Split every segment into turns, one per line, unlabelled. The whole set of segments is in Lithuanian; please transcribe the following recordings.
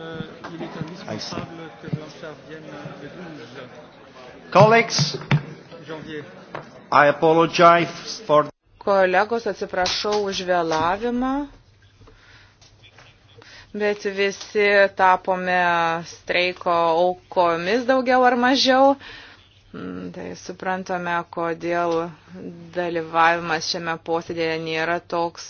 Euh, il est indispensable que Blanchard vienne le 12
Colleagues,
janvier. I apologize for... Kolegos, atsiprašau už vėlavimą, bet visi tapome streiko aukomis daugiau ar mažiau. Uh, Mm, tai suprantame, kodėl dalyvavimas šiame posėdėje nėra toks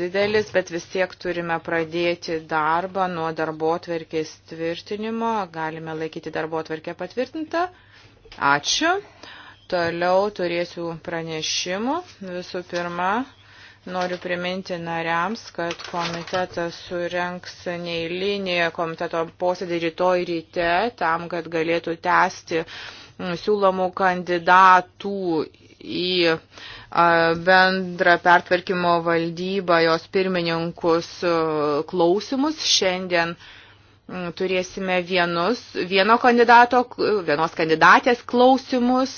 didelis, bet vis tiek turime pradėti darbą nuo darbo atverkės tvirtinimo. Galime laikyti darbo atverkę patvirtintą. Ačiū. Toliau turėsiu pranešimų. Visų pirma, Noriu priminti nariams, kad komitetas surenks neįlinį komiteto posėdį rytoj ryte, tam, kad galėtų tęsti Mm, siūlomų kandidatų į bendrą pertvarkymo valdybą jos pirmininkus klausimus šiandien. Uh, Mm, turėsime vienus, vieno kandidato, vienos kandidatės klausimus,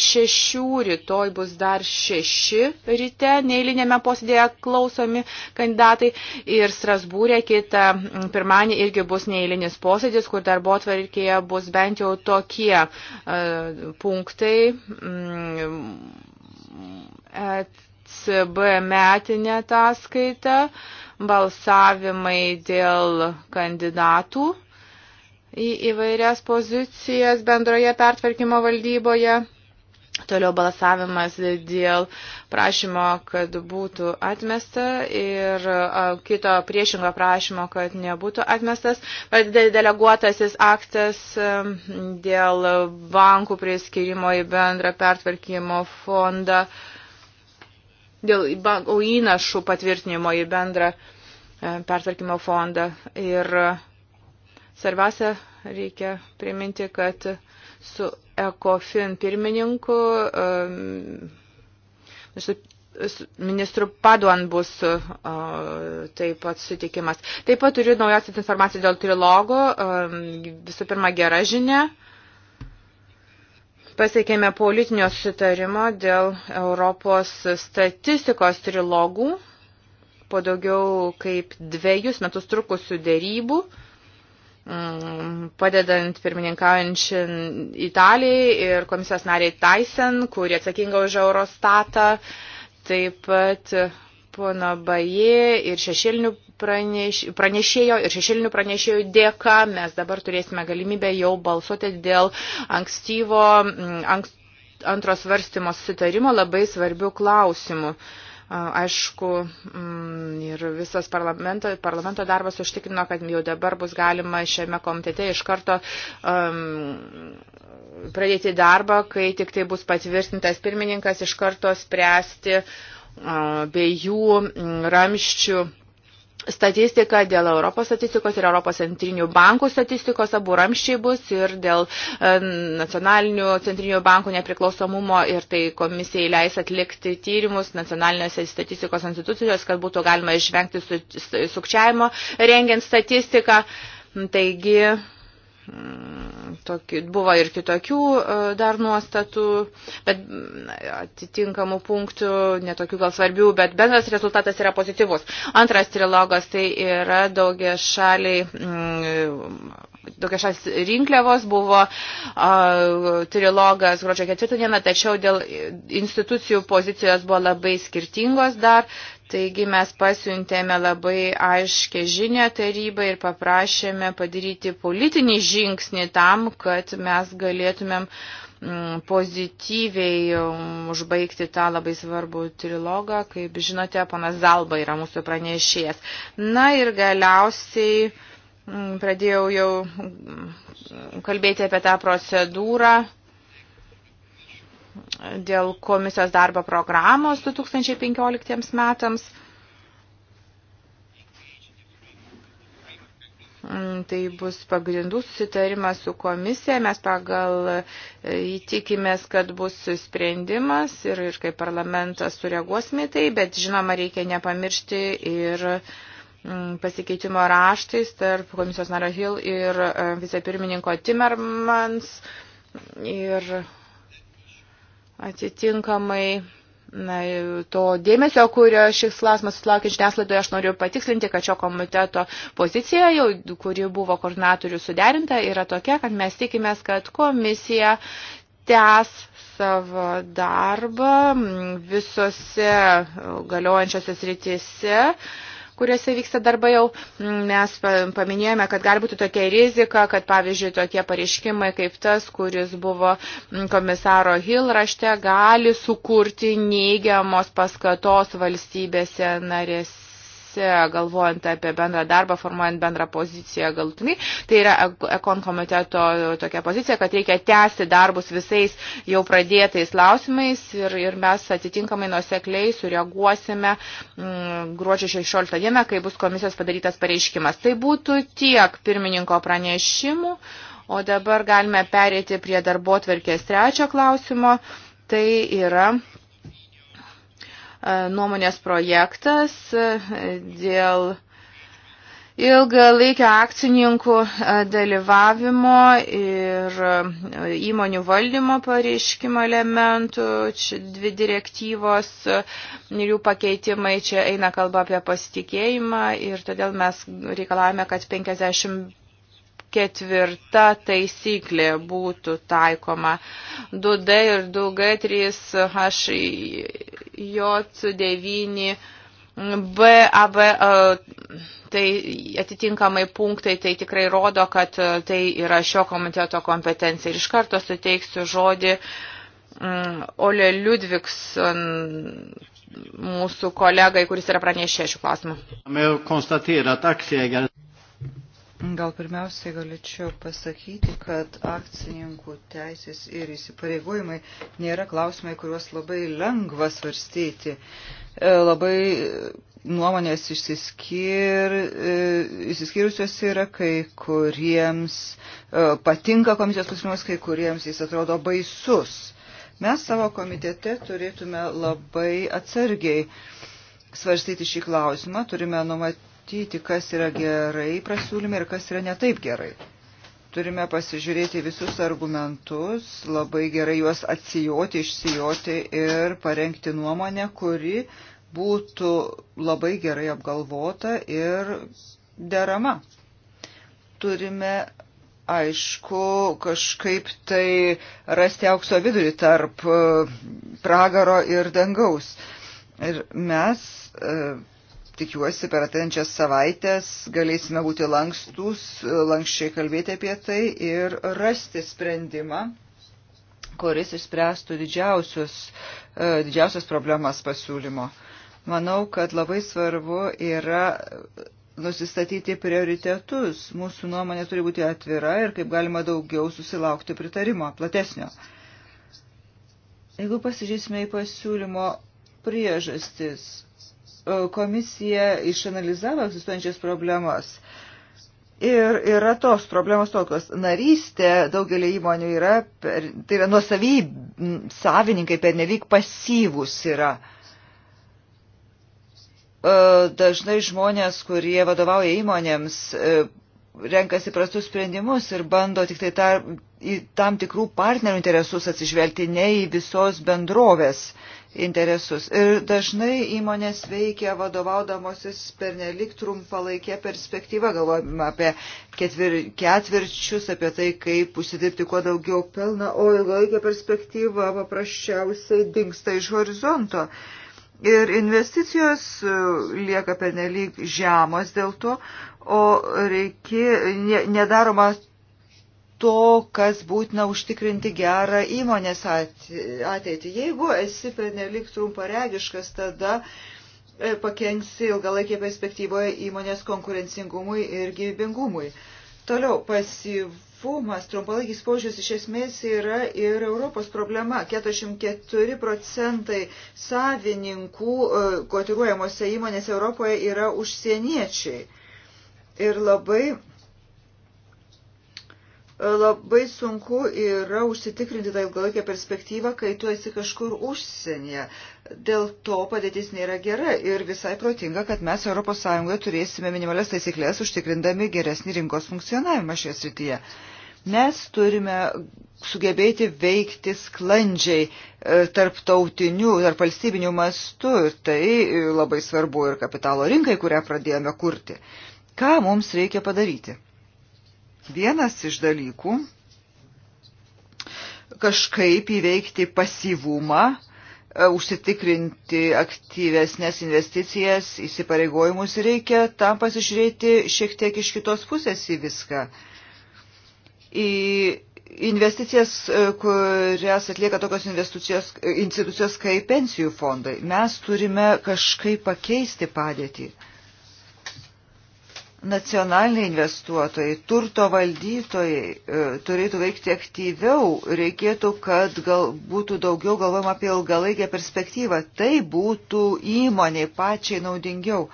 šešių, rytoj bus dar šeši ryte, neįlinėme posėdėje klausomi kandidatai ir Strasbūrė kitą mm, pirmanį irgi bus neįlinis posėdis, kur darbo atvarkėje bus bent jau tokie uh, punktai. Um, at, ECB metinę ataskaitą, balsavimai dėl kandidatų į įvairias pozicijas bendroje pertvarkymo valdyboje. Toliau balsavimas dėl prašymo, kad būtų atmesta ir kito priešingo prašymo, kad nebūtų atmestas. Deleguotasis aktas dėl bankų priskirimo į bendrą pertvarkymo fondą dėl bankų įnašų patvirtinimo į bendrą e, pertvarkymo fondą. Ir e, svarbiausia, reikia priminti, kad su ECOFIN pirmininku e, su ministru Paduan bus taip pat sutikimas. Taip pat turiu naujausią informaciją dėl trilogo. Visų pirma, gera žinia Pasiekėme politinio sutarimo dėl Europos statistikos trilogų po daugiau kaip dviejus metus trukusių dėrybų mm, padedant pirmininkaujančiam Italijai ir komisijos nariai Tyson, kuri atsakinga už Eurostatą, taip pat pono Baje ir šešėlinių praneš, pranešėjo ir šešėlinių pranešėjų dėka mes dabar turėsime galimybę jau balsuoti dėl ankstyvo ankst, antro svarstymo susitarimo labai svarbių klausimų. Aišku, ir visas parlamento, parlamento darbas užtikrino, kad jau dabar bus galima šiame komitete iš karto um, pradėti darbą, kai tik tai bus patvirtintas pirmininkas iš karto spręsti uh, be jų ramščių statistika dėl Europos statistikos ir Europos centrinių bankų statistikos abu ramščiai bus ir dėl e, nacionalinių centrinių bankų nepriklausomumo ir tai komisijai leis atlikti tyrimus nacionalinėse statistikos institucijos, kad būtų galima išvengti sukčiavimo rengiant statistiką. Taigi, Mm, Tokį, buvo ir kitokių e, dar nuostatų, bet mm, atitinkamų punktų, netokių gal svarbių, bet bendras rezultatas yra pozityvus. Antras trilogas tai yra daugia šaliai. Tokia mm, šas rinkliavos buvo a, trilogas gruodžio ketvirtą dieną, tačiau dėl institucijų pozicijos buvo labai skirtingos dar, Taigi mes pasiuntėme labai aiškę žinę tarybą ir paprašėme padaryti politinį žingsnį tam, kad mes galėtumėm mm, pozityviai mm, užbaigti tą labai svarbų trilogą. Kaip žinote, panas Zalba yra mūsų pranešėjas. Na ir galiausiai mm, pradėjau jau kalbėti apie tą procedūrą dėl komisijos darbo programos 2015 metams. Mm, tai bus pagrindų susitarimas su komisija. Mes pagal e, įtikimės, kad bus sprendimas ir, ir kaip parlamentas sureaguosime tai, bet žinoma, reikia nepamiršti ir mm, pasikeitimo raštais tarp komisijos nario Hill ir e, vicepirmininko Timmermans. Ir Atitinkamai na, to dėmesio, kurio šis klausimas sulaukė žiniaslaidoje, aš noriu patikslinti, kad šio komiteto pozicija, jau, kuri buvo koordinatorių suderinta, yra tokia, kad mes tikimės, kad komisija tęs savo darbą visose galiojančiose srityse kuriuose vyksta darbai jau. Mm, Mes paminėjome, kad gali būti tokia rizika, kad pavyzdžiui tokie pareiškimai kaip tas, kuris buvo mm, komisaro Hill rašte, gali sukurti neigiamos paskatos valstybėse narėse procese, galvojant apie bendrą darbą, formuojant bendrą poziciją galutinai. Tai yra ekon komiteto tokia pozicija, kad reikia tęsti darbus visais jau pradėtais klausimais ir, ir mes atitinkamai nusekliai sureaguosime m, mm, gruodžio 16 dieną, kai bus komisijos padarytas pareiškimas. Tai būtų tiek pirmininko pranešimų. O dabar galime perėti prie darbo tvarkės trečio klausimo. Tai yra E, nuomonės projektas e, dėl ilgalaikio akcininkų e, dalyvavimo ir įmonių valdymo pareiškimo elementų, čia dvi direktyvos ir jų pakeitimai, čia eina kalba apie pasitikėjimą ir todėl mes reikalavome, kad 50 ketvirta taisyklė būtų taikoma. 2D ir 2G3HJ9 B, AB, e, tai atitinkamai punktai, tai tikrai rodo, kad e, tai yra šio komiteto kompetencija. Ir iš karto suteiksiu žodį mm, Ole Ludvigson mūsų kolegai,
kuris yra pranešė šių klausimų. Gal pirmiausiai galėčiau pasakyti, kad akcininkų teisės ir įsipareigojimai nėra klausimai, kuriuos labai lengva svarstyti. E, labai nuomonės išsiskir, e, išsiskyrusios yra, kai kuriems e, patinka komisijos pasiūlymas, kai kuriems jis atrodo baisus. Mes savo komitete turėtume labai atsargiai svarstyti šį klausimą, turime numatyti nustatyti, kas yra gerai prasiūlyme ir kas yra netaip gerai. Turime pasižiūrėti visus argumentus, labai gerai juos atsijoti, išsijoti ir parengti nuomonę, kuri būtų labai gerai apgalvota ir derama. Turime, aišku, kažkaip tai rasti aukso vidurį tarp e, pragaro ir dangaus. Ir mes e, tikiuosi, per atenčias savaitės galėsime būti lankstus, lankščiai kalbėti apie tai ir rasti sprendimą, kuris išspręstų didžiausios, e, didžiausias problemas pasiūlymo. Manau, kad labai svarbu yra nusistatyti prioritetus. Mūsų nuomonė turi būti atvira ir kaip galima daugiau susilaukti pritarimo, platesnio. Jeigu pasižiūrėsime į pasiūlymo priežastis, E, komisija išanalizavo egzistuojančias problemas. Ir yra tos problemos tokios. Narystė daugelį įmonių yra, per, tai yra nuosavy savininkai per nevyk pasyvus yra. E, dažnai žmonės, kurie vadovauja įmonėms, e, renkasi prastus sprendimus ir bando tik tai tar, į tam tikrų partnerių interesus atsižvelgti, ne į visos bendrovės interesus. Ir dažnai įmonės veikia vadovaudamosis per nelik trumpalaikę perspektyvą, galvojame apie ketvir, ketvirčius, apie tai, kaip užsidirbti kuo daugiau pelną, o ilgalaikė perspektyva paprasčiausiai dinksta iš horizonto. Ir investicijos e, lieka pernelyg žemos dėl to, o reikia, ne, nedaroma to, kas būtina užtikrinti gerą įmonės ateitį. Jeigu esi pernelik trumparegiškas, tada e, pakenksi ilgalaikėje perspektyvoje įmonės konkurencingumui ir gyvybingumui. Toliau, pasyvumas, trumpalaikis požiūris iš esmės yra ir Europos problema. 44 procentai savininkų e, kotiruojamosi įmonės Europoje yra užsieniečiai. Ir labai labai sunku yra užsitikrinti tą ilgalaikę perspektyvą, kai tu esi kažkur užsienyje. Dėl to padėtis nėra gera ir visai protinga, kad mes ES turėsime minimalias taisyklės užtikrindami geresnį rinkos funkcionavimą šioje srityje. Mes turime sugebėti veikti sklandžiai e, tarptautiniu, tarp valstybiniu mastu ir tai e, labai svarbu ir kapitalo rinkai, kurią pradėjome kurti. Ką mums reikia padaryti? vienas iš dalykų kažkaip įveikti pasyvumą, e, užsitikrinti aktyvesnės investicijas, įsipareigojimus reikia tam pasižiūrėti šiek tiek iš kitos pusės į viską. Į investicijas, e, kurias atlieka tokios e, institucijos kaip pensijų fondai, mes turime kažkaip pakeisti padėtį nacionaliniai investuotojai, turto valdytojai e, turėtų veikti aktyviau, reikėtų, kad gal, būtų daugiau galvojama apie ilgalaikę perspektyvą. Tai būtų įmoniai pačiai naudingiau.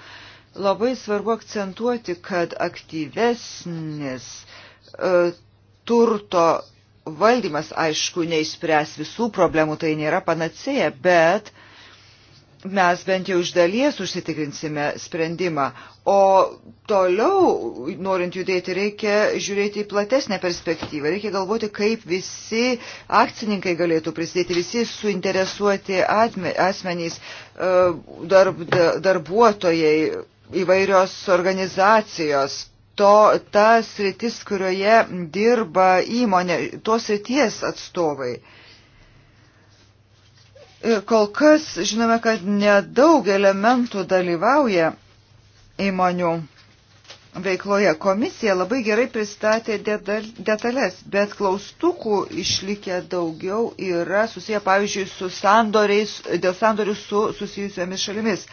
Labai svarbu akcentuoti, kad aktyvesnis e, turto valdymas, aišku, neįspręs visų problemų, tai nėra panacėja, bet mes bent jau iš dalies užsitikrinsime sprendimą, o toliau, norint judėti, reikia žiūrėti į platesnę perspektyvą, reikia galvoti, kaip visi akcininkai galėtų prisidėti, visi suinteresuoti asmenys, e, darb, darbuotojai, įvairios organizacijos. To, tas rytis, kurioje dirba įmonė, tos ryties atstovai. Uh, Kol kas žinome, kad nedaug elementų dalyvauja įmonių veikloje. Komisija labai gerai pristatė detalės, bet klaustukų išlikę daugiau yra susiję, pavyzdžiui, su sandoriais, dėl sandorių su susijusiomis šalimis.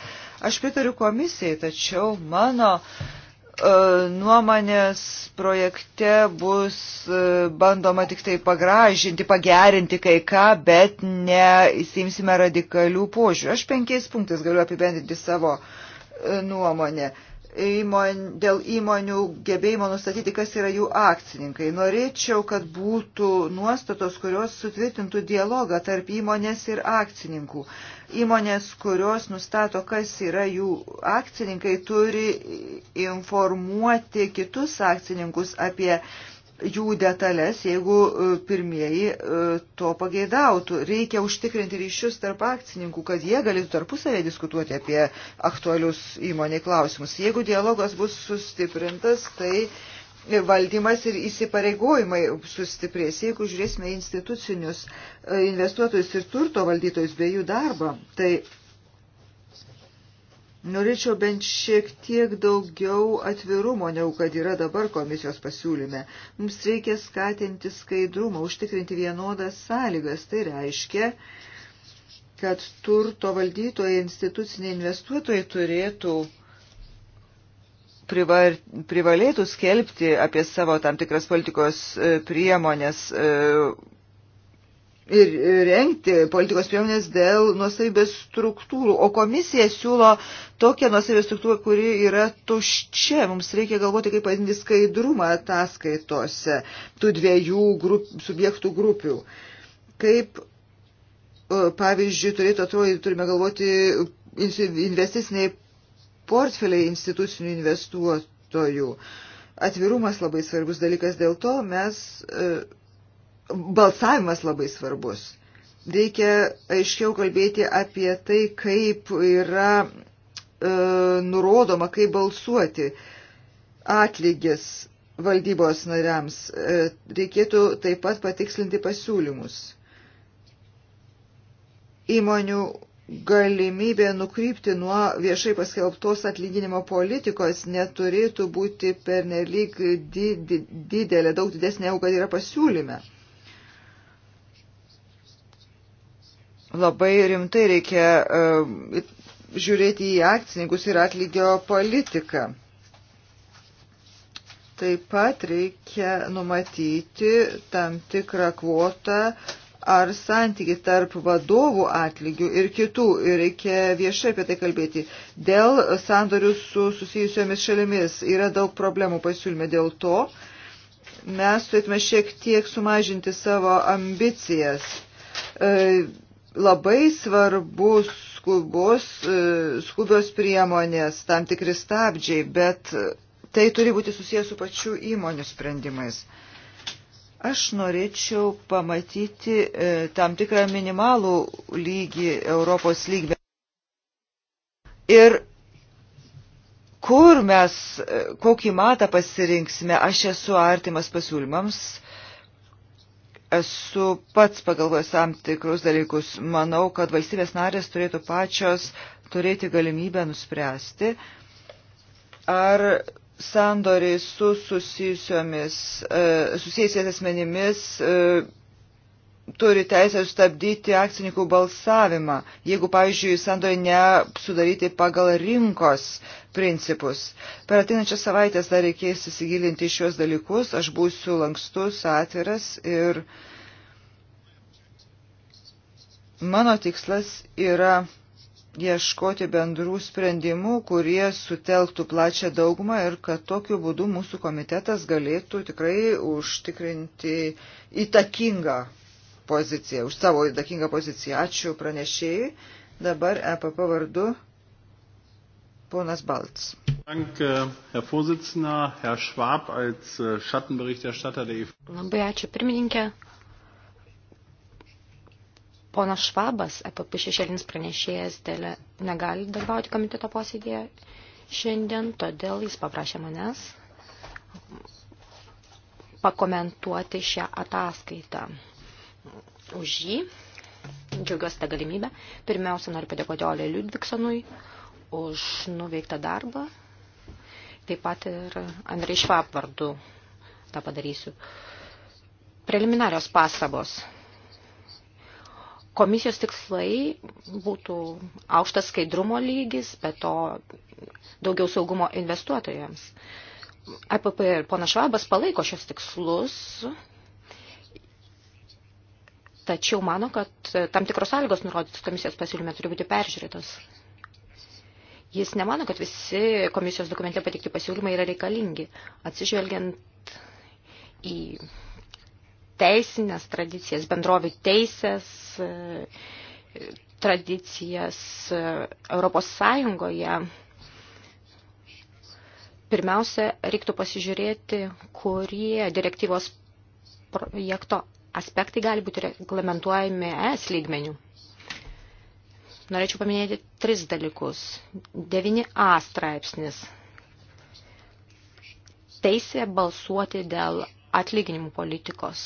Aš pritariu komisijai, tačiau mano uh, E, nuomonės projekte bus e, bandoma tik tai pagražinti, pagerinti kai ką, bet neįsimsime radikalių požiūrį. Aš penkiais punktais galiu apibendinti savo e, nuomonę. Įmon, dėl įmonių gebėjimo nustatyti, kas yra jų akcininkai. Norėčiau, kad būtų nuostatos, kurios sutvirtintų dialogą tarp įmonės ir akcininkų. Įmonės, kurios nustato, kas yra jų akcininkai, turi informuoti kitus akcininkus apie jų detalės, jeigu e, pirmieji e, to pageidautų. Reikia užtikrinti ryšius tarp akcininkų, kad jie galėtų tarpusavėje diskutuoti apie aktualius įmoniai klausimus. Jeigu dialogas bus sustiprintas, tai uh, valdymas ir įsipareigojimai sustiprės. Jeigu žiūrėsime institucinius e, investuotojus ir turto valdytojus bei jų darbą, tai norėčiau bent šiek tiek daugiau atvirumo, negu kad yra dabar komisijos pasiūlyme. Mums reikia skatinti skaidrumą, užtikrinti vienodas sąlygas. Tai reiškia, kad turto valdytojai, instituciniai investuotojai turėtų uh, privar, privalėtų skelbti apie savo tam tikras politikos e, priemonės e, ir renkti politikos priemonės dėl nuosavybės struktūrų. O komisija siūlo tokią nuosavybės struktūrą, kuri yra tuščia. Mums reikia galvoti, kaip padinti skaidrumą ataskaitose tų dviejų grup, subjektų grupių. Kaip, e, pavyzdžiui, turėtų atrodyti, turime galvoti investiciniai portfeliai institucinių investuotojų. Atvirumas labai svarbus dalykas, dėl to mes, e, balsavimas labai svarbus. Reikia aiškiau kalbėti apie tai, kaip yra e, nurodoma, kaip balsuoti atlygis valdybos nariams. E, reikėtų taip pat patikslinti pasiūlymus. Įmonių galimybė nukrypti nuo viešai paskelbtos atlyginimo politikos neturėtų būti pernelyg didelė, daug didesnė, negu kad yra pasiūlyme. Labai rimtai reikia e, žiūrėti į akcininkus ir atlygio politiką. Taip pat reikia numatyti tam tikrą kvotą uh, ar santyki tarp vadovų atlygių ir kitų, ir reikia viešai apie tai kalbėti. Dėl sandorių su susijusiomis šalimis yra daug problemų pasiūlyme dėl to. Mes turėtume šiek tiek sumažinti savo ambicijas. E, labai svarbus skubos, e, skubios priemonės, tam tikri stabdžiai, bet tai turi būti susijęs su pačių įmonių sprendimais. Aš norėčiau pamatyti e, tam tikrą minimalų lygį Europos lygmę. Ir kur mes, e, kokį matą pasirinksime, aš esu artimas pasiūlymams, esu pats pagalvojęs tam tikrus dalykus. Manau, kad valstybės narės turėtų pačios turėti galimybę nuspręsti, ar sandoriai su susijusiomis, e, susijusiais asmenimis e, turi teisę sustabdyti akcininkų balsavimą, jeigu, pavyzdžiui, sandoriai nesudaryti pagal rinkos principus. Per ateinančią savaitę dar reikės įsigilinti šios dalykus, aš būsiu lankstus, atviras ir mano tikslas yra ieškoti bendrų sprendimų, kurie sutelktų plačią daugumą ir kad tokiu būdu mūsų komitetas galėtų tikrai užtikrinti įtakingą poziciją, už savo įtakingą poziciją. Ačiū pranešėjai. Dabar EPP vardu ponas Balts.
Äh, e
Labai ačiū pirmininkė,
Ponas Švabas, EPP šešėlinis pranešėjas, dėlė, negali dalyvauti komiteto posėdėje šiandien, todėl jis paprašė manęs pakomentuoti šią ataskaitą. Už jį džiaugiuosi tą galimybę. Pirmiausia, noriu padėkoti Olė Liudviksonui už nuveiktą darbą. Taip pat ir Andrei Švab vardu tą padarysiu. Preliminarios pastabos Komisijos tikslai būtų aukštas skaidrumo lygis, bet to daugiau saugumo investuotojams. APP e ir pona Švabas palaiko šios tikslus, tačiau mano, kad tam tikros sąlygos nurodytos komisijos pasiūlyme turi būti peržiūrėtos. Jis nemano, kad visi komisijos dokumente patikti pasiūlymai yra reikalingi, atsižvelgiant į teisinės tradicijas, bendrovių teisės tradicijas Europos Sąjungoje, pirmiausia, reiktų pasižiūrėti, kurie direktyvos projekto aspektai gali būti reglamentuojami ES lygmenių. Norėčiau paminėti tris dalykus. 9a straipsnis. Teisė balsuoti dėl atlyginimų politikos.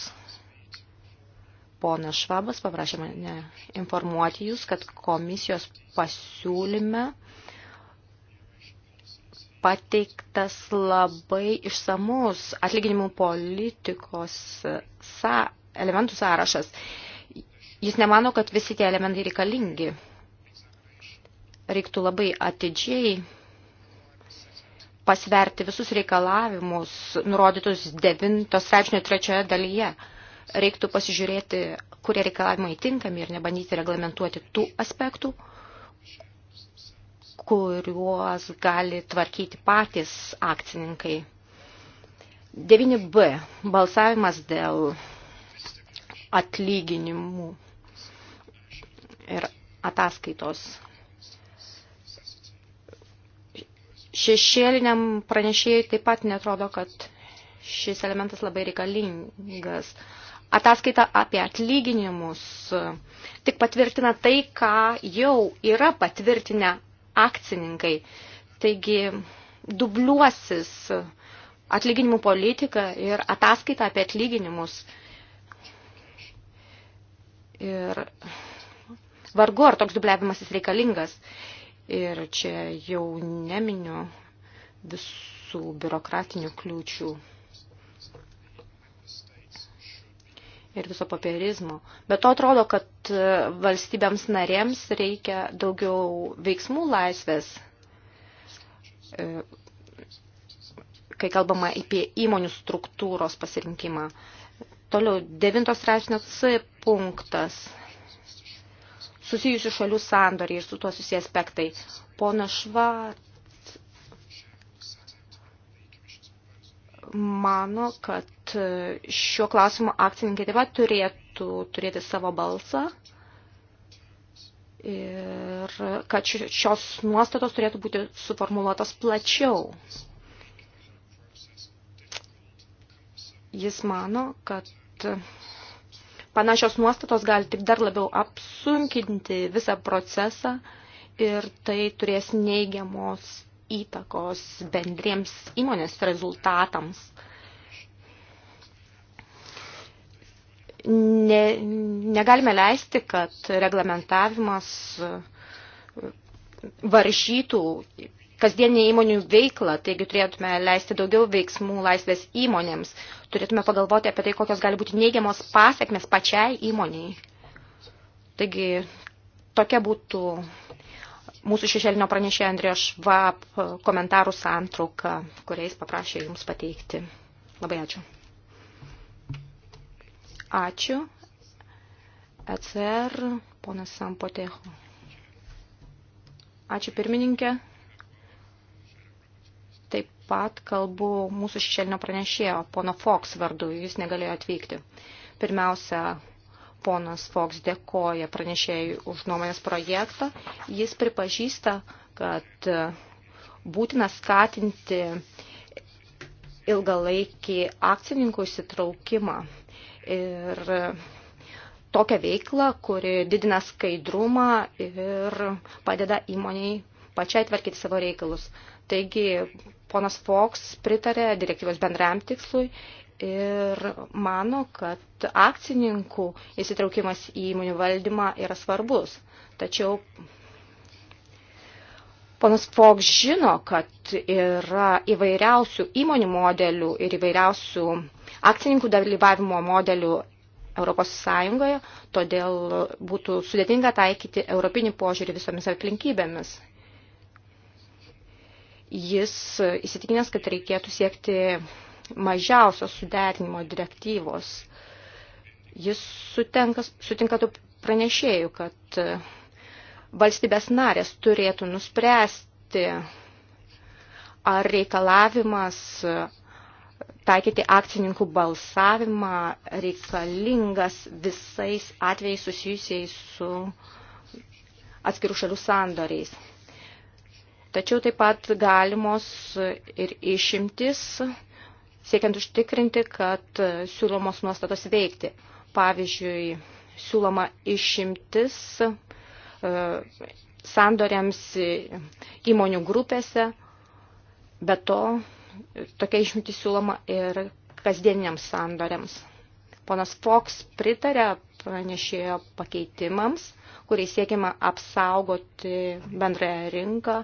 Ponas Švabas paprašė mane informuoti jūs, kad komisijos pasiūlyme pateiktas labai išsamus atlyginimų politikos sa elementų sąrašas. Jis nemano, kad visi tie elementai reikalingi. Reiktų labai atidžiai pasverti visus reikalavimus nurodytus 9 straipsnio trečioje dalyje. Reiktų pasižiūrėti, kurie reikalavimai tinkami ir nebandyti reglamentuoti tų aspektų, kuriuos gali tvarkyti patys akcininkai. 9b. Balsavimas dėl atlyginimų ir ataskaitos šešėliniam pranešėjai taip pat netrodo, kad šis elementas labai reikalingas. Ataskaita apie atlyginimus tik patvirtina tai, ką jau yra patvirtinę akcininkai. Taigi dubliuosis atlyginimų politika ir ataskaita apie atlyginimus. Ir vargu ar toks dubliavimas jis reikalingas. Ir čia jau neminiu visų biurokratinių kliūčių ir viso papierizmo. Bet to atrodo, kad e, valstybėms narėms reikia daugiau veiksmų laisvės, e, kai kalbama apie įmonių struktūros pasirinkimą. Toliau, 9 straipsnio C punktas susijusių šalių sandoriai ir su tuo susiję aspektai. Pona Švat mano, kad šiuo klausimu akcininkai taip pat turėtų turėti savo balsą ir kad šios nuostatos turėtų būti suformuluotos plačiau. Jis mano, kad panašios nuostatos gali tik dar labiau apsunkinti visą procesą ir tai turės neigiamos įtakos bendriems įmonės rezultatams. Ne, negalime leisti, kad reglamentavimas varžytų kasdienį įmonių veiklą, taigi turėtume leisti daugiau veiksmų laisvės įmonėms, turėtume pagalvoti apie tai, kokios gali būti neigiamos pasiekmes pačiai įmoniai. Taigi tokia būtų mūsų šešėlinio pranešė Andrija Švab komentarų santrauka, kuriais paprašė jums pateikti. Labai ačiū. Ačiū. ECR, ponas Sampoteho. Ačiū pirmininkė pat kalbu mūsų šešėlinio pranešėjo, pono Fox vardu, jis negalėjo atvykti. Pirmiausia, ponas Fox dėkoja pranešėjui už nuomonės projektą. Jis pripažįsta, kad būtina skatinti ilgalaikį akcininkų įsitraukimą ir tokią veiklą, kuri didina skaidrumą ir padeda įmoniai pačiai tvarkyti savo reikalus. Taigi ponas Fox pritarė direktyvos bendram tikslui ir mano, kad akcininkų įsitraukimas į įmonių valdymą yra svarbus. Tačiau ponas Fox žino, kad yra įvairiausių įmonių modelių ir įvairiausių akcininkų dalyvavimo modelių Europos Sąjungoje, todėl būtų sudėtinga taikyti europinį požiūrį visomis aplinkybėmis. Jis įsitikinęs, kad reikėtų siekti mažiausios suderinimo direktyvos. Jis sutinka, sutinka tų pranešėjų, kad valstybės narės turėtų nuspręsti, ar reikalavimas taikyti akcininkų balsavimą reikalingas visais atvejais susijusiais su atskirų šalių sandoriais. Tačiau taip pat galimos ir išimtis, siekiant užtikrinti, kad siūlomos nuostatos veikti. Pavyzdžiui, siūloma išimtis e, sandoriams įmonių grupėse, bet to tokia išimtis siūloma ir kasdieniniams sandoriams. Ponas Fox pritarė pranešėjo pakeitimams kuriais siekiama apsaugoti bendrąją rinką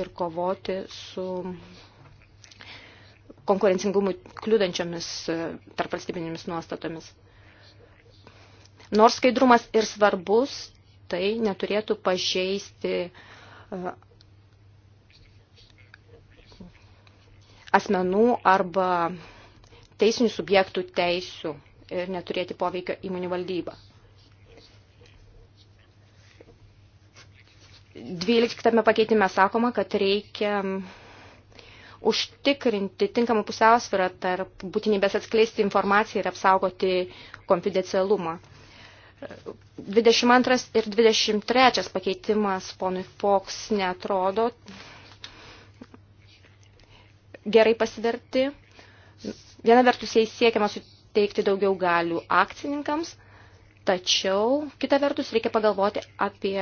ir kovoti su konkurencingumui kliudančiomis e, tarpvalstybinėmis nuostatomis. Nors skaidrumas ir svarbus, tai neturėtų pažeisti e, asmenų arba teisinių subjektų teisių ir neturėti poveikio įmonių valdybą. 12 pakeitime sakoma, kad reikia užtikrinti tinkamą pusiausvyrą tarp būtinybės atskleisti informaciją ir apsaugoti konfidencialumą. 22 ir 23 pakeitimas ponui Fox netrodo gerai pasiverti. Viena vertus jais siekiama suteikti daugiau galių akcininkams, tačiau kita vertus reikia pagalvoti apie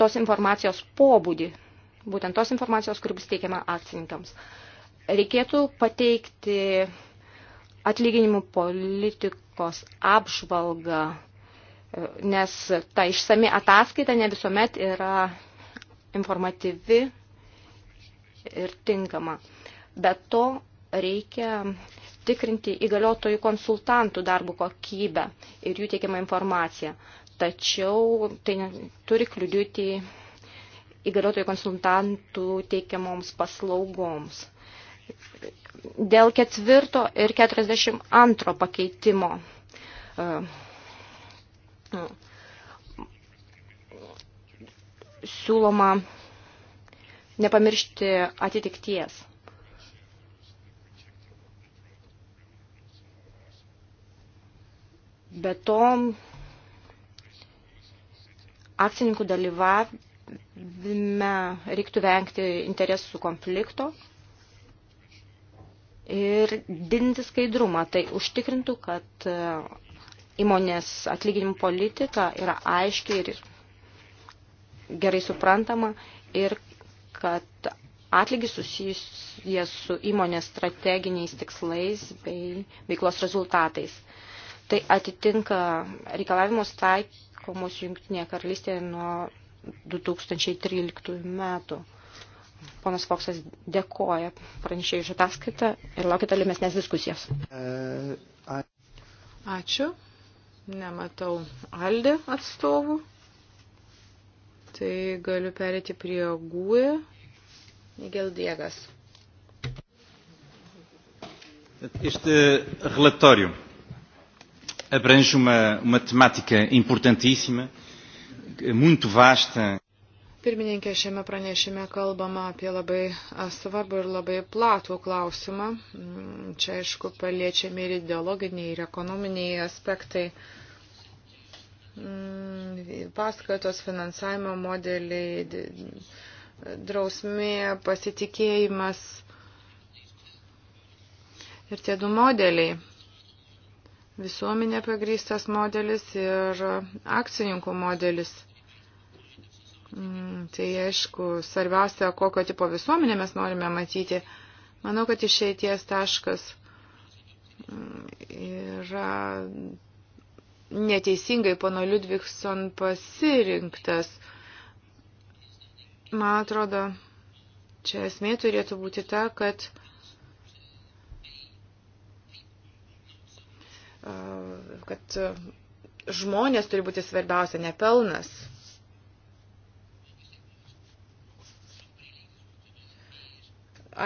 tos informacijos pobūdį, būtent tos informacijos, kuri bus teikiama akcininkams. Reikėtų pateikti atlyginimų politikos apžvalgą, e, nes ta išsami ataskaita ne visuomet yra informatyvi ir tinkama. Bet to reikia tikrinti įgaliotojų konsultantų darbų kokybę ir jų teikiamą informaciją tačiau tai turi kliudyti įgaliotojų konsultantų teikiamoms paslaugoms. Dėl ketvirto ir 42 pakeitimo e, nu, siūloma nepamiršti atitikties. Be to, akcininkų dalyvavime reiktų vengti interesų konflikto ir didinti skaidrumą. Tai užtikrintų, kad e, įmonės atlyginimų politika yra aiški ir gerai suprantama ir kad atlygis susijęs su įmonės strateginiais tikslais bei veiklos rezultatais. Tai atitinka reikalavimus taik, taikomos Junktinėje karalystėje nuo 2013 metų. Ponas Foksas dėkoja pranešėjai už ataskaitą ir laukia tolimesnės diskusijas.
Ačiū. Nematau Aldė atstovų. Tai galiu perėti prie Gūje. Miguel Diegas. Este relatório abrange uma, uma temática importantíssima,
muito vasta.
Pirmininkė, šiame pranešime kalbama apie labai svarbų ir labai platų klausimą. Mm, čia, aišku, paliečiami ir ideologiniai, ir ekonominiai aspektai mm, paskatos finansavimo modeliai, drausmė, pasitikėjimas ir tie du modeliai visuomenė pagrystas modelis ir akcininkų modelis. Mm, tai aišku, svarbiausia, kokio tipo visuomenė mes norime matyti. Manau, kad išeities taškas mm, yra neteisingai pono Ludvigson pasirinktas. Man atrodo, čia esmė turėtų būti ta, kad kad žmonės turi būti svarbiausia, ne pelnas.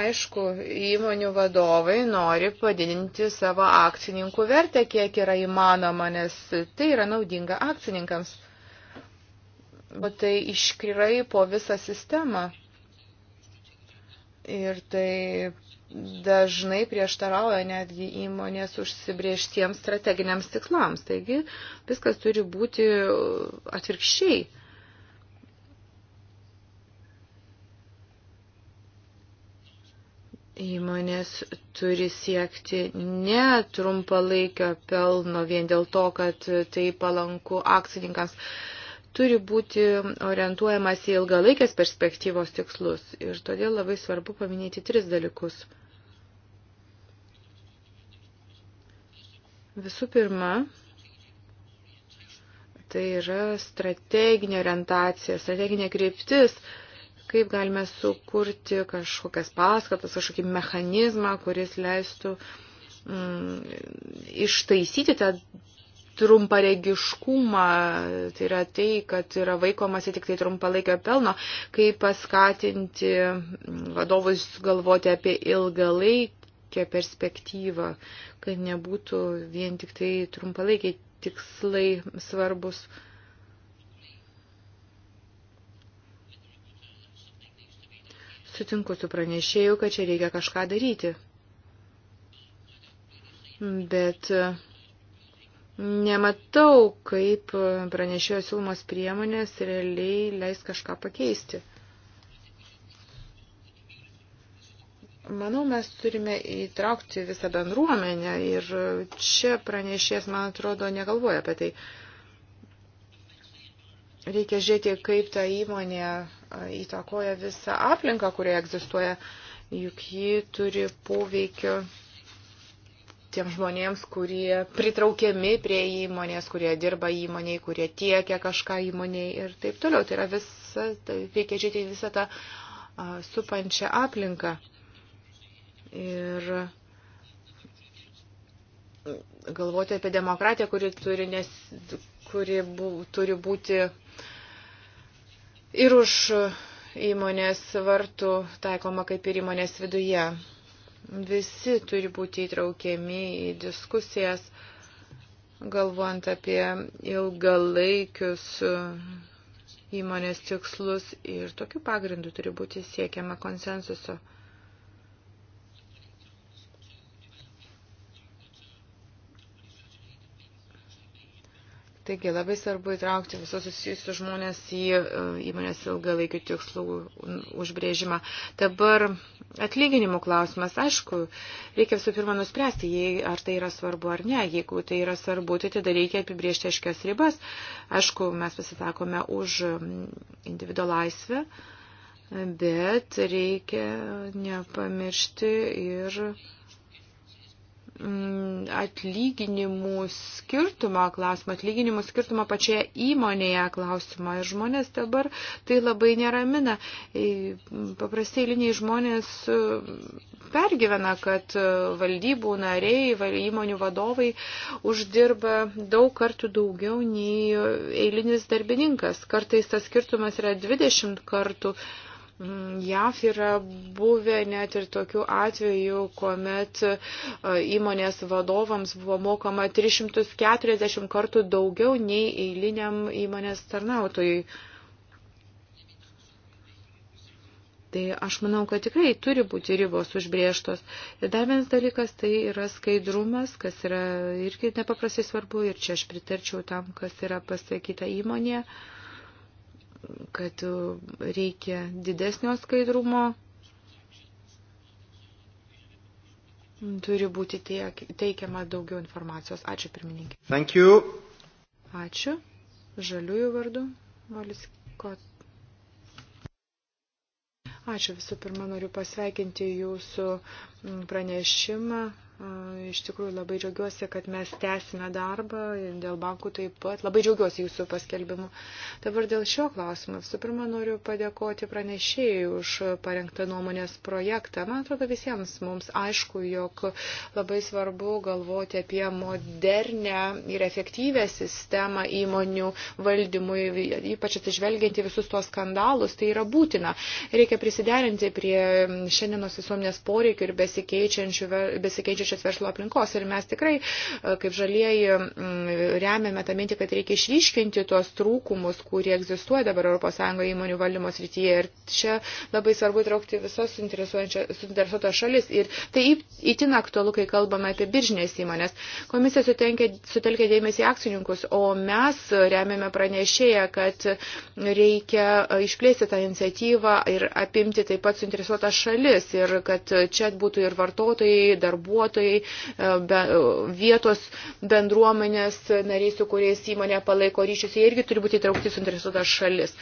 Aišku, įmonių vadovai nori padidinti savo akcininkų vertę, kiek yra įmanoma, nes tai yra naudinga akcininkams. O tai iškryrai po visą sistemą. Ir tai dažnai prieštarauja netgi įmonės užsibriežtiems strateginiams tikslams. Taigi viskas turi būti atvirkščiai. Įmonės turi siekti ne trumpalaikio pelno vien dėl to, kad tai palanku akcininkams turi būti orientuojamas į ilgalaikės perspektyvos tikslus ir todėl labai svarbu paminėti tris dalykus. Visų pirma, tai yra strateginė orientacija, strateginė kryptis, kaip galime sukurti kažkokias paskatas, kažkokį mechanizmą, kuris leistų mm, ištaisyti tą trumparegiškumą, tai yra tai, kad yra vaikomasi tik tai trumpalaikio pelno, kaip paskatinti vadovus galvoti apie ilgalaikę perspektyvą, kad nebūtų vien tik tai trumpalaikiai tikslai svarbus. Sutinku su pranešėju, kad čia reikia kažką daryti. Bet uh, nematau, kaip pranešėjo siūlomos priemonės realiai leis kažką pakeisti. Manau, mes turime įtraukti visą bendruomenę ir čia pranešės, man atrodo, negalvoja apie tai. Reikia žiūrėti, kaip ta įmonė įtakoja visą aplinką, kurioje egzistuoja, juk ji turi poveikio tiem žmonėms, kurie pritraukiami prie įmonės, kurie dirba įmoniai, kurie tiekia kažką įmoniai ir taip toliau. Tai yra visa, tai reikia žiūrėti visą tą a, supančią aplinką. Ir galvoti apie demokratiją, kuri turi, nes, kuri bu, turi būti ir už įmonės vartų taikoma kaip ir įmonės viduje. Visi turi būti įtraukiami į diskusijas, galvojant apie ilgalaikius įmonės tikslus ir tokiu pagrindu turi būti siekiama konsensuso. Taigi labai svarbu įtraukti visus susijusius žmonės į e, įmonės ilgalaikių tikslų užbrėžimą. Dabar atlyginimų klausimas, aišku, reikia visų pirma nuspręsti, jei, ar tai yra svarbu ar ne. Jeigu tai yra svarbu, tai tada reikia apibriežti aiškias ribas. Aišku, mes pasisakome už individuo laisvę, bet reikia nepamiršti ir. Mm, atlyginimų skirtumo klausimą, atlyginimų skirtumo pačioje įmonėje klausimą. Ir žmonės dabar tai labai neramina. E, paprastai liniai žmonės e, pergyvena, kad e, valdybų nariai, įmonių vadovai uždirba daug kartų daugiau nei eilinis darbininkas. Kartais tas skirtumas yra 20 kartų. Mm, JAF yra buvę net ir tokių atvejų, kuomet e, įmonės vadovams buvo mokama 340 kartų daugiau nei eiliniam įmonės tarnautojui. Tai aš manau, kad tikrai turi būti ribos užbrėžtos. Ir dar vienas dalykas tai yra skaidrumas, kas yra irgi nepaprastai svarbu ir čia aš pritarčiau tam, kas yra pasakyta įmonėje. Uh, kad reikia didesnio skaidrumo, turi būti tiek, teikiama daugiau informacijos. Ačiū pirmininkė. Thank you. Ačiū. Žaliųjų vardu. Valisko. Ačiū visų pirma, noriu pasveikinti jūsų pranešimą Iš tikrųjų labai džiaugiuosi, kad mes tęsime darbą dėl bankų taip pat. Labai džiaugiuosi jūsų paskelbimu. Dabar dėl šio klausimo. Visų pirma, noriu padėkoti pranešėjai už parengtą nuomonės projektą. Man atrodo visiems mums aišku, jog labai svarbu galvoti apie modernę ir efektyvę sistemą įmonių valdymui, ypač atsižvelgianti visus tuos skandalus. Tai yra būtina. Reikia prisiderinti prie šiandienos visuomenės poreikių ir besikeičiančių, besikeičiančių iš verslo aplinkos. Ir mes tikrai, e, kaip žalieji, mm, remiame tą mintį, kad reikia išryškinti tuos trūkumus, kurie egzistuoja dabar ES įmonių valdymo srityje. Ir čia labai svarbu traukti visas suinteresuotas šalis. Ir tai įtin aktualu, kai kalbame apie biržinės įmonės. Komisija sutenkė, sutelkė dėmesį akcininkus, o mes remiame pranešėją, kad reikia išplėsti tą iniciatyvą ir apimti taip pat suinteresuotas šalis. Ir kad čia būtų ir vartotojai, darbuotojai darbuotojai, e, be, vietos bendruomenės nariai, su kuriais įmonė palaiko ryšius, jie irgi turi būti įtraukti suinteresuotas šalis.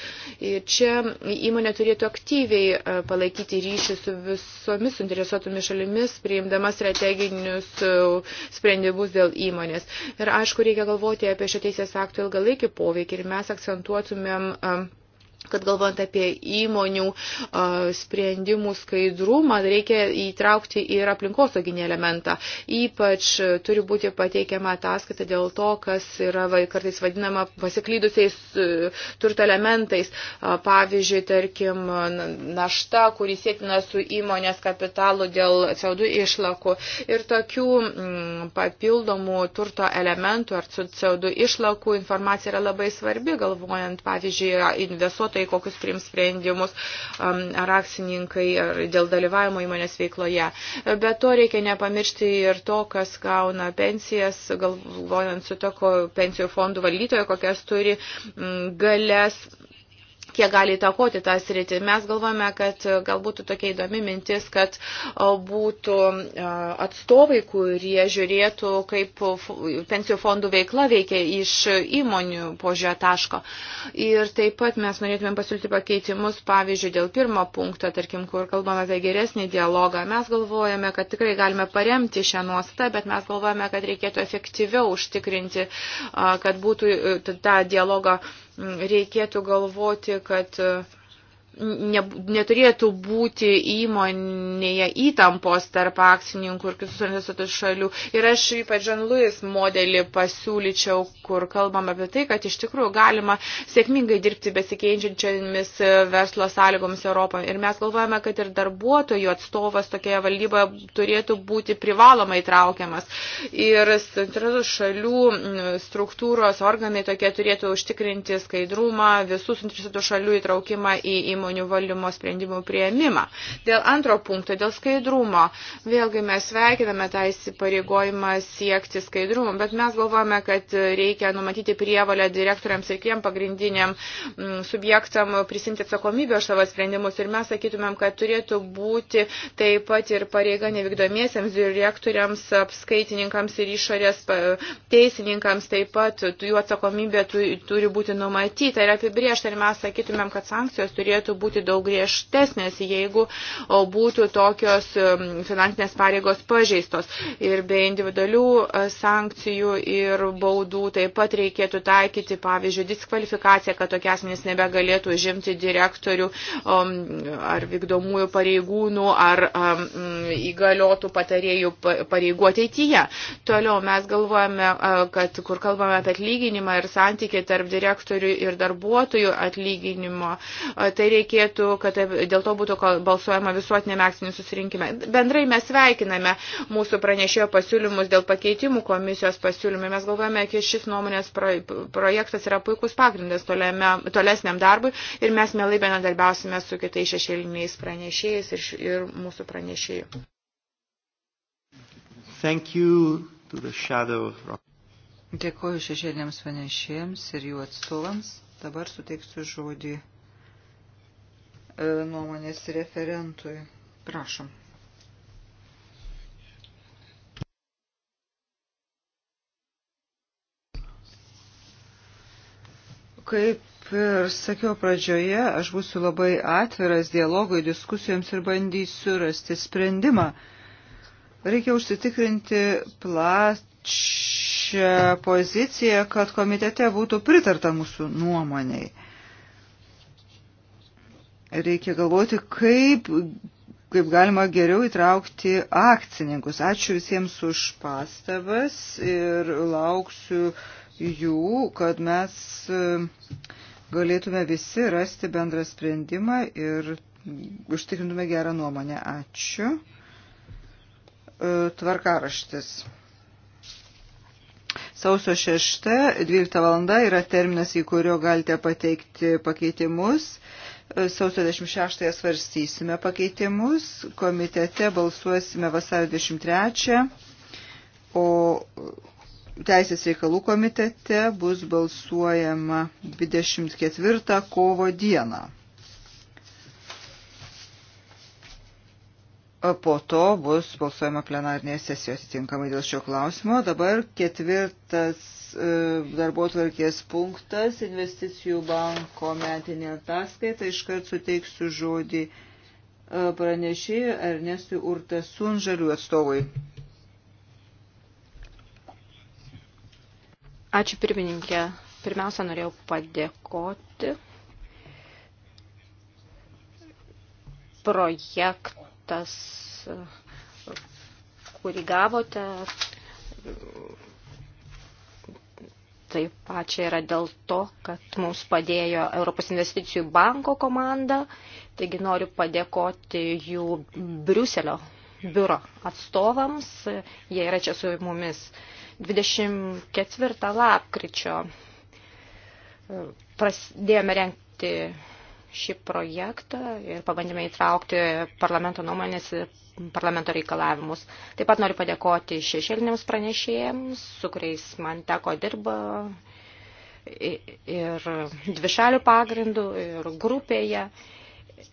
Ir čia įmonė turėtų aktyviai e, palaikyti ryšius su visomis suinteresuotomis šalimis, priimdama strateginius e, sprendimus dėl įmonės. Ir aišku, reikia galvoti apie šio teisės aktų ilgalaikį poveikį ir mes akcentuotumėm kad galvojant apie įmonių sprendimų skaidrumą, reikia įtraukti ir aplinkosauginį elementą. Ypač e, turi būti pateikiama ataskaita dėl to, kas yra kartais vadinama pasiklydusiais e, turto elementais. Pavyzdžiui, tarkim, našta, kuri sėtina su įmonės kapitalu dėl CO2 išlakų. Ir tokių papildomų turto elementų ar CO2 išlakų informacija yra labai svarbi, galvojant, pavyzdžiui, investuotojų vartotojai, kokius priims sprendimus, ar akcininkai ar dėl dalyvavimo įmonės veikloje. Bet to reikia nepamiršti ir to, kas gauna pensijas, galvojant su to, ko pensijų fondų valdytojo, kokias turi galės kiek gali įtakoti tą sritį. Mes galvojame, kad galbūt tokia įdomi mintis, kad būtų atstovai, kurie žiūrėtų, kaip pensijų fondų veikla veikia iš įmonių požiūrio taško. Ir taip pat mes norėtume pasiūlyti pakeitimus, pavyzdžiui, dėl pirmo punkto, tarkim, kur kalbame apie geresnį dialogą. Mes galvojame, kad tikrai galime paremti šią nuostatą, bet mes galvojame, kad reikėtų efektyviau užtikrinti, kad būtų e, tą dialogą reikėtų galvoti, kad uh, ne, neturėtų būti įmonėje įtampos tarp akcininkų ir kitus universitetų šalių. Ir aš ypač Žanluis modelį pasiūlyčiau, kur kalbam apie tai, kad iš tikrųjų galima sėkmingai dirbti besikeičiančiamis verslo sąlygomis Europoje. Ir mes galvojame, kad ir darbuotojų atstovas tokioje valdyboje turėtų būti privalomai traukiamas. Ir šalių struktūros organai tokie turėtų užtikrinti skaidrumą, visus universitetų šalių įtraukimą į įmonę įmonių valdymo sprendimų prieimimą. Dėl antro punkto, dėl skaidrumo, vėlgi mes sveikiname tą įsipareigojimą siekti skaidrumo, bet mes galvojame, kad reikia numatyti prievalę direktoriams ir kiem pagrindiniam mm, subjektam prisimti atsakomybę už savo sprendimus ir mes sakytumėm, kad turėtų būti taip pat ir pareiga nevykdomiesiams direktoriams, apskaitininkams ir išorės teisininkams taip pat jų atsakomybė turi būti numatyta ir apibriešta ir mes sakytumėm, kad sankcijos turėtų turėtų būti daug griežtesnės, jeigu būtų tokios finansinės pareigos pažeistos. Ir be individualių e, sankcijų ir baudų taip pat reikėtų taikyti, pavyzdžiui, diskvalifikaciją, kad tokie asmenys nebegalėtų žimti direktorių ar vykdomųjų pareigūnų ar įgaliotų patarėjų pareigų ateityje. Toliau mes galvojame, kad kur kalbame apie atlyginimą ir santykį tarp direktorių ir darbuotojų atlyginimo, tai reikėtų, kad tai dėl to būtų balsuojama visuotinėme akcinių susirinkime. Bendrai mes sveikiname mūsų pranešėjo pasiūlymus dėl pakeitimų komisijos pasiūlymų. Mes galvojame, kad šis nuomonės projektas yra puikus pagrindas toliame, tolesniam darbui ir mes mielai bendradarbiausime su kitais šešėliniais pranešėjais ir, ir mūsų pranešėjų. Thank you to the shadow
of... Dėkoju šešėliniams pranešėjams ir jų atstovams. Dabar suteiksiu žodį E, nuomonės referentui. Prašom. Kaip ir sakiau pradžioje, aš būsiu labai atviras dialogui, diskusijoms ir bandysiu rasti sprendimą. Reikia užsitikrinti plačią poziciją, kad komitete būtų pritarta mūsų nuomoniai reikia galvoti, kaip, kaip galima geriau įtraukti akcininkus. Ačiū visiems už pastabas ir lauksiu jų, kad mes e, galėtume visi rasti bendrą sprendimą ir užtikrintume gerą nuomonę. Ačiū. E, tvarkaraštis. Sausio 6, 12 val. yra terminas, į kurio galite pateikti pakeitimus. Sausio 26 svarstysime pakeitimus, komitete balsuosime vasario 23, o Teisės reikalų komitete bus balsuojama 24 kovo dieną. Po to bus balsuojama plenarnėje sesijos tinkamai dėl šio klausimo. Dabar ketvirtas e, darbo tvarkės punktas - investicijų banko metinė ataskaita. Iškart suteiksiu žodį e, pranešėjui Ernestui Urtasun žalių atstovui.
Ačiū pirmininkė. Pirmiausia, norėjau padėkoti projektą tas, kurį gavote, taip pat čia yra dėl to, kad mums padėjo Europos investicijų banko komanda, taigi noriu padėkoti jų Briuselio biuro atstovams, jie yra čia su mumis 24 lapkričio. Prasidėjome renkti šį projektą ir pabandėme įtraukti parlamento nuomonės parlamento reikalavimus. Taip pat noriu padėkoti šešėliniams pranešėjams, su kuriais man teko dirba ir dvišalių pagrindų, ir grupėje.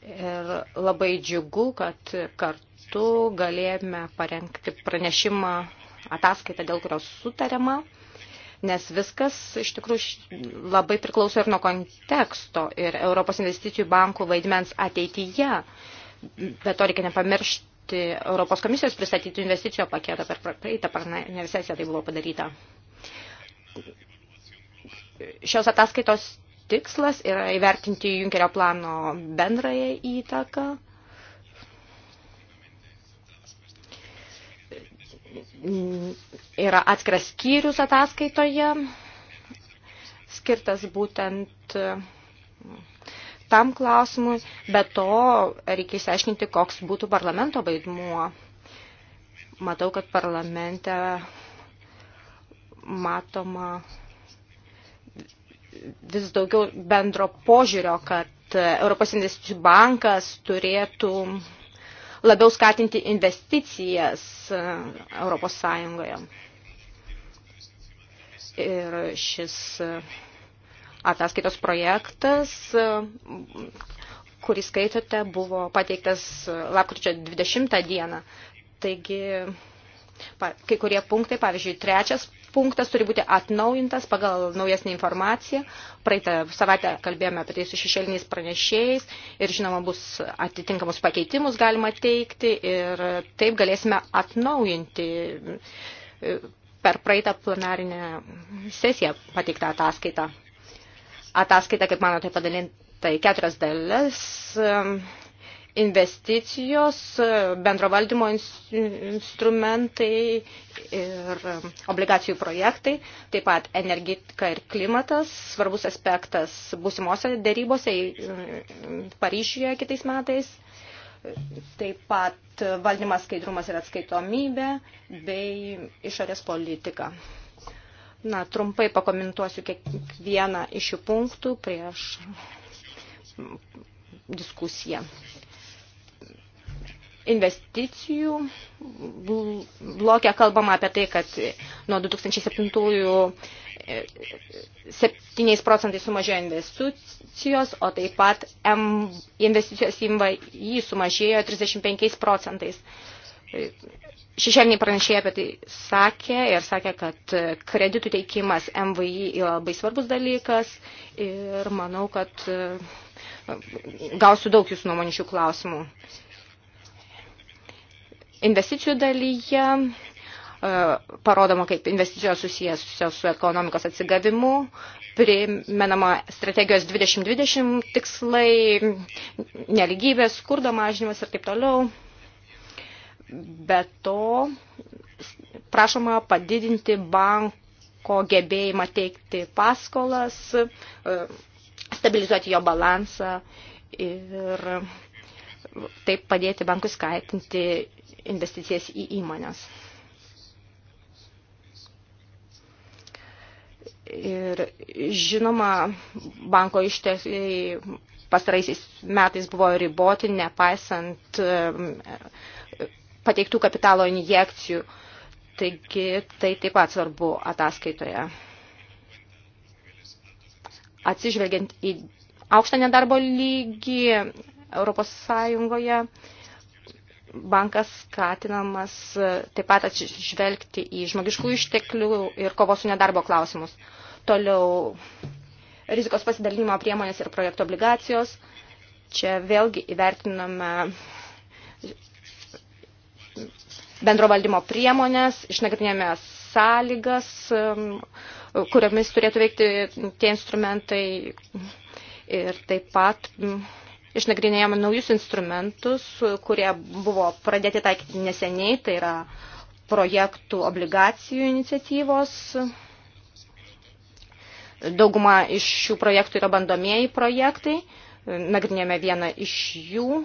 Ir labai džiugu, kad kartu galėjome parengti pranešimą ataskaitą, dėl kurios sutarėma nes viskas iš tikrųjų labai priklauso ir nuo konteksto ir Europos investicijų bankų vaidmens ateityje. Bet to reikia nepamiršti Europos komisijos pristatytų investicijo paketą per praeitą parnę sesiją tai buvo padaryta. Šios ataskaitos tikslas yra įvertinti Junkerio plano bendrąją įtaką yra atskiras skyrius ataskaitoje, skirtas būtent e, tam klausimui, bet to reikia išsiaiškinti, koks būtų parlamento vaidmuo. Matau, kad parlamente matoma vis daugiau bendro požiūrio, kad Europos investicijų bankas turėtų uh, labiau skatinti investicijas e, Europos Sąjungoje. Ir šis e, ataskaitos projektas, e, kurį skaitote, buvo pateiktas lapkričio 20 dieną. Taigi, kai kurie punktai, pavyzdžiui, trečias punktas turi būti atnaujintas pagal naujasnį informaciją. Praeitą savaitę kalbėjome apie tai su šešėliniais pranešėjais ir žinoma bus atitinkamus pakeitimus galima teikti ir taip galėsime atnaujinti e, per praeitą plenarinę sesiją pateiktą ataskaitą. Ataskaita, kaip manote, padalinta į keturias dalis investicijos, bendro valdymo instrumentai ir obligacijų projektai, taip pat energetika ir klimatas, svarbus aspektas būsimose dėrybose Paryžiuje kitais metais, taip pat valdymas, skaidrumas ir atskaitomybė bei išorės politika. Na, trumpai pakomentuosiu kiekvieną iš šių punktų prieš diskusiją investicijų blokė kalbama apie tai, kad nuo 2007 7 e, procentais sumažėjo investicijos, o taip pat M, investicijos į MVI sumažėjo 35 procentais. E, Šešėliniai pranešėjai apie tai sakė ir sakė, kad kreditų teikimas MVI yra labai svarbus dalykas ir manau, kad e, gausiu daug jūsų nuomonių šių klausimų investicijų dalyje e, parodoma, kaip investicijos susijęs su ekonomikos atsigavimu, primenama strategijos 2020 tikslai, neligybės, skurdo mažinimas ir taip toliau. Be to, prašoma padidinti banko gebėjimą teikti paskolas, e, stabilizuoti jo balansą ir taip padėti bankui skaitinti investicijas į įmonės. Ir žinoma, banko ištekliai pastaraisiais metais buvo riboti, nepaisant e, pateiktų kapitalo injekcijų. Taigi tai taip pat svarbu ataskaitoje. Atsižvelgiant į aukštą nedarbo lygį Europos Sąjungoje, bankas skatinamas e, taip pat atsižvelgti į žmogiškų išteklių ir kovos su nedarbo klausimus. Toliau rizikos pasidalinimo priemonės ir projektų obligacijos. Čia vėlgi įvertiname bendro valdymo priemonės, išnagrinėjame sąlygas, e, kuriomis turėtų veikti tie instrumentai ir taip pat išnagrinėjome naujus instrumentus, kurie buvo pradėti taikyti neseniai, tai yra projektų obligacijų iniciatyvos. Dauguma iš šių projektų yra bandomieji projektai. Nagrinėjome vieną iš jų,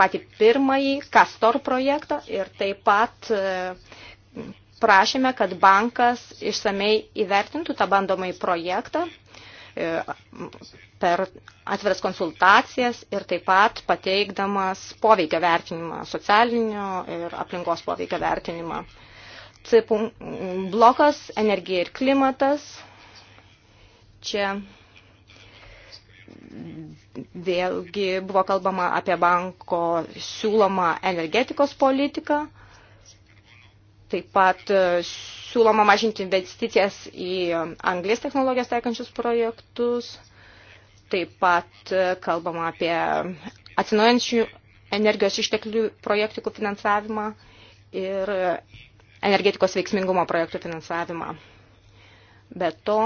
patį pirmąjį Castor projektą ir taip pat e, prašėme, kad bankas išsamei įvertintų tą bandomąjį projektą E, per atviras konsultacijas ir taip pat pateikdamas poveikio vertinimą, socialinio ir aplinkos poveikio vertinimą. C blokas energija ir klimatas. Čia vėlgi buvo kalbama apie banko siūlomą energetikos politiką, taip pat siūloma mažinti investicijas į anglės technologijas taikančius projektus. Taip pat e, kalbama apie atsinaujančių energijos išteklių projektų finansavimą ir energetikos veiksmingumo projektų finansavimą. Be to,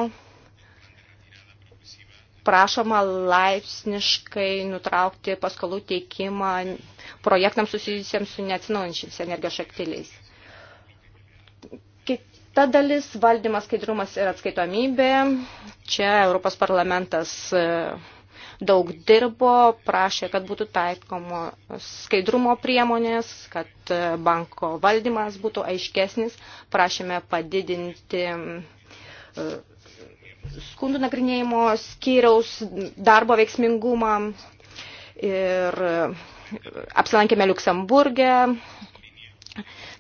prašoma laipsniškai nutraukti paskolų teikimą projektams susijusiems su neatsinaujančiais energijos šaktiliais. Ta dalis valdymas, skaidrumas ir atskaitomybė. Čia Europos parlamentas e, daug dirbo, prašė, kad būtų taikomo skaidrumo priemonės, kad e, banko valdymas būtų aiškesnis, prašėme padidinti e, skundų nagrinėjimo skyriaus darbo veiksmingumą ir apsilankėme Luksemburgė,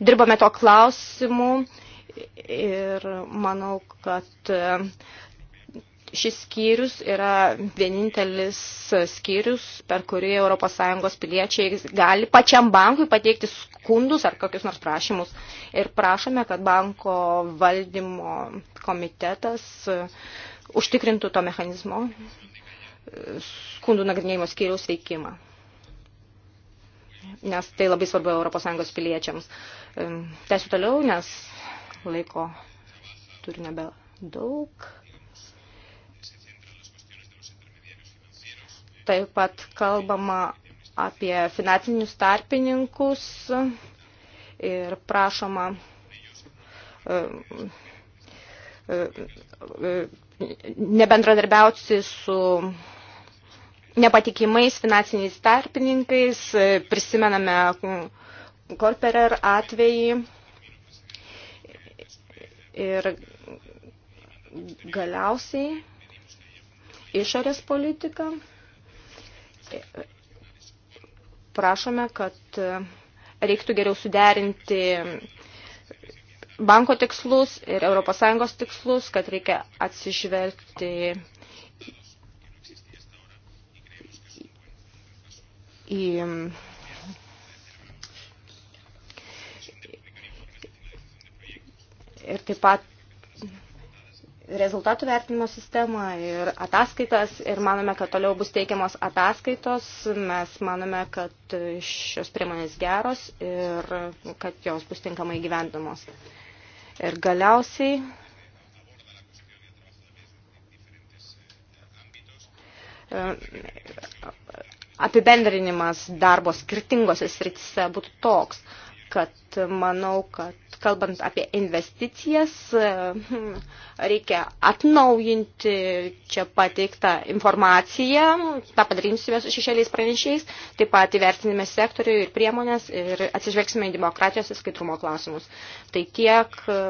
dirbome to klausimu Ir manau, kad e, šis skyrius yra vienintelis skyrius, per kurį ES piliečiai gali pačiam bankui pateikti skundus ar kokius nors prašymus. Ir prašome, kad banko valdymo komitetas e, užtikrintų to mechanizmo e, skundų nagrinėjimo skyriaus veikimą. Nes tai labai svarbu ES piliečiams. Tęsiu toliau, nes laiko turi nebedaug. Taip pat kalbama apie finansinius tarpininkus ir prašoma e, e, e, nebendradarbiauti su nepatikimais finansiniais tarpininkais, prisimename Korperer atvejį. Ir galiausiai išorės politika. Prašome, kad reiktų geriau suderinti banko tikslus ir ES tikslus, kad reikia atsižvelgti į ir taip pat rezultatų vertinimo sistemą ir ataskaitas ir manome, kad toliau bus teikiamos ataskaitos. Mes manome, kad šios priemonės geros ir kad jos bus tinkamai gyvendamos. Ir galiausiai apibendrinimas darbo skirtingose srityse būtų toks kad manau, kad kalbant apie investicijas, e, reikia atnaujinti čia pateiktą informaciją, tą padarysime su šešėliais pranešiais, taip pat įvertinime sektorių ir priemonės ir atsižvelgsime į demokratijos ir skaitrumo klausimus. Tai tiek e,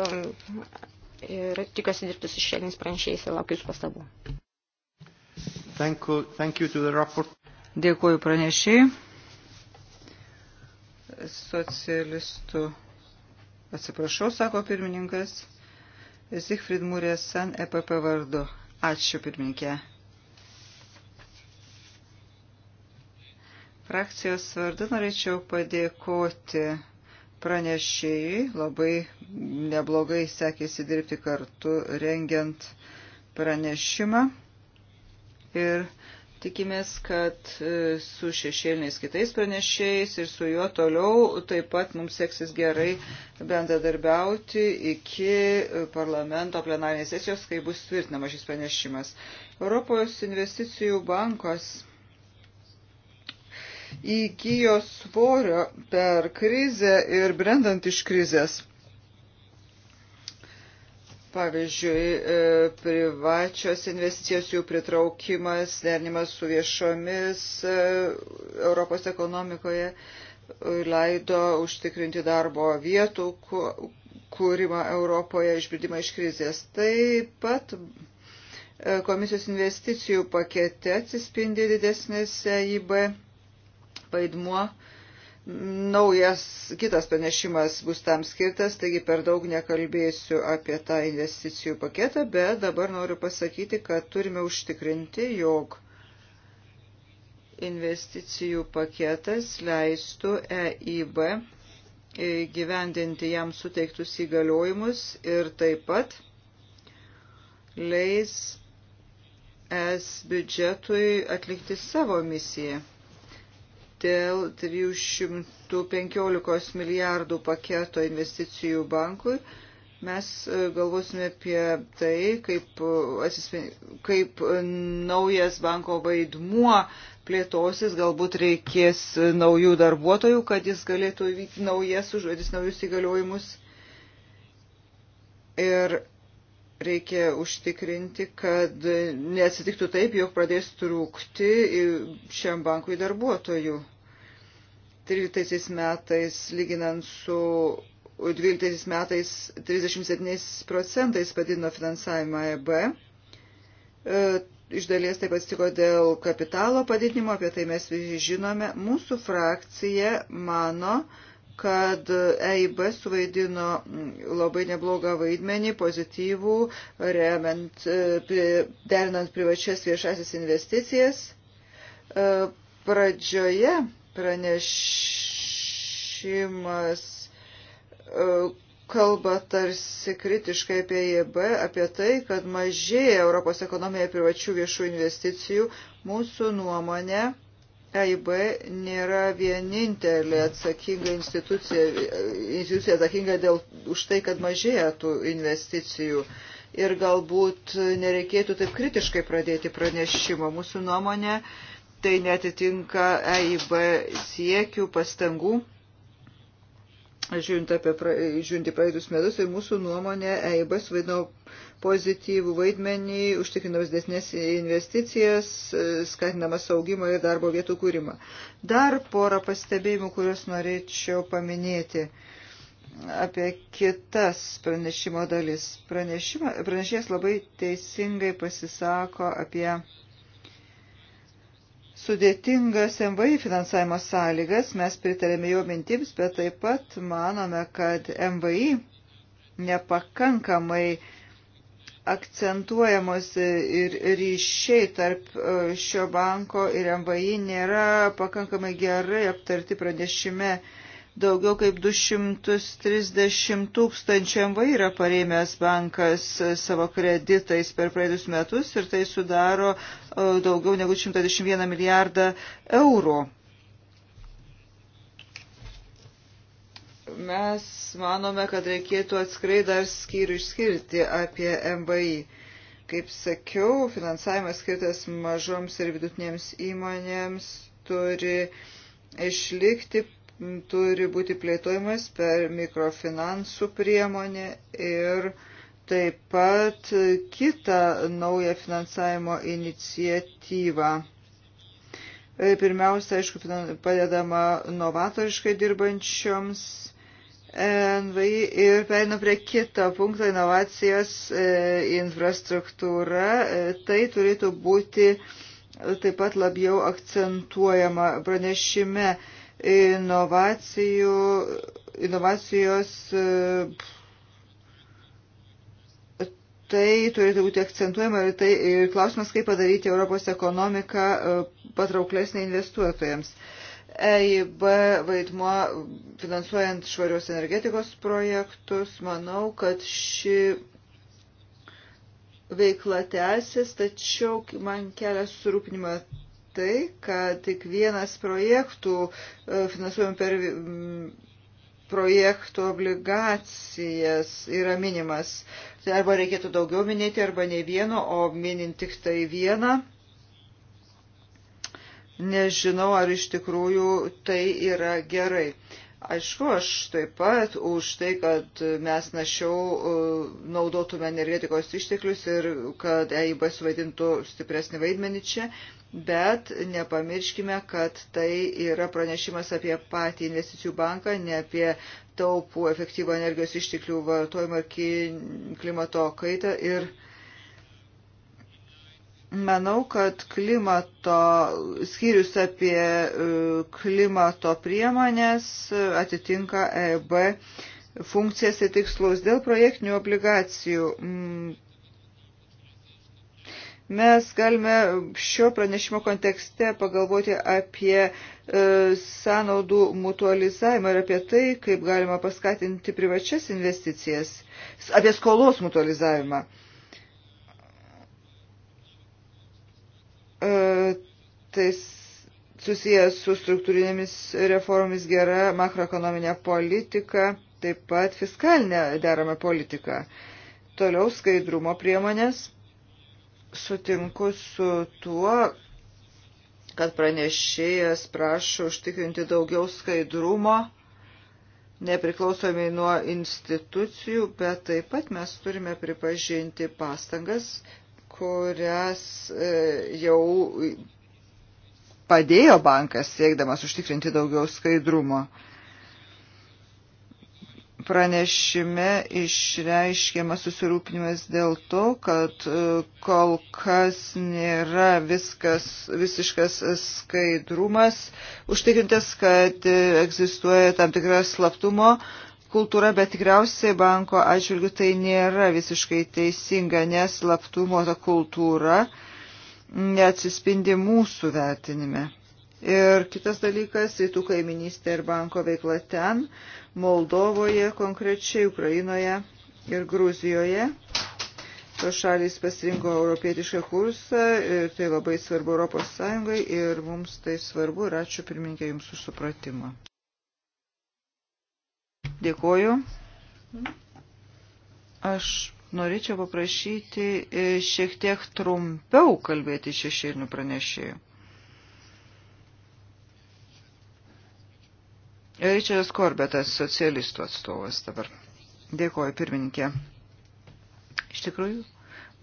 ir tikiuosi dirbti su šešėliais pranešiais ir laukiu jūsų pastabų.
Thank you, thank you Dėkuoju pranešėjai socialistų. Atsiprašau, sako pirmininkas. Zigfrid Murėsan, EPP vardu. Ačiū, pirmininkė. Frakcijos vardu norėčiau padėkoti pranešėjai. Labai neblogai sekėsi dirbti kartu rengiant pranešimą. Ir Tikimės, kad e, su šešėliniais kitais pranešėjais ir su juo toliau taip pat mums seksis gerai bendradarbiauti iki e, parlamento plenarinės sesijos, kai bus tvirtinama šis pranešimas. Europos investicijų bankas įgyjo svorio per krizę ir brendant iš krizės. Pavyzdžiui, e, privačios investicijos jų pritraukimas, derinimas su viešomis e, Europos ekonomikoje leido užtikrinti darbo vietų kūrimą Europoje, išbridimą iš krizės. Taip pat e, komisijos investicijų pakete atsispindi didesnėse IB vaidmuo. E, Naujas kitas pranešimas bus tam skirtas, taigi per daug nekalbėsiu apie tą investicijų paketą, bet dabar noriu pasakyti, kad turime užtikrinti, jog investicijų paketas leistų EIB gyvendinti jam suteiktus įgaliojimus ir taip pat leis es biudžetui atlikti savo misiją dėl 315 milijardų paketo investicijų bankui. Mes e, galvosime apie tai, kaip, e, kaip e, naujas banko vaidmuo plėtosis, galbūt reikės naujų darbuotojų, kad jis galėtų įvykti naujas užduotis, naujus įgaliojimus. Ir reikia užtikrinti, kad neatsitiktų taip, jog pradės trūkti šiam bankui darbuotojų. 13 metais lyginant su 12 metais 37 procentais padidino finansavimą EB. E, iš dalies taip atsitiko dėl kapitalo padidinimo, apie tai mes visi žinome. Mūsų frakcija mano, kad EIB suvaidino labai neblogą vaidmenį, pozityvų, remiant, e, derinant privačias viešasis investicijas. E, pradžioje pranešimas e, kalba tarsi kritiškai apie EIB, apie tai, kad mažėja Europos ekonomija privačių viešų investicijų. Mūsų nuomonė, EIB nėra vienintelė atsakinga institucija, institucija atsakinga dėl, už tai, kad mažėja tų investicijų. Ir galbūt nereikėtų taip kritiškai pradėti pranešimo. Mūsų nuomonė, uh, tai netitinka EIB siekių, pastangų. Žiūrint, apie, žiūrint į praeitus metus ir tai mūsų nuomonė, EIB suvaidino pozityvų vaidmenį, užtikrinamas desnės investicijas, skatinamas augimą ir darbo vietų kūrimą. Dar porą pastebėjimų, kuriuos norėčiau paminėti apie kitas pranešimo dalis. Pranešima, pranešės labai teisingai pasisako apie sudėtingas MVI finansavimo sąlygas, mes pritarėme jo mintims, bet taip pat manome, kad MVI nepakankamai akcentuojamos ir ryšiai tarp e, šio banko ir MVI nėra pakankamai gerai aptarti pranešime Daugiau kaip 230 tūkstančių MV yra pareimęs bankas savo kreditais per praeitus metus ir tai sudaro e, daugiau negu 121 milijardą eurų. Mes manome, kad reikėtų atskrai dar skyrių išskirti apie MVI kaip sakiau, finansavimas skirtas mažoms ir vidutinėms įmonėms turi išlikti turi būti plėtojimas per mikrofinansų priemonę ir taip pat kitą naują finansavimo iniciatyvą. E, pirmiausia, aišku, padedama novatoriškai dirbančioms NVI ir perinu prie kito punkto inovacijos e, infrastruktūra. E, tai turėtų būti taip pat labiau akcentuojama pranešime inovacijų, inovacijos e, tai turėtų būti akcentuojama ir, tai, ir klausimas, kaip padaryti Europos ekonomiką e, patrauklesnė investuotojams. EIB vaidmuo finansuojant švarios energetikos projektus, manau, kad ši veikla tęsis, tačiau man kelia surūpinimą tai, kad tik vienas projektų e, finansuojam per projektų obligacijas yra minimas. Tai arba reikėtų daugiau minėti, arba ne vieno, o minint tik tai vieną. Nežinau, ar iš tikrųjų tai yra gerai. Aišku, aš taip pat už tai, kad mes našiau e, naudotume energetikos išteklius ir kad EIB suvaidintų stipresnį vaidmenį čia, bet nepamirškime, kad tai yra pranešimas apie patį investicijų banką, ne apie taupų efektyvą energijos išteklių vartojimą ir klimato kaitą ir uh, Manau, kad klimato skyrius apie e, klimato priemonės e, atitinka EB funkcijas ir tikslus dėl projektinių obligacijų. Mm. Mes galime šio pranešimo kontekste pagalvoti apie e, sąnaudų mutualizavimą ir apie tai, kaip galima paskatinti privačias investicijas, apie skolos mutualizavimą. tai susijęs su struktūrinėmis reformomis gera makroekonominė politika, taip pat fiskalinė derama politika. Toliau skaidrumo priemonės. Sutinku su tuo, kad pranešėjas prašo užtikrinti daugiau skaidrumo, nepriklausomai nuo institucijų, bet taip pat mes turime pripažinti pastangas, kurias e, jau padėjo bankas siekdamas užtikrinti daugiau skaidrumo. Pranešime išreiškiamas susirūpinimas dėl to, kad e, kol kas nėra viskas, visiškas skaidrumas užtikrintas, kad e, egzistuoja tam tikras slaptumo kultūra, bet tikriausiai banko atžvilgių tai nėra visiškai teisinga, nes slaptumo ta kultūra uh, neatsispindi mūsų vertinime. Ir kitas dalykas, rytų kaiminystė ir banko veikla ten, Moldovoje konkrečiai, Ukrainoje ir Gruzijoje. Tos šalys pasirinko europietišką kursą ir e, tai labai svarbu Europos Sąjungai ir mums tai svarbu ir ačiū pirmininkė Jums už supratimą. Dėkoju. Aš Norėčiau paprašyti e, šiek tiek trumpiau kalbėti šešėlinių pranešėjų. Ričardas Korbetas, socialistų atstovas dabar. Dėkoju, pirmininkė. Iš tikrųjų,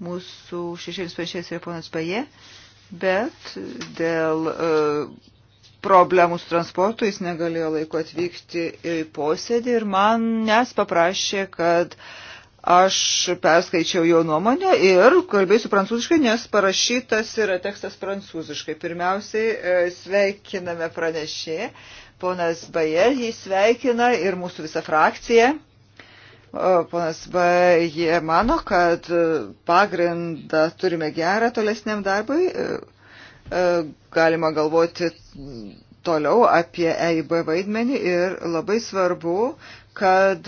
mūsų šešėlis pranešėjas yra ponas Paje, bet dėl uh, problemų su transportu, jis negalėjo laiko atvykti į posėdį ir manęs paprašė, kad uh, Aš perskaičiau jo nuomonę ir kalbėsiu prancūziškai, nes parašytas yra tekstas prancūziškai. Pirmiausiai e, sveikiname pranešė, ponas Bayer jį sveikina ir mūsų visa frakcija. Ponas Bayer mano, kad e, pagrindą turime gerą tolesniam darbui. E, galima galvoti toliau apie EIB vaidmenį ir labai svarbu kad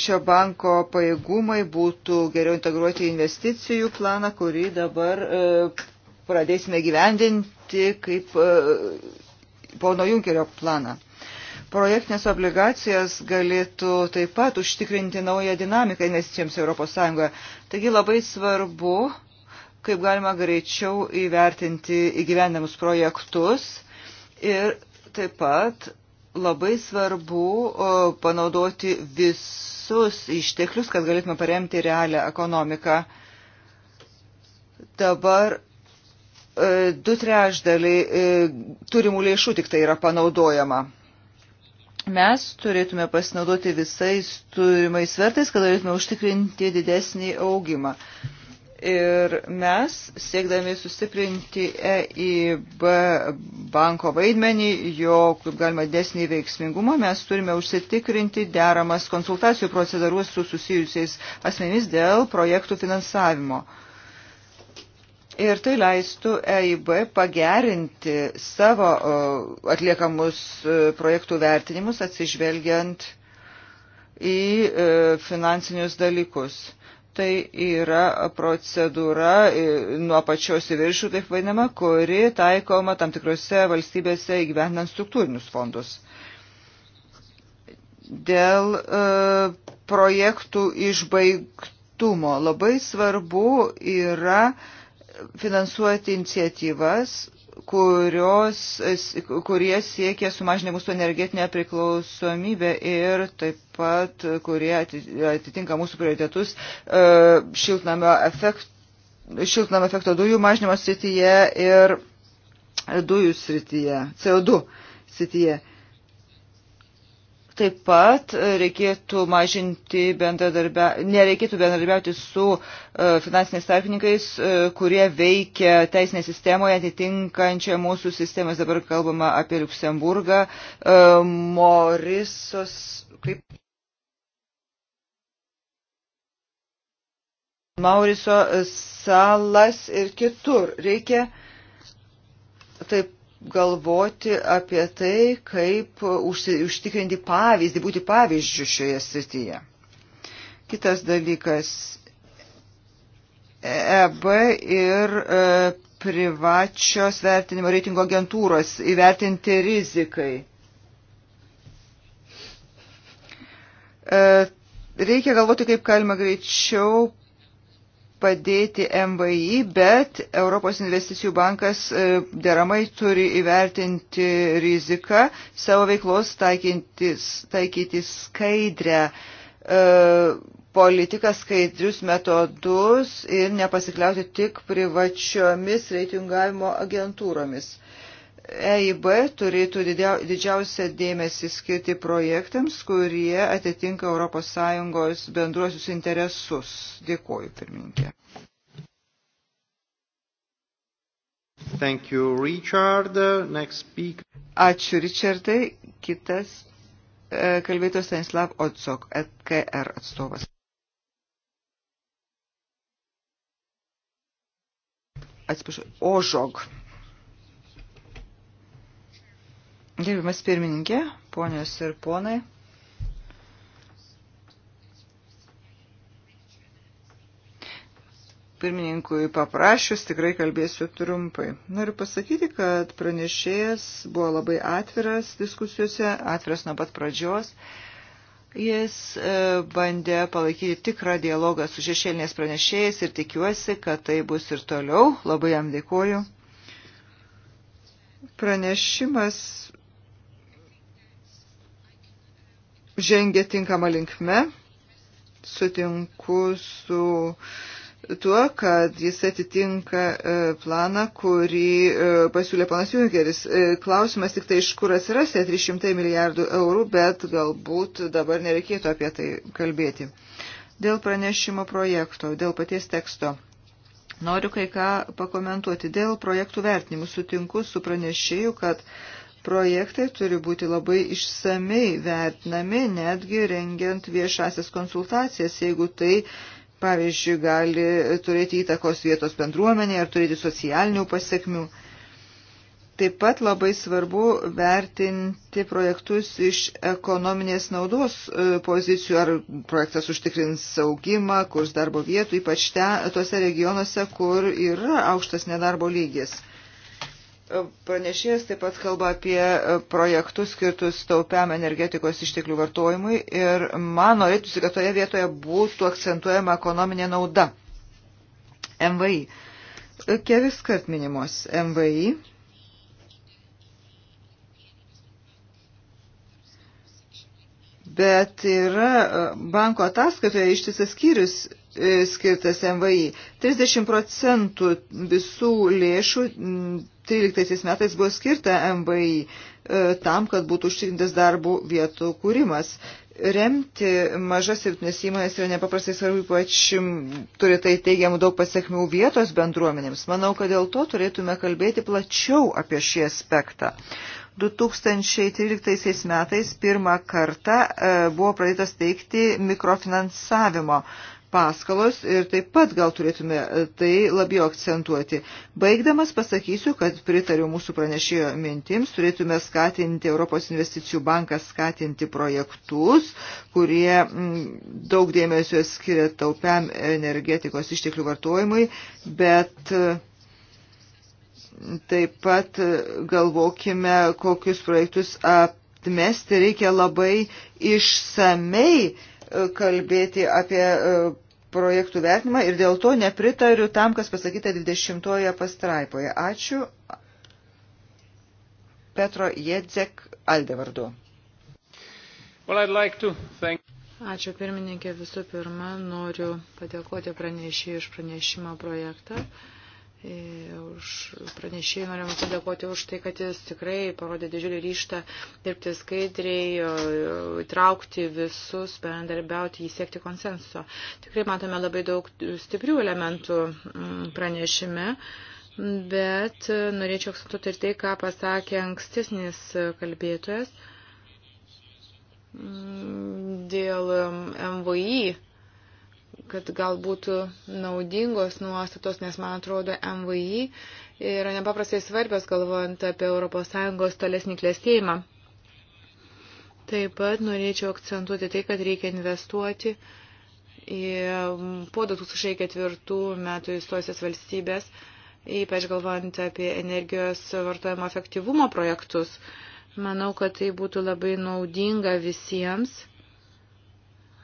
šio banko pajėgumai būtų geriau integruoti į investicijų planą, kurį dabar e, pradėsime gyvendinti kaip e, pono Junkerio planą. Projektinės obligacijas galėtų taip pat užtikrinti naują dinamiką investicijoms ES. Taigi labai svarbu, kaip galima greičiau įvertinti įgyvendamus projektus ir taip pat labai svarbu panaudoti visus išteklius, kad galėtume paremti realią ekonomiką. Dabar e, du trešdaliai e, turimų lėšų tik tai yra panaudojama. Mes turėtume pasinaudoti visais turimais vertais, kad galėtume užtikrinti didesnį augimą. Ir mes, siekdami sustiprinti EIB banko vaidmenį, jo, kaip galima, desnį veiksmingumą, mes turime užsitikrinti deramas konsultacijų procedūrus su susijusiais asmenys dėl projektų finansavimo. Ir tai leistų EIB pagerinti savo atliekamus e, projektų vertinimus atsižvelgiant į e, finansinius dalykus tai yra procedūra e, nuo pačios į viršų, taip vadinama, kuri taikoma tam tikrose valstybėse įgyvendinant struktūrinius fondus. Dėl e, projektų išbaigtumo labai svarbu yra finansuoti iniciatyvas, kurios, kurie siekia sumažinti mūsų energetinę priklausomybę ir taip pat, kurie atitinka mūsų prioritetus e, šiltnamio, efekt, šiltnamio efekto dujų mažinimo srityje ir dujų srityje, CO2 srityje. Taip pat e, reikėtų mažinti bendradarbia, nereikėtų bendradarbiauti su e, finansiniais tarpininkais, e, kurie veikia teisinėje sistemoje atitinkančią mūsų sistemas. Dabar kalbama apie Luksemburgą. Morisos, kaip? Mauriso salas ir kitur. Reikia taip galvoti apie tai, kaip užtikrinti pavyzdį, būti pavyzdžių šioje srityje. Kitas dalykas e - EB ir e, privačios vertinimo reitingo agentūros įvertinti rizikai. E, reikia galvoti, kaip galima greičiau padėti MVI, bet Europos investicijų bankas e, deramai turi įvertinti riziką, savo veiklos taikyti skaidrę e, politiką, skaidrius metodus ir nepasikliauti tik privačiomis reitingavimo agentūromis. EIB turėtų didžiausią dėmesį skirti projektams, kurie atitinka ES bendruosius interesus. Dėkuoju, pirmininkė. Thank you, Richard. Next speaker. Ačiū, Richardai. Kitas e, kalbėtos Stanislav Otsok, EKR atstovas. Atsiprašau, Ožog. Gerbimas pirmininkė, ponios ir ponai. Pirmininkui paprašius tikrai kalbėsiu trumpai. Noriu pasakyti, kad pranešėjas buvo labai atviras diskusijose, atviras nuo pat pradžios. Jis e, bandė palaikyti tikrą dialogą su šešėlinės pranešėjais ir tikiuosi, kad tai bus ir toliau. Labai jam dėkoju. Pranešimas žengia tinkama linkme. Sutinku su tuo, kad jis atitinka e, planą, kurį e, pasiūlė panas Junkeris. E, klausimas tik tai, iš kur atsiras tie 300 milijardų eurų, bet galbūt dabar nereikėtų apie tai kalbėti. Dėl pranešimo projekto, dėl paties teksto. Noriu kai ką pakomentuoti. Dėl projektų vertinimų sutinku su pranešėju, kad projektai turi būti labai išsamei vertinami, netgi rengiant viešasias konsultacijas, jeigu tai, pavyzdžiui, gali turėti įtakos vietos bendruomenėje ar turėti socialinių pasiekmių. Taip pat labai svarbu vertinti projektus iš ekonominės naudos e, pozicijų, ar projektas užtikrins saugimą, kurs darbo vietų, ypač te, tose regionuose, kur yra aukštas nedarbo lygis. Pranešėjas taip pat kalba apie e, projektus skirtus taupiam energetikos išteklių vartojimui ir man norėtųsi, kad toje vietoje būtų akcentuojama ekonominė nauda. MVI. Kelis kart minimos MVI. Bet yra e, banko ataskaitoje ištisas skyrius e, skirtas MVI. 30 procentų visų lėšų 2013 metais buvo skirta MVI e, tam, kad būtų užtikrintas darbų vietų kūrimas. Remti mažas ir vidutinės įmonės yra nepaprastai svarbu, ypač turi tai teigiamų daug pasiekmių vietos bendruomenėms. Manau, kad dėl to turėtume kalbėti plačiau apie šį aspektą. 2013 metais pirmą kartą e, buvo pradėtas teikti mikrofinansavimo paskalos ir taip pat gal turėtume e, tai labiau akcentuoti. Baigdamas pasakysiu, kad pritariu mūsų pranešėjo mintims, turėtume skatinti Europos investicijų banką skatinti projektus, kurie daug dėmesio skiria taupiam energetikos išteklių vartojimui, bet e, taip pat e, galvokime, kokius projektus atmesti reikia labai išsamei kalbėti apie projektų vertinimą ir dėl to nepritariu tam, kas pasakyta 20 pastraipoje. Ačiū Petro Jedzek Alde vardu.
Well, I'd like to thank... Ačiū pirmininkė, visų pirma, noriu padėkoti pranešėjai iš pranešimo projektą. Uh, E, už pranešėjų norėjom padėkoti už tai, kad jis tikrai parodė didžiulį ryštą dirbti skaidriai, traukti visus, bendarbiauti, įsiekti konsenso. Tikrai matome labai daug stiprių elementų mm, pranešime. Bet e, norėčiau akcentuoti ir tai, ką pasakė ankstesnis kalbėtojas mm, dėl MVI kad gal būtų naudingos nuostatos, nes man atrodo MVI yra nepaprastai svarbios, galvojant apie ES tolesnį klėstėjimą. Taip pat norėčiau akcentuoti tai, kad reikia investuoti į po 2004 metų įstosios valstybės, ypač galvojant apie energijos vartojimo efektyvumo projektus. Manau, kad tai būtų labai naudinga visiems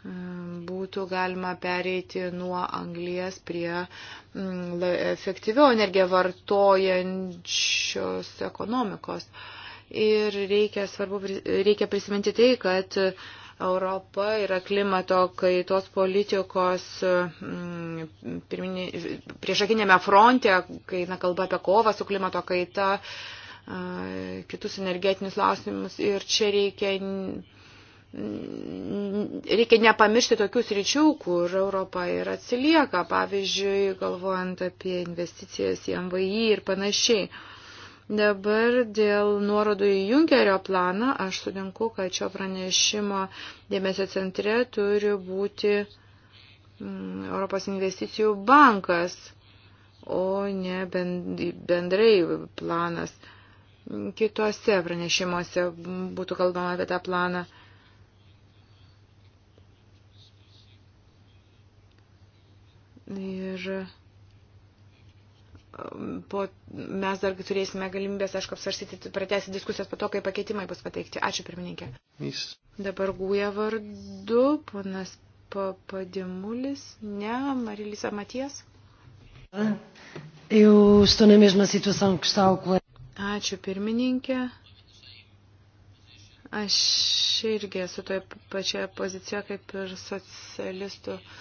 būtų galima pereiti nuo anglies prie mm, efektyviau energiją vartojančios ekonomikos. Ir reikia, svarbu, reikia prisiminti tai, kad Europa yra klimato kaitos politikos mm, pirminį, priešakinėme fronte, kai na, kalba apie kovą su klimato kaita, kitus energetinius lausimus. Ir čia reikia reikia nepamiršti tokius ryčių, kur Europa ir atsilieka, pavyzdžiui, galvojant apie investicijas į MVI ir panašiai. Dabar dėl nuorodų į Junkerio planą aš sutinku, kad šio pranešimo dėmesio centre turi būti mm, Europos investicijų bankas, o ne bendrai planas. Kitose pranešimuose būtų kalbama apie tą planą. Ir um, po, mes dar turėsime galimybės, aišku, apsvarsyti, pratęsti diskusijas po to, kai pakeitimai bus pateikti. Ačiū, pirmininkė. Jis. Dabar guja vardu, ponas Papadimulis, ne, Marilisa Matijas.
Eu estou na mesma situação que está o colega.
Ačiū, pirmininkė. Aš irgi esu toje pačioje pozicijoje kaip ir socialistų uh,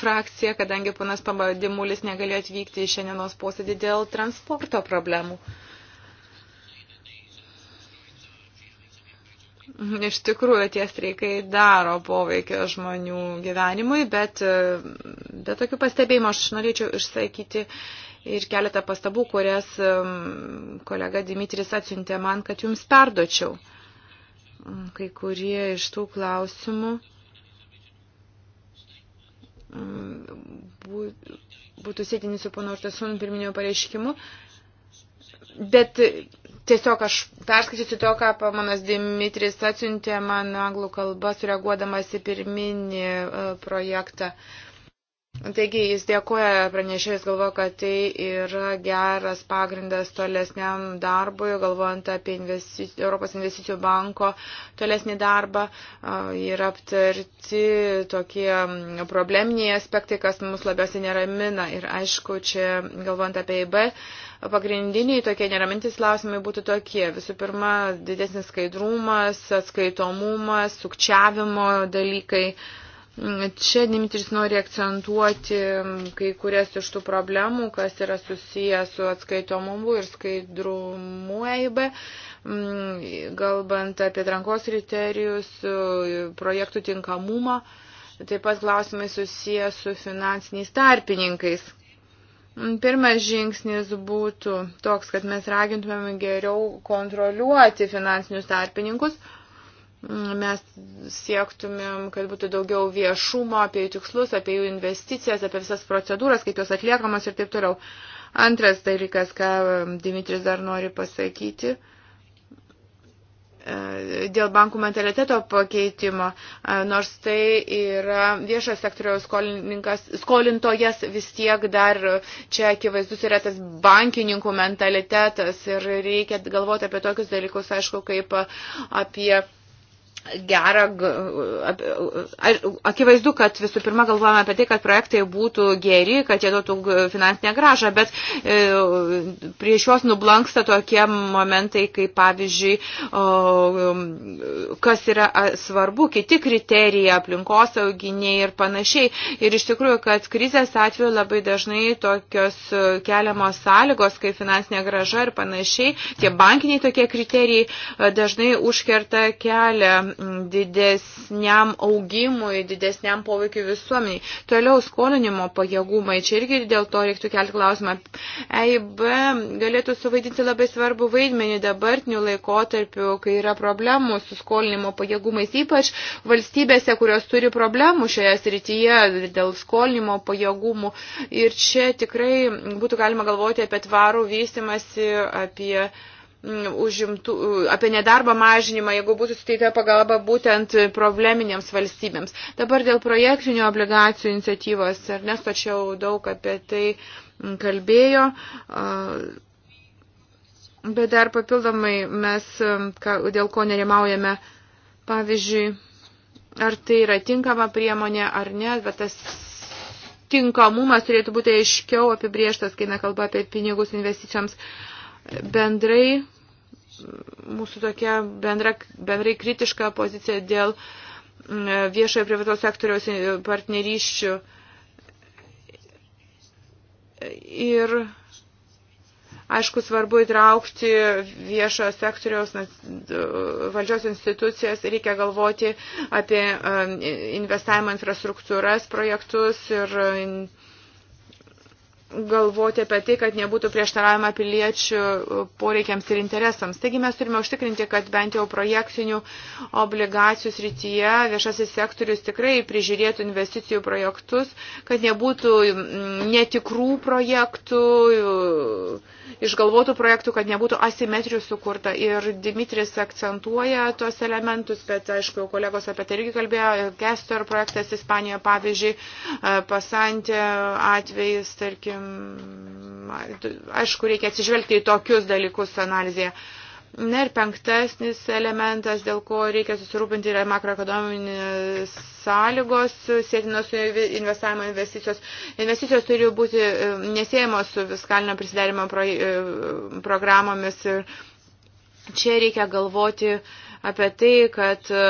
frakciją, kadangi ponas Pabadimulis negalėjo atvykti į šiandienos posėdį dėl transporto problemų. Iš tikrųjų, tie streikai daro poveikio žmonių gyvenimui, bet be tokių pastebėjimų aš norėčiau išsakyti ir keletą pastabų, kurias um, kolega Dimitris atsiuntė man, kad jums perdočiau. Um, kai kurie iš tų klausimų būtų sėtinis su pono Urtasun pirminio pareiškimu. Bet tiesiog aš perskaitysiu to, ką pamonas Dimitris atsiuntė man anglų kalbą, sureaguodamas į pirminį e, projektą. Uh, Taigi jis dėkoja pranešėjus, galvoja, kad tai yra geras pagrindas tolesniam darbui, galvojant apie investicijų, Europos investicijų banko tolesnį darbą. Yra aptarti tokie mm, probleminiai aspektai, kas mus labiausiai neramina. Ir aišku, čia galvojant apie IB, e pagrindiniai tokie neramintis klausimai būtų tokie. Visų pirma, didesnis skaidrumas, atskaitomumas, sukčiavimo dalykai. Čia Dimitris nori akcentuoti kai kurias iš tų problemų, kas yra susijęs su atskaitomumu ir skaidrumu EIB, mm, galbant apie trankos kriterijus, projektų tinkamumą, taip pat klausimai susijęs su finansiniais tarpininkais. Pirmas žingsnis būtų toks, kad mes ragintumėm geriau kontroliuoti finansinius tarpininkus mes siektumėm, kad būtų daugiau viešumo apie jų tikslus, apie jų investicijas, apie visas procedūras, kaip jos atliekamos ir taip toliau. Antras dalykas, ką um, Dimitris dar nori pasakyti, e, dėl bankų mentaliteto pakeitimo, e, nors tai yra viešas sektoriaus skolininkas, skolintojas vis tiek dar čia akivaizdus yra tas bankininkų mentalitetas ir reikia galvoti apie tokius dalykus, aišku, kaip apie gerą, akivaizdu, kad visų pirma galvojame apie tai, kad projektai būtų geri, kad jie duotų finansinę gražą, bet e, prie šios nublanksta tokie momentai, kaip pavyzdžiui, kas yra svarbu, kiti kriterijai, aplinkosauginiai ir panašiai. Ir iš tikrųjų, kad krizės atveju labai dažnai tokios e, keliamos sąlygos, kaip finansinė graža ir panašiai, tie bankiniai tokie kriterijai e, dažnai užkerta kelią didesniam augimui, didesniam poveikiu visuomeniai. Toliau skolinimo pajėgumai, čia irgi dėl to reiktų kelti klausimą. EIB galėtų suvaidinti labai svarbu vaidmenį dabartiniu laikotarpiu, kai yra problemų su skolinimo pajėgumais, ypač valstybėse, kurios turi problemų šioje srityje dėl skolinimo pajėgumų. Ir čia tikrai būtų galima galvoti apie tvarų vystimąsi, apie Mm, užimtų, apie nedarbo mažinimą, jeigu būtų suteikta pagalba būtent probleminėms valstybėms. Dabar dėl projektinių obligacijų iniciatyvos, ar nestočiau daug apie tai mm, kalbėjo. Bet dar papildomai mes, mm, dėl ko nerimaujame, pavyzdžiui, ar tai yra tinkama priemonė ar ne, bet tas tinkamumas turėtų būti aiškiau apibrieštas, kai nekalba apie pinigus investicijoms bendrai mūsų tokia bendra, bendrai kritiška pozicija dėl mm, viešojo privataus sektoriaus e, partnerysčių. Ir aišku, svarbu įtraukti viešo sektoriaus valdžios institucijas, reikia galvoti apie e, investavimą infrastruktūras, projektus ir in, galvoti apie tai, kad nebūtų prieštaravimą piliečių poreikiams ir interesams. Taigi mes turime užtikrinti, kad bent jau projektinių obligacijų srityje viešasis sektorius tikrai prižiūrėtų investicijų projektus, kad nebūtų mm, netikrų projektų išgalvotų projektų, kad nebūtų asimetrijų sukurta. Ir Dimitris akcentuoja tuos elementus, bet, aišku, kolegos apie tai irgi kalbėjo, Gestor projektas Ispanijoje, pavyzdžiui, pasantė atvejais, tarkim, aišku, reikia atsižvelgti į tokius dalykus analizėje. Na ir penktasnis elementas, dėl ko reikia susirūpinti, yra makroekonominės sąlygos, sėtinos su investavimo investicijos. Investicijos turi būti e, nesėjamos su fiskalinio prisidarimo pro, e, programomis ir čia reikia galvoti uh, apie tai, kad e,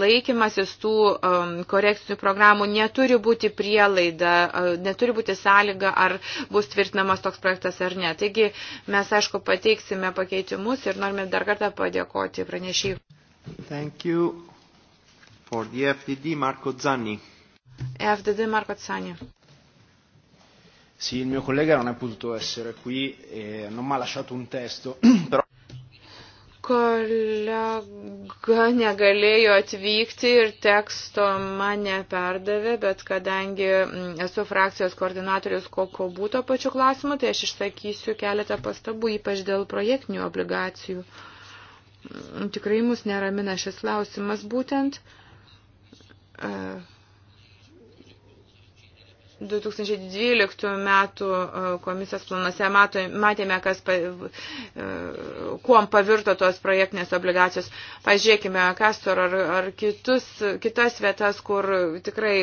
laikymasis tų e, korekcinių programų neturi būti prielaida, e, neturi būti sąlyga, ar bus tvirtinamas toks projektas ar ne. Taigi mes, aišku, pateiksime pakeitimus ir norime dar kartą padėkoti pranešėjai.
Thank you for the FDD Marco Zanni.
FDD Marco Zanni.
Sì, il mio collega non è potuto essere qui e non mi ha lasciato un testo, però
kolega negalėjo atvykti ir teksto man neperdavė, bet kadangi mm, esu frakcijos koordinatorius kokio būtų pačiu klausimu, tai aš išsakysiu keletą pastabų, ypač dėl projektinių obligacijų. Mm, tikrai mus neramina šis klausimas būtent. Uh, 2012 metų e, komisijos planuose matėme, kas, e, kuom pavirto tos projektinės obligacijos. Pažiūrėkime Kastor ar, ar kitus, kitas vietas, kur tikrai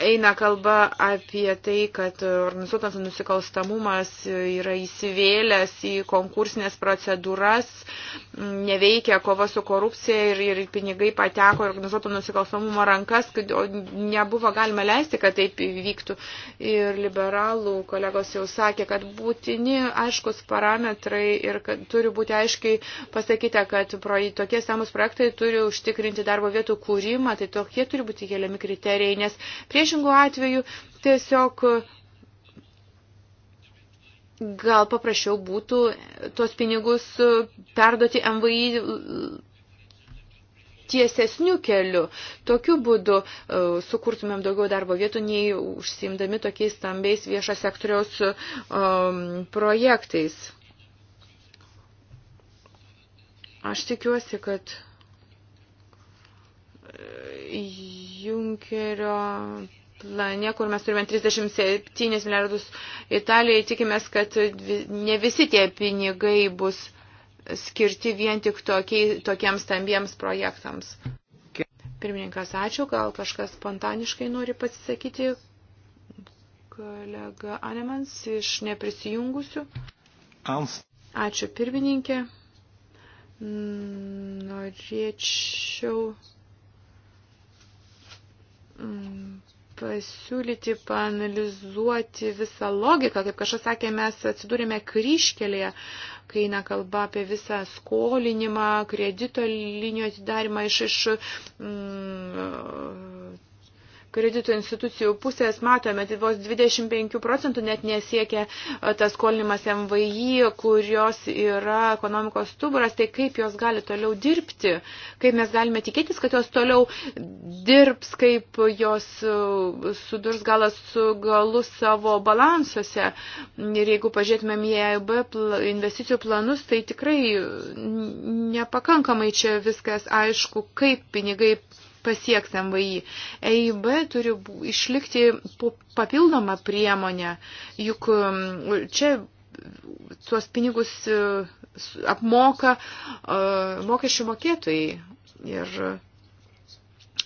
eina kalba apie tai, kad organizuotas nusikalstamumas yra įsivėlęs į konkursinės procedūras, neveikia kova su korupcija ir, ir pinigai pateko organizuoto nusikalstamumo rankas, kad nebuvo galima leisti, kad taip vyktų. Ir liberalų kolegos jau sakė, kad būtini aiškus parametrai ir kad turi būti aiškiai pasakyta, kad pro, tokie samus projektai turi užtikrinti darbo vietų kūrimą, tai tokie turi būti keliami kriterijai, nes Priešingų atveju tiesiog gal paprasčiau būtų tuos pinigus perduoti MVI tiesesnių kelių. Tokiu būdu e, sukurtumėm daugiau darbo vietų, nei užsimdami tokiais stambiais viešo sektoriaus um, projektais. Aš tikiuosi, kad Junkerio plane, kur mes turime 37 milijardus Italijai, tikimės, kad ne visi tie pinigai bus skirti vien tik tokiai, tokiems stambiems projektams. Pirmininkas, ačiū. Gal kažkas spontaniškai nori pasisakyti? Kolega Anemans iš neprisijungusių. Ačiū, pirmininkė. Norėčiau pasiūlyti, panalizuoti visą logiką. Kaip kažkas sakė, mes atsidūrėme kryškelėje, kai eina kalba apie visą skolinimą, kredito linijų atidarimą iš, iš mm, kredito institucijų pusės matome, tai vos 25 procentų net nesiekia e, tas skolinimas MVI, kurios yra ekonomikos stuburas, tai kaip jos gali toliau dirbti, kaip mes galime tikėtis, kad jos toliau dirbs, kaip jos e, sudurs galas su galu savo balansuose. Ir jeigu pažiūrėtumėm į EIB investicijų planus, tai tikrai nepakankamai čia viskas aišku, kaip pinigai pasieks MVI. EIB turi išlikti papildomą priemonę, juk um, čia tuos pinigus uh, apmoka uh, mokesčių mokėtojai. Ir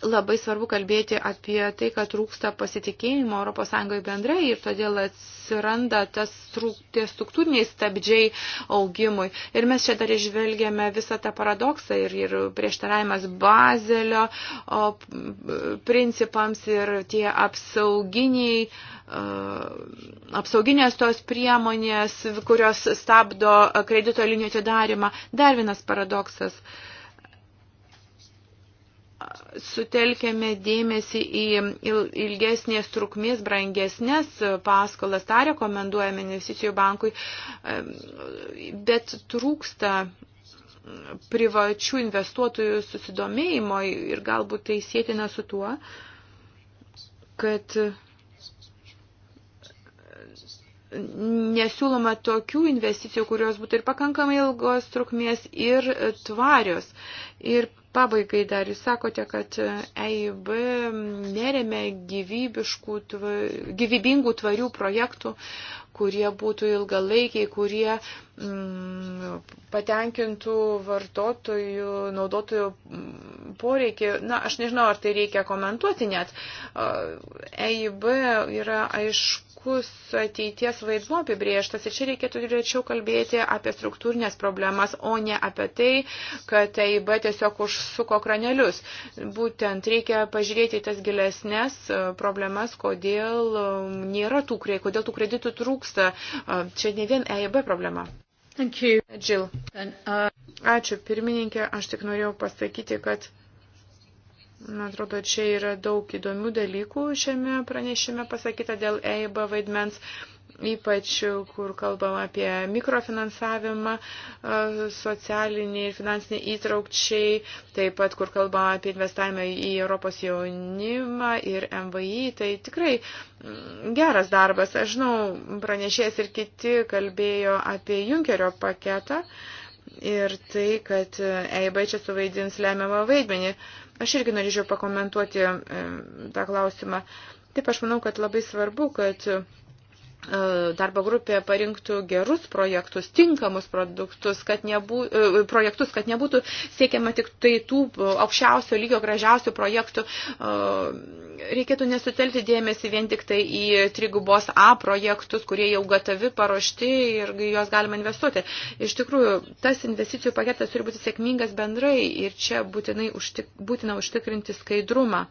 labai svarbu kalbėti apie tai, kad trūksta pasitikėjimo ES bendrai ir todėl atsiranda tas, tie struktūriniai stabdžiai augimui. Ir mes čia dar išvelgėme visą tą paradoksą ir, ir prieštaravimas bazelio o, principams ir tie apsauginiai apsauginės tos priemonės, kurios stabdo kredito linijų atidarimą. Dar vienas paradoksas. Uh, sutelkėme dėmesį į ilgesnės trukmės brangesnės paskolas, tą rekomenduojame investicijų bankui, bet trūksta privačių investuotojų susidomėjimo ir galbūt tai sėtina su tuo, kad nesiūloma tokių investicijų, kurios būtų ir pakankamai ilgos trukmės ir tvarios. Ir Pabaigai dar jūs sakote, kad EIB neremia tva, gyvybingų tvarių projektų, kurie būtų ilgalaikiai, kurie Mm, patenkintų vartotojų, naudotojų mm, poreikį. Na, aš nežinau, ar tai reikia komentuoti net. EIB yra aiškus ateities vaidmo apibrieštas ir čia reikėtų greičiau kalbėti apie struktūrinės problemas, o ne apie tai, kad EIB tiesiog užsuko kranelius. Būtent reikia pažiūrėti tas gilesnės problemas, kodėl nėra tų kreditų, kodėl tų kreditų trūksta. Čia ne vien EIB problema. Uh, Ačiū pirmininkė, aš tik norėjau pasakyti, kad, man atrodo, čia yra daug įdomių dalykų šiame pranešime pasakyta dėl EIB vaidmens ypač kur kalbam apie mikrofinansavimą socialinį ir finansinį įtraukčiai, taip pat kur kalbam apie investavimą į Europos jaunimą ir MVI, tai tikrai mm, geras darbas. Aš žinau, pranešėjas ir kiti kalbėjo apie Junkerio paketą ir tai, kad EIB čia suvaidins lemiamą vaidmenį. Aš irgi norėčiau pakomentuoti tą klausimą. Taip, aš manau, kad labai svarbu, kad E, darbo grupė parinktų gerus projektus, tinkamus produktus, kad nebū, e, projektus, kad nebūtų siekiama tik tai tų aukščiausio lygio gražiausių projektų. E, reikėtų nesutelti dėmesį vien tik tai į trigubos A projektus, kurie jau gatavi, paruošti ir juos galima investuoti. Iš tikrųjų, tas investicijų paketas turi būti sėkmingas bendrai ir čia būtinai užtik, būtina užtikrinti skaidrumą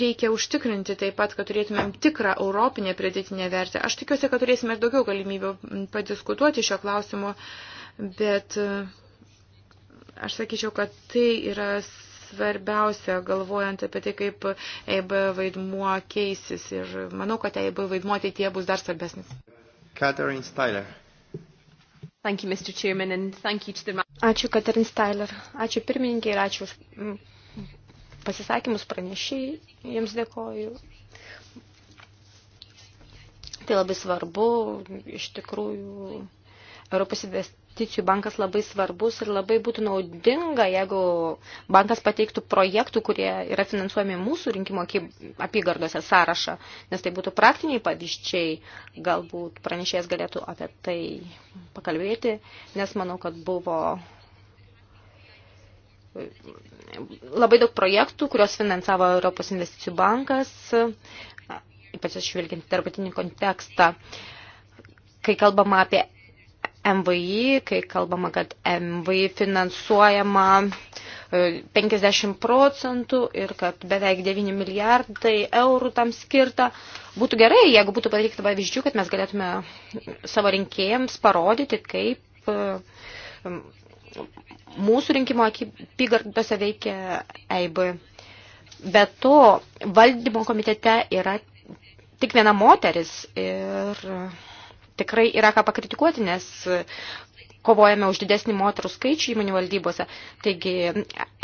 reikia užtikrinti taip pat, kad turėtumėm tikrą europinę pridėtinę vertę. Aš tikiuosi, kad turėsime ir daugiau galimybių padiskutuoti šio klausimo, bet e, aš sakyčiau, kad tai yra svarbiausia, galvojant apie tai, kaip EIB vaidmuo keisis. Ir manau, kad EIB vaidmuo ateityje bus dar svarbesnis. Catherine Styler. Thank you, Mr. Chairman, and thank you to the... Ačiū, Catherine Styler. Ačiū
pirmininkė ir ačiū už pasisakymus pranešiai, jiems dėkoju. Tai labai svarbu, iš tikrųjų, Europos investicijų bankas labai svarbus ir labai būtų naudinga, jeigu bankas pateiktų projektų, kurie yra finansuojami mūsų rinkimo apygardose sąrašą, nes tai būtų praktiniai pavyzdžiai, galbūt pranešėjas galėtų apie tai pakalbėti, nes manau, kad buvo labai daug projektų, kurios finansavo Europos investicijų bankas, ypač išvilginti tarptautinį kontekstą, kai kalbama apie MVI, kai kalbama, kad MVI finansuojama 50 e, procentų ir kad beveik 9 milijardai eurų tam skirta. Būtų gerai, jeigu būtų pateikta pavyzdžių, kad mes galėtume savo rinkėjams parodyti, kaip e, mūsų rinkimo apygardose veikia EIB. Be to, valdymo komitete yra tik viena moteris ir tikrai yra ką pakritikuoti, nes kovojame už didesnį moterų skaičių įmonių valdybose. Taigi,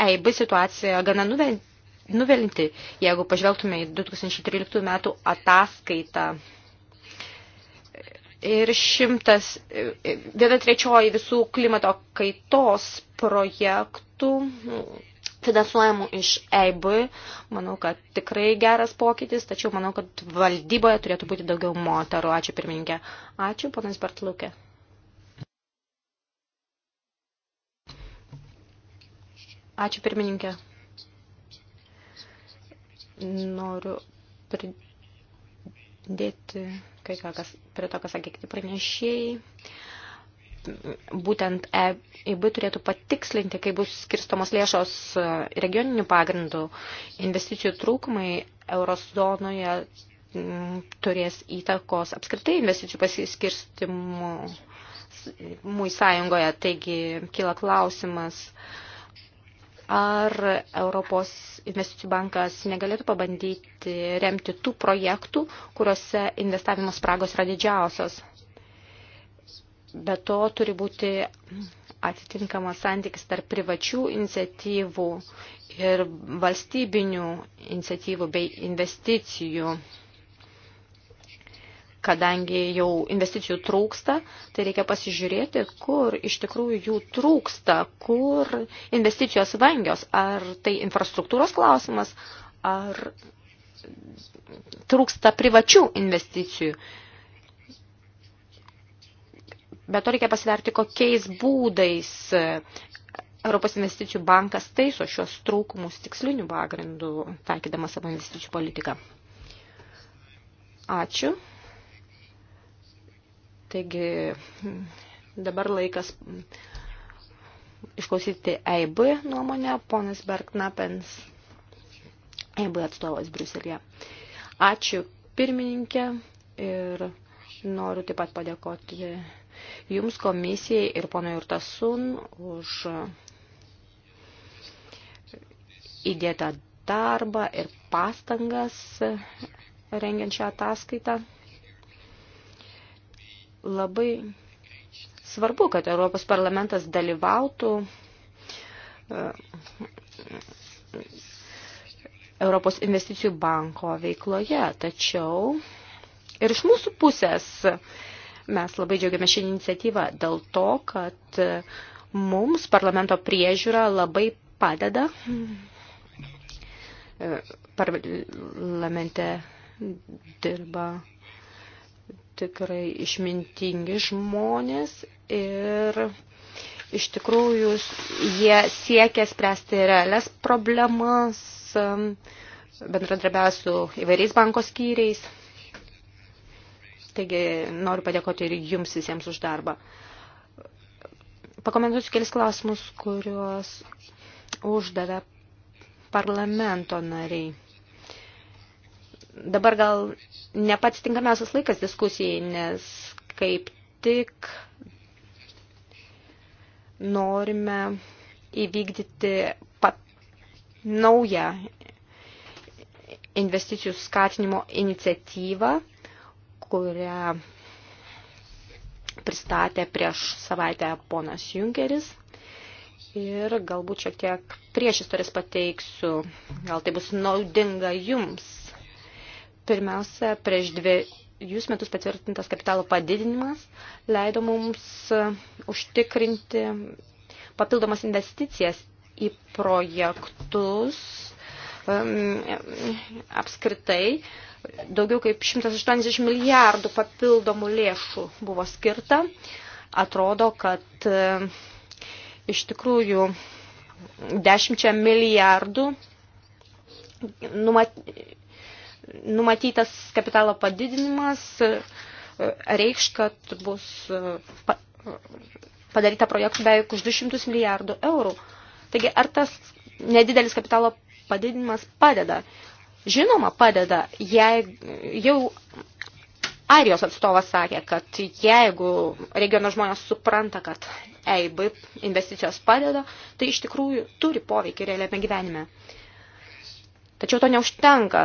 EIB situacija gana nuvelinti, jeigu pažvelgtume į 2013 metų ataskaitą ir šimtas, viena trečioji visų klimato kaitos projektų finansuojamų iš EIB. Manau, kad tikrai geras pokytis, tačiau manau, kad valdyboje turėtų būti daugiau moterų. Ačiū pirmininkė. Ačiū, ponas Bartlukė. Ačiū pirmininkė. Noriu pridėti kai ką, kas, prie to, kas sakė kiti pranešėjai. Būtent EIB e turėtų patikslinti, kai bus skirstomos lėšos e, regioninių pagrindų. Investicijų trūkumai eurozonoje turės įtakos apskritai investicijų pasiskirstimų sąjungoje. Taigi kyla klausimas, uh, ar Europos investicijų bankas negalėtų pabandyti remti tų projektų, kuriuose investavimo spragos yra didžiausios. Be to turi būti atitinkamas santykis tarp privačių iniciatyvų ir valstybinių iniciatyvų bei investicijų kadangi jau investicijų trūksta, tai reikia pasižiūrėti, kur iš tikrųjų jų trūksta, kur investicijos vangios, ar tai infrastruktūros klausimas, ar trūksta privačių investicijų. Bet to reikia pasiverti, kokiais būdais Europos investicijų bankas taiso šios trūkumus tikslinių pagrindų, taikydama savo investicijų politiką. Ačiū. Taigi dabar laikas išklausyti EIB nuomonę, ponas Bergnapens, EIB atstovas Briuselėje. Ačiū pirmininkė ir noriu taip pat padėkoti Jums komisijai ir pono Jurtasun už įdėtą darbą ir pastangas rengiant šią ataskaitą. Labai svarbu, kad Europos parlamentas dalyvautų e, Europos investicijų banko veikloje. Tačiau ir iš mūsų pusės mes labai džiaugiame šią iniciatyvą dėl to, kad mums parlamento priežiūra labai padeda e, parlamente dirba tikrai išmintingi žmonės ir iš tikrųjų jie siekia spręsti realias problemas, um, bendradarbiavę su įvairiais banko skyriais. Taigi noriu padėkoti ir jums visiems už darbą. Pakomentuosiu kelis klausimus, kuriuos uždavė parlamento nariai dabar gal ne pats tinkamiausias laikas diskusijai, nes kaip tik norime įvykdyti pat naują investicijų skatinimo iniciatyvą, kurią pristatė prieš savaitę ponas Junkeris. Ir galbūt šiek tiek prieš istorijas pateiksiu, gal tai bus naudinga jums. Pirmiausia, prieš dviejus metus patvirtintas kapitalo padidinimas leido mums e, užtikrinti papildomas investicijas į projektus apskritai. Daugiau kaip 180 milijardų papildomų lėšų buvo skirta. Atrodo, kad e, iš tikrųjų 10 milijardų numat, numatytas kapitalo padidinimas reikš, kad bus padaryta projektų beveik už 200 milijardų eurų. Taigi, ar tas nedidelis kapitalo padidinimas padeda? Žinoma, padeda. Jei, jau Airijos atstovas sakė, kad jeigu regiono žmonės supranta, kad EIB investicijos padeda, tai iš tikrųjų turi poveikį realiame gyvenime. Tačiau to neužtenka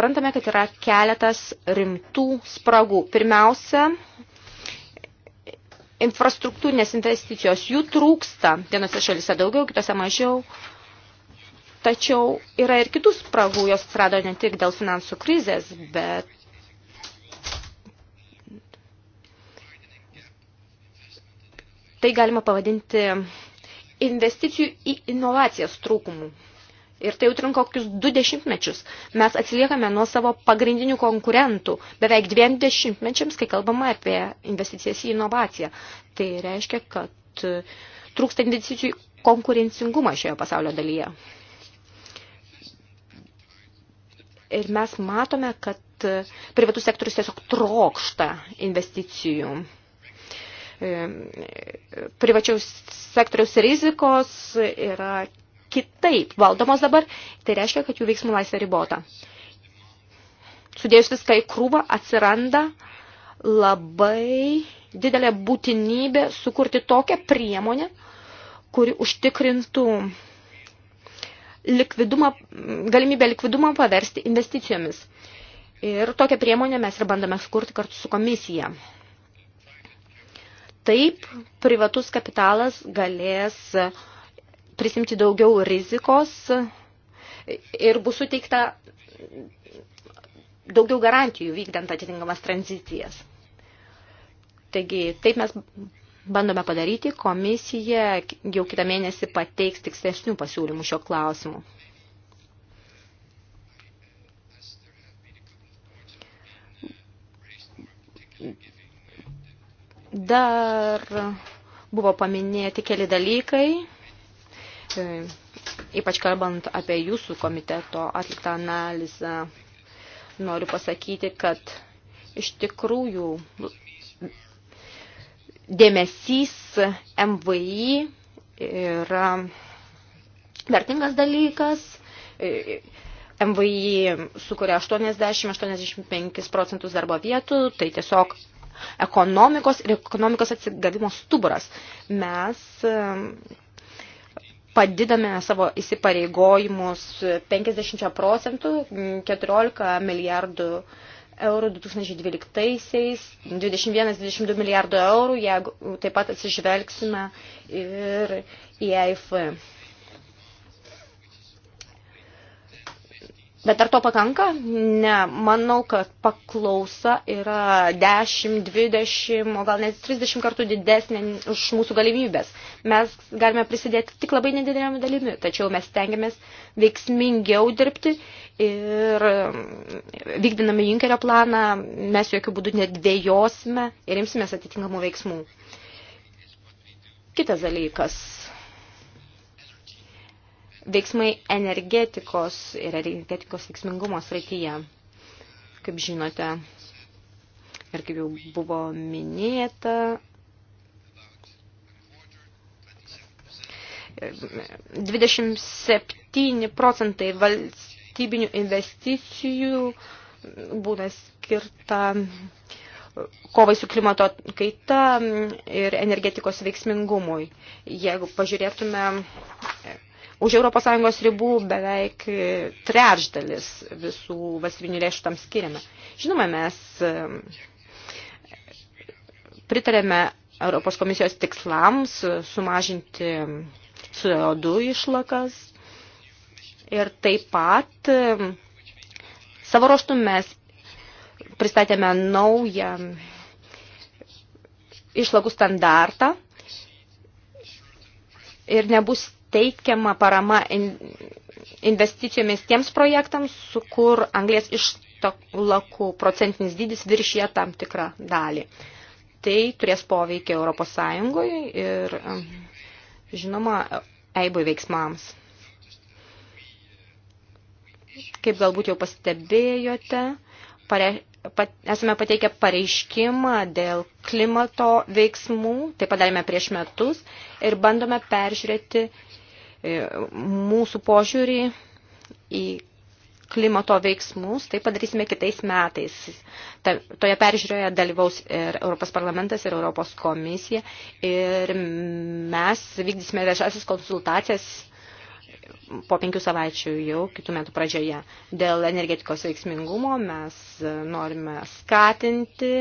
suprantame, kad yra keletas rimtų spragų. Pirmiausia, infrastruktūrinės investicijos. Jų trūksta vienose šalise daugiau, kitose mažiau. Tačiau yra ir kitų spragų, jos atsirado ne tik dėl finansų krizės, bet tai galima pavadinti investicijų į inovacijas trūkumų. Ir tai jau trunka kokius du dešimtmečius. Mes atsiliekame nuo savo pagrindinių konkurentų beveik dviem dešimtmečiams, kai kalbama apie investicijas į inovaciją. Tai reiškia, kad e, trūksta investicijų konkurencingumą šioje pasaulio dalyje. Ir mes matome, kad e, privatus sektorius tiesiog trokšta investicijų e, privačiaus sektoriaus rizikos yra kitaip valdomos dabar, tai reiškia, kad jų veiksmų laisvė ribota. Sudėjus viską į krūvą atsiranda labai didelė būtinybė sukurti tokią priemonę, kuri užtikrintų likvidumą, galimybę likvidumą paversti investicijomis. Ir tokią priemonę mes ir bandome skurti kartu su komisija. Taip privatus kapitalas galės uh, prisimti daugiau rizikos ir bus suteikta daugiau garantijų vykdant atitinkamas tranzicijas. Taigi, taip mes bandome padaryti, komisija jau kitą mėnesį pateiks tikslesnių pasiūlymų šio klausimu. Dar buvo paminėti keli dalykai. E, ypač kalbant apie jūsų komiteto atliktą analizą, noriu pasakyti, kad iš tikrųjų dėmesys MVI yra vertingas dalykas. E, MVI sukuria 80-85 procentus darbo vietų, tai tiesiog ekonomikos ir ekonomikos atsigavimo stuburas. Mes padidame savo įsipareigojimus 50 procentų, 14 milijardų eurų 2012-aisiais, 21-22 milijardų eurų, jeigu taip pat atsižvelgsime ir į AIF. Bet ar to pakanka? Ne, manau, kad paklausa yra 10, 20, o gal net 30 kartų didesnė už mūsų galimybės. Mes galime prisidėti tik labai nedidelėm dalimi, tačiau mes stengiamės veiksmingiau dirbti ir e, vykdinami Junkerio planą mes jokių būdų nedvėjosime ir imsimės atitinkamų veiksmų. Kitas dalykas veiksmai energetikos ir energetikos veiksmingumo srityje. Kaip žinote, ir kaip jau buvo minėta, 27 procentai valstybinių investicijų būna skirta kovai su klimato kaita ir energetikos veiksmingumui. Jeigu pažiūrėtume už ES ribų beveik trečdalis visų valstybinių lėšų tam skiriame. Žinoma, mes pritarėme Europos komisijos tikslams sumažinti CO2 išlakas ir taip pat savo ruoštų mes pristatėme naują išlagų standartą ir nebus teikiama parama investicijomis tiems projektams, kur anglės išlakų procentinis dydis viršyje tam tikrą dalį. Tai turės poveikį Europos Sąjungoje ir, um, žinoma, eibui veiksmams. Kaip galbūt jau pastebėjote, pare, pat, esame pateikę pareiškimą dėl klimato veiksmų, tai padarėme prieš metus ir bandome peržiūrėti E, mūsų požiūrį į klimato veiksmus, tai padarysime kitais metais. Ta, toje peržiūroje dalyvaus ir Europos parlamentas, ir Europos komisija, ir mes vykdysime viešasis konsultacijas po penkių savaičių jau kitų metų pradžioje. Dėl energetikos veiksmingumo mes norime skatinti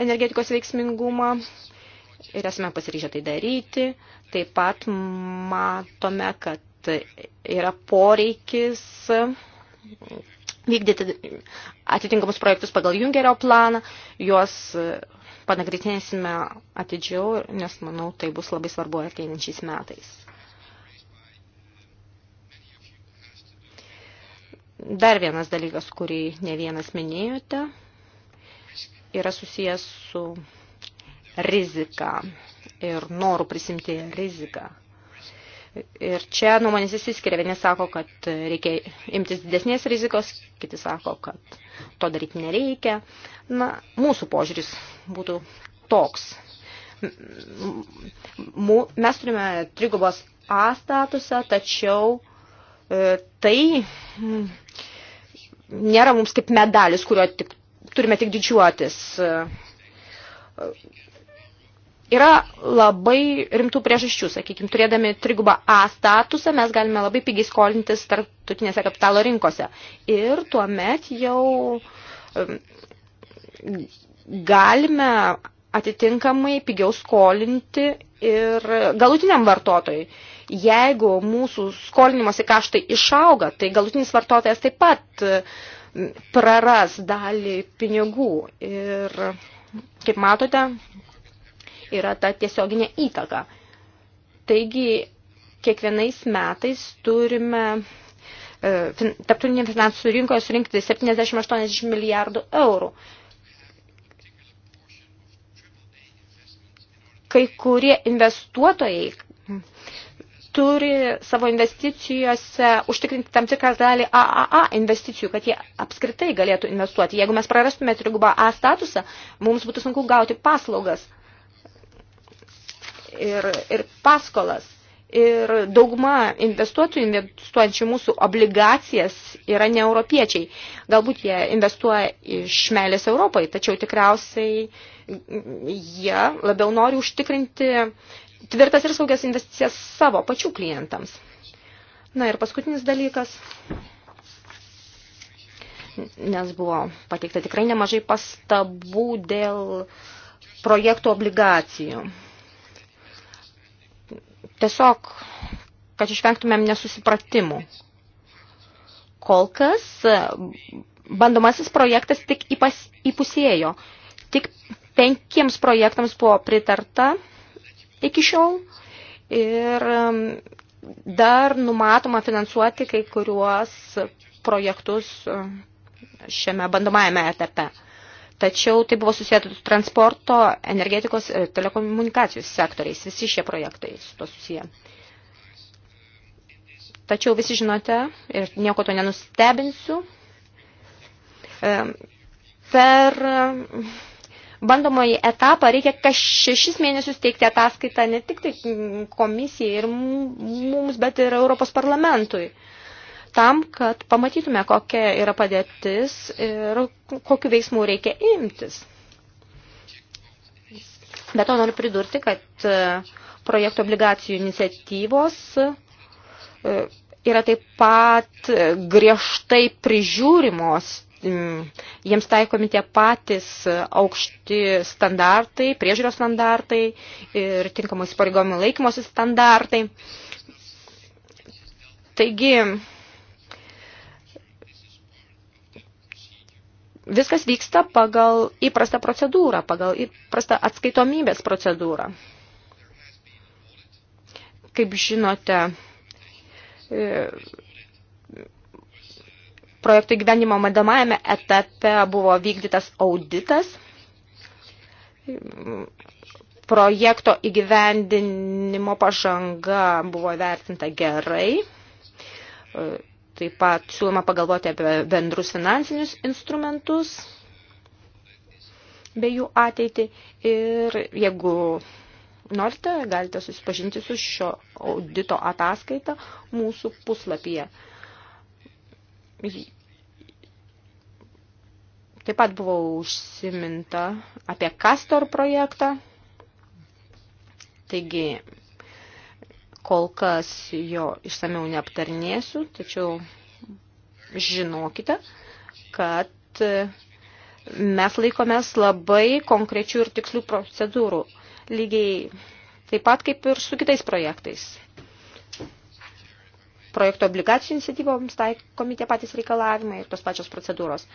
energetikos veiksmingumą ir esame pasiryžę tai daryti. Taip pat matome, kad yra poreikis vykdyti atitinkamus projektus pagal Jungerio planą, juos panagrinėsime atidžiau, nes manau, tai bus labai svarbu ateinančiais metais. Dar vienas dalykas, kurį ne vienas minėjote, yra susijęs su riziką ir norų prisimti riziką. Ir čia nuomonės įsiskiria. Vieni sako, kad reikia imtis didesnės rizikos, kiti sako, kad to daryti nereikia. Na, mūsų požiūris būtų toks. Mes turime trigubos A statusą, tačiau e, tai nėra mums kaip medalis, kurio tik, turime tik didžiuotis. E, Yra labai rimtų priežasčių, sakykime, turėdami trigubą A statusą mes galime labai pigiai skolintis tarptautinėse kapitalo rinkose. Ir tuomet jau galime atitinkamai pigiau skolinti ir galutiniam vartotojui. Jeigu mūsų skolinimosi kaštai išauga, tai galutinis vartotojas taip pat praras dalį pinigų. Ir kaip matote, yra ta tiesioginė įtaka. Taigi, kiekvienais metais turime e, tarptautinė finansų rinkoje surinkti 70-80 milijardų eurų. Kai kurie investuotojai turi savo investicijose užtikrinti tam tikrą dalį AAA investicijų, kad jie apskritai galėtų investuoti. Jeigu mes prarastume trigubą A statusą, mums būtų sunku gauti paslaugas – ir, ir paskolas. Ir dauguma investuotojų investuojančių mūsų obligacijas yra ne europiečiai. Galbūt jie investuoja iš meilės Europai, tačiau tikriausiai jie labiau nori užtikrinti tvirtas ir saugias investicijas savo pačių klientams. Na ir paskutinis dalykas, nes buvo pateikta tikrai nemažai pastabų dėl projektų obligacijų. Tiesiog, kad išvengtumėm nesusipratimų. Kol kas e, bandomasis projektas tik įpas, įpusėjo. Tik penkiems projektams buvo pritarta iki šiol ir e, dar numatoma finansuoti kai kuriuos projektus e, šiame bandomajame etape tačiau tai buvo susijęta su transporto, energetikos ir telekomunikacijų sektoriais, visi šie projektai su to susiję. Tačiau visi žinote, ir nieko to nenustebinsiu, e, per bandomąjį etapą reikia kas šešis mėnesius teikti ataskaitą ne tik tai komisijai ir mums, bet ir Europos parlamentui tam, kad pamatytume, kokia yra padėtis ir kokiu veiksmu reikia imtis. Bet to noriu pridurti, kad e, projektų obligacijų iniciatyvos e, yra taip pat e, griežtai prižiūrimos jiems taikomi tie patys aukšti standartai, priežiūros standartai ir tinkamų įsipareigojimų laikymosi standartai. Taigi, viskas vyksta pagal įprastą procedūrą, pagal įprastą atskaitomybės procedūrą. Kaip žinote, e, projektų gyvenimo madamajame etape buvo vykdytas auditas. Projekto įgyvendinimo pažanga buvo vertinta gerai. E, Taip pat siūloma pagalvoti apie bendrus finansinius instrumentus bei jų ateitį. Ir jeigu norite, galite susipažinti su šio audito ataskaita mūsų puslapyje. Taip pat buvo užsiminta apie Castor projektą. Taigi Kol kas jo išsameu neaptarnėsiu, tačiau žinokite, kad mes laikomės labai konkrečių ir tikslių procedūrų. Lygiai taip pat kaip ir su kitais projektais. Projekto obligacijų iniciatyvoms taikomi tie patys reikalavimai ir tos pačios procedūros.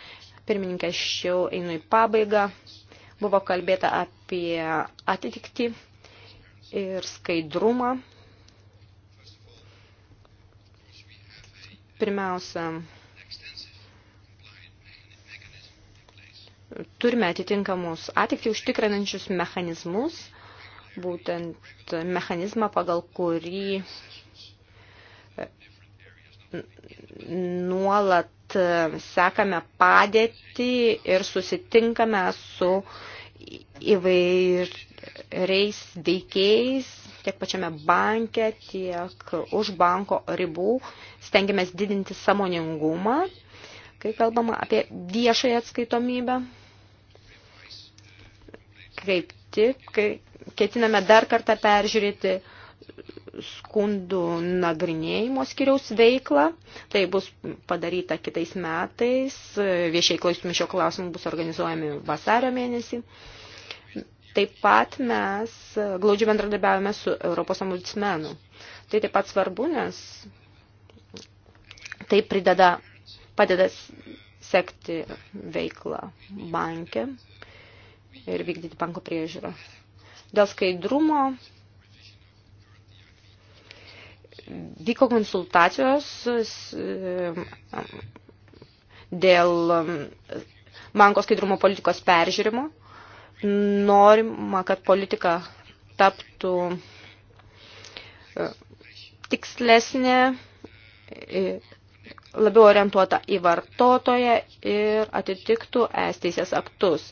Pirmininkė, aš jau einu į pabaigą. Buvo kalbėta apie atitikti ir skaidrumą Pirmiausia, turime atitinkamus atikti užtikrinančius mechanizmus, būtent mechanizmą, pagal kurį nuolat sekame padėtį ir susitinkame su uh, įvairiais veikėjais, tiek pačiame banke, tiek už banko ribų. Stengiamės didinti samoningumą, kai kalbama apie viešąją atskaitomybę. Kaip tik, kai ketiname dar kartą peržiūrėti skundų nagrinėjimo skiriaus veiklą. Tai bus padaryta kitais metais. Viešiai klausimai šio klausimu bus organizuojami vasario mėnesį. Taip pat mes glaudžiai bendradarbiavome su Europos ombudsmenu. Tai taip pat svarbu, nes tai prideda, padeda sekti veiklą banke ir vykdyti banko priežiūrą. Dėl skaidrumo Vyko konsultacijos e, dėl e, banko skaidrumo politikos peržiūrimo. Norima, kad politika taptų e, tikslesnė, labiau orientuota į vartotoją ir atitiktų es teisės aktus.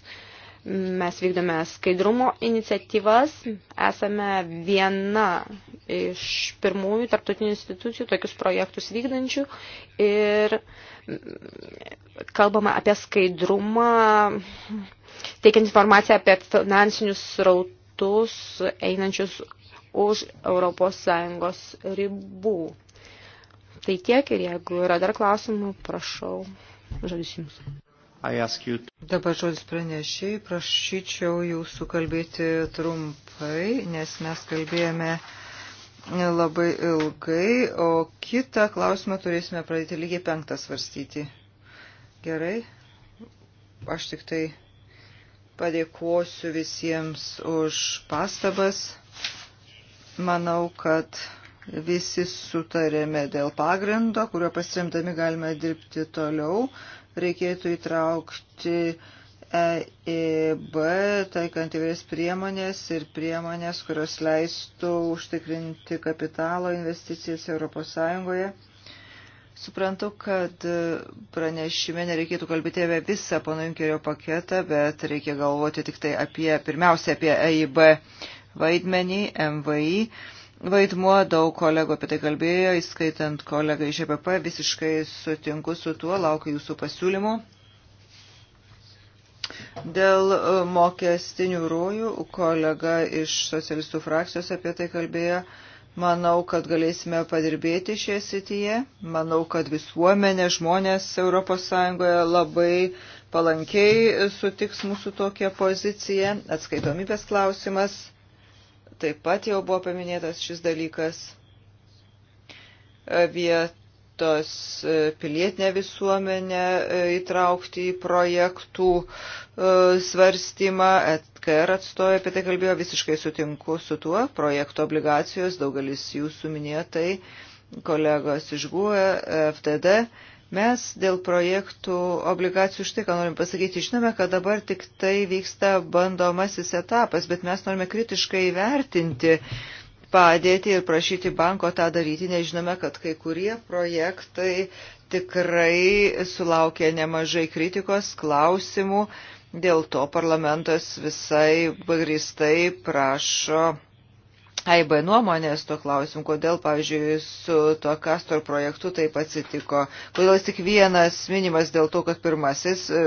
Mes vykdome skaidrumo iniciatyvas, esame viena iš pirmųjų tarptautinių institucijų tokius projektus vykdančių ir kalbama apie skaidrumą, teikiant informaciją apie finansinius srautus einančius už ES ribų. Tai tiek ir jeigu yra dar klausimų, prašau, žodis jums.
To...
Dabar žodis pranešiai, prašyčiau jūsų kalbėti trumpai, nes mes kalbėjome labai ilgai, o kitą klausimą turėsime pradėti lygiai penktą svarstyti. Gerai, aš tik tai padėkuosiu visiems už pastabas. Manau, kad visi sutarėme dėl pagrindo, kurio pasiremdami galime dirbti toliau reikėtų įtraukti EIB, e taikant įvairias priemonės ir priemonės, kurios leistų užtikrinti kapitalo investicijas ES. Suprantu, kad pranešime nereikėtų kalbėti apie visą pono Junkerio paketą, bet reikia galvoti tik tai apie, pirmiausia, apie EIB vaidmenį, MVI vaidmuo, daug kolegų apie tai kalbėjo, įskaitant kolegą iš EPP, visiškai sutinku su tuo, laukiu jūsų pasiūlymų. Dėl e, mokestinių rojų kolega iš socialistų frakcijos apie tai kalbėjo. Manau, kad galėsime padirbėti šioje srityje. Manau, kad visuomenė, žmonės ES labai palankiai sutiks mūsų tokią poziciją. Atskaitomybės klausimas taip pat jau buvo paminėtas šis dalykas. Vietos e, pilietinė visuomenė e, įtraukti į projektų e, svarstymą, ETKR atstovė apie tai kalbėjo, visiškai sutinku su tuo, projektų obligacijos, daugelis jūsų minėtai, kolegos iš GUE, FTD Mes dėl projektų obligacijų štai ką norim pasakyti. Žinome, kad dabar tik tai vyksta bandomasis etapas, bet mes norime kritiškai vertinti padėti ir prašyti banko tą daryti, nežinome, kad kai kurie projektai tikrai sulaukė nemažai kritikos, klausimų, dėl to parlamentas visai pagristai prašo AIB nuomonės tuo klausimu, kodėl, pavyzdžiui, su tuo Kastor projektu taip atsitiko, kodėl jis tik vienas minimas dėl to, kad pirmasis, e,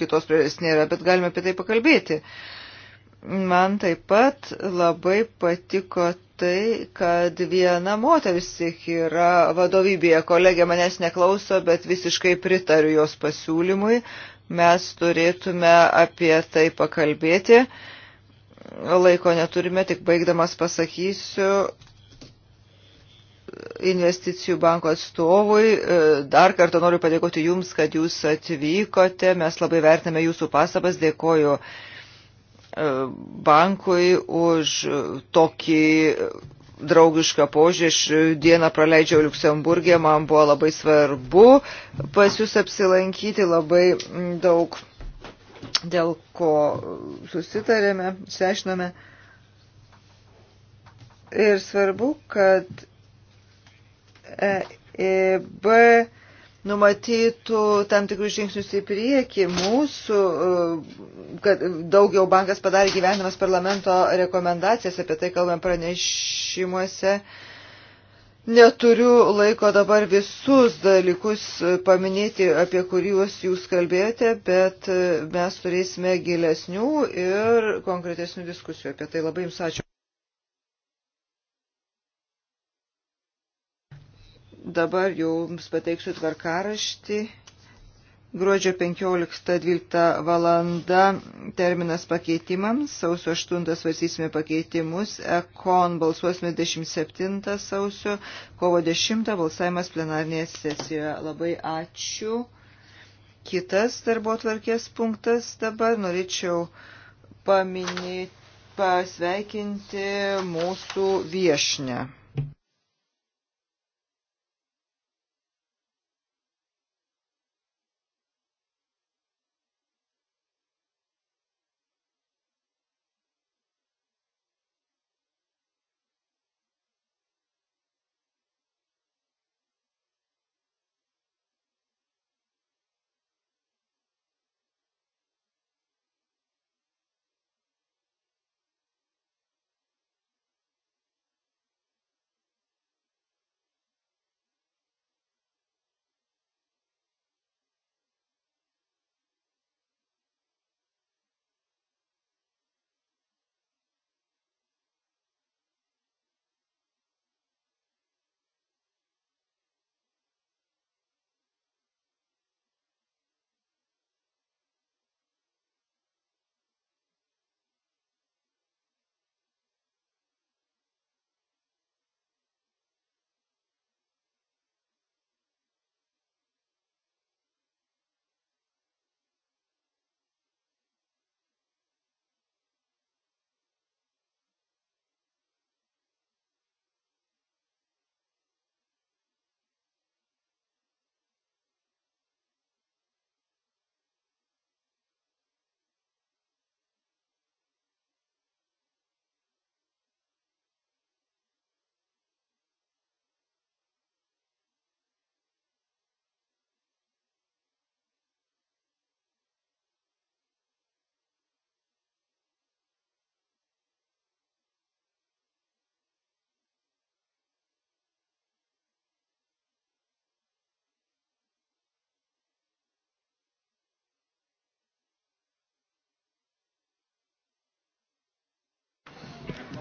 kitos priežasties nėra, bet galime apie tai pakalbėti. Man taip pat labai patiko tai, kad viena moteris tik yra vadovybėje, kolegė manęs neklauso, bet visiškai pritariu jos pasiūlymui, mes turėtume apie tai pakalbėti. Uh, laiko neturime, tik baigdamas pasakysiu investicijų banko atstovui. E, dar kartą noriu padėkoti Jums, kad Jūs atvykote. Mes labai vertiname Jūsų pastabas. Dėkoju e, bankui už tokį draugišką požiūrį. Aš dieną praleidžiau Luksemburgė, man buvo labai svarbu pas Jūs apsilankyti, labai daug dėl ko susitarėme, sešiname. Ir svarbu, kad EIB e numatytų tam tikrus žingsnius į priekį mūsų, e, kad daugiau bankas padarė gyvenimas parlamento rekomendacijas, apie tai kalbame pranešimuose. E, Neturiu laiko dabar visus dalykus e, paminėti, apie kuriuos jūs kalbėjote, bet e, mes turėsime gilesnių ir konkretesnių diskusijų apie tai. Labai jums ačiū. Dabar jums pateiksiu tvarkaraštį. Gruodžio 15-12 valanda terminas pakeitimams, sausio 8 svarsysime pakeitimus, ekon balsuosime 17 sausio, kovo 10 balsavimas plenarnėje sesijoje. Labai ačiū. Kitas darbo tvarkės punktas dabar norėčiau paminėti, pasveikinti mūsų viešnę.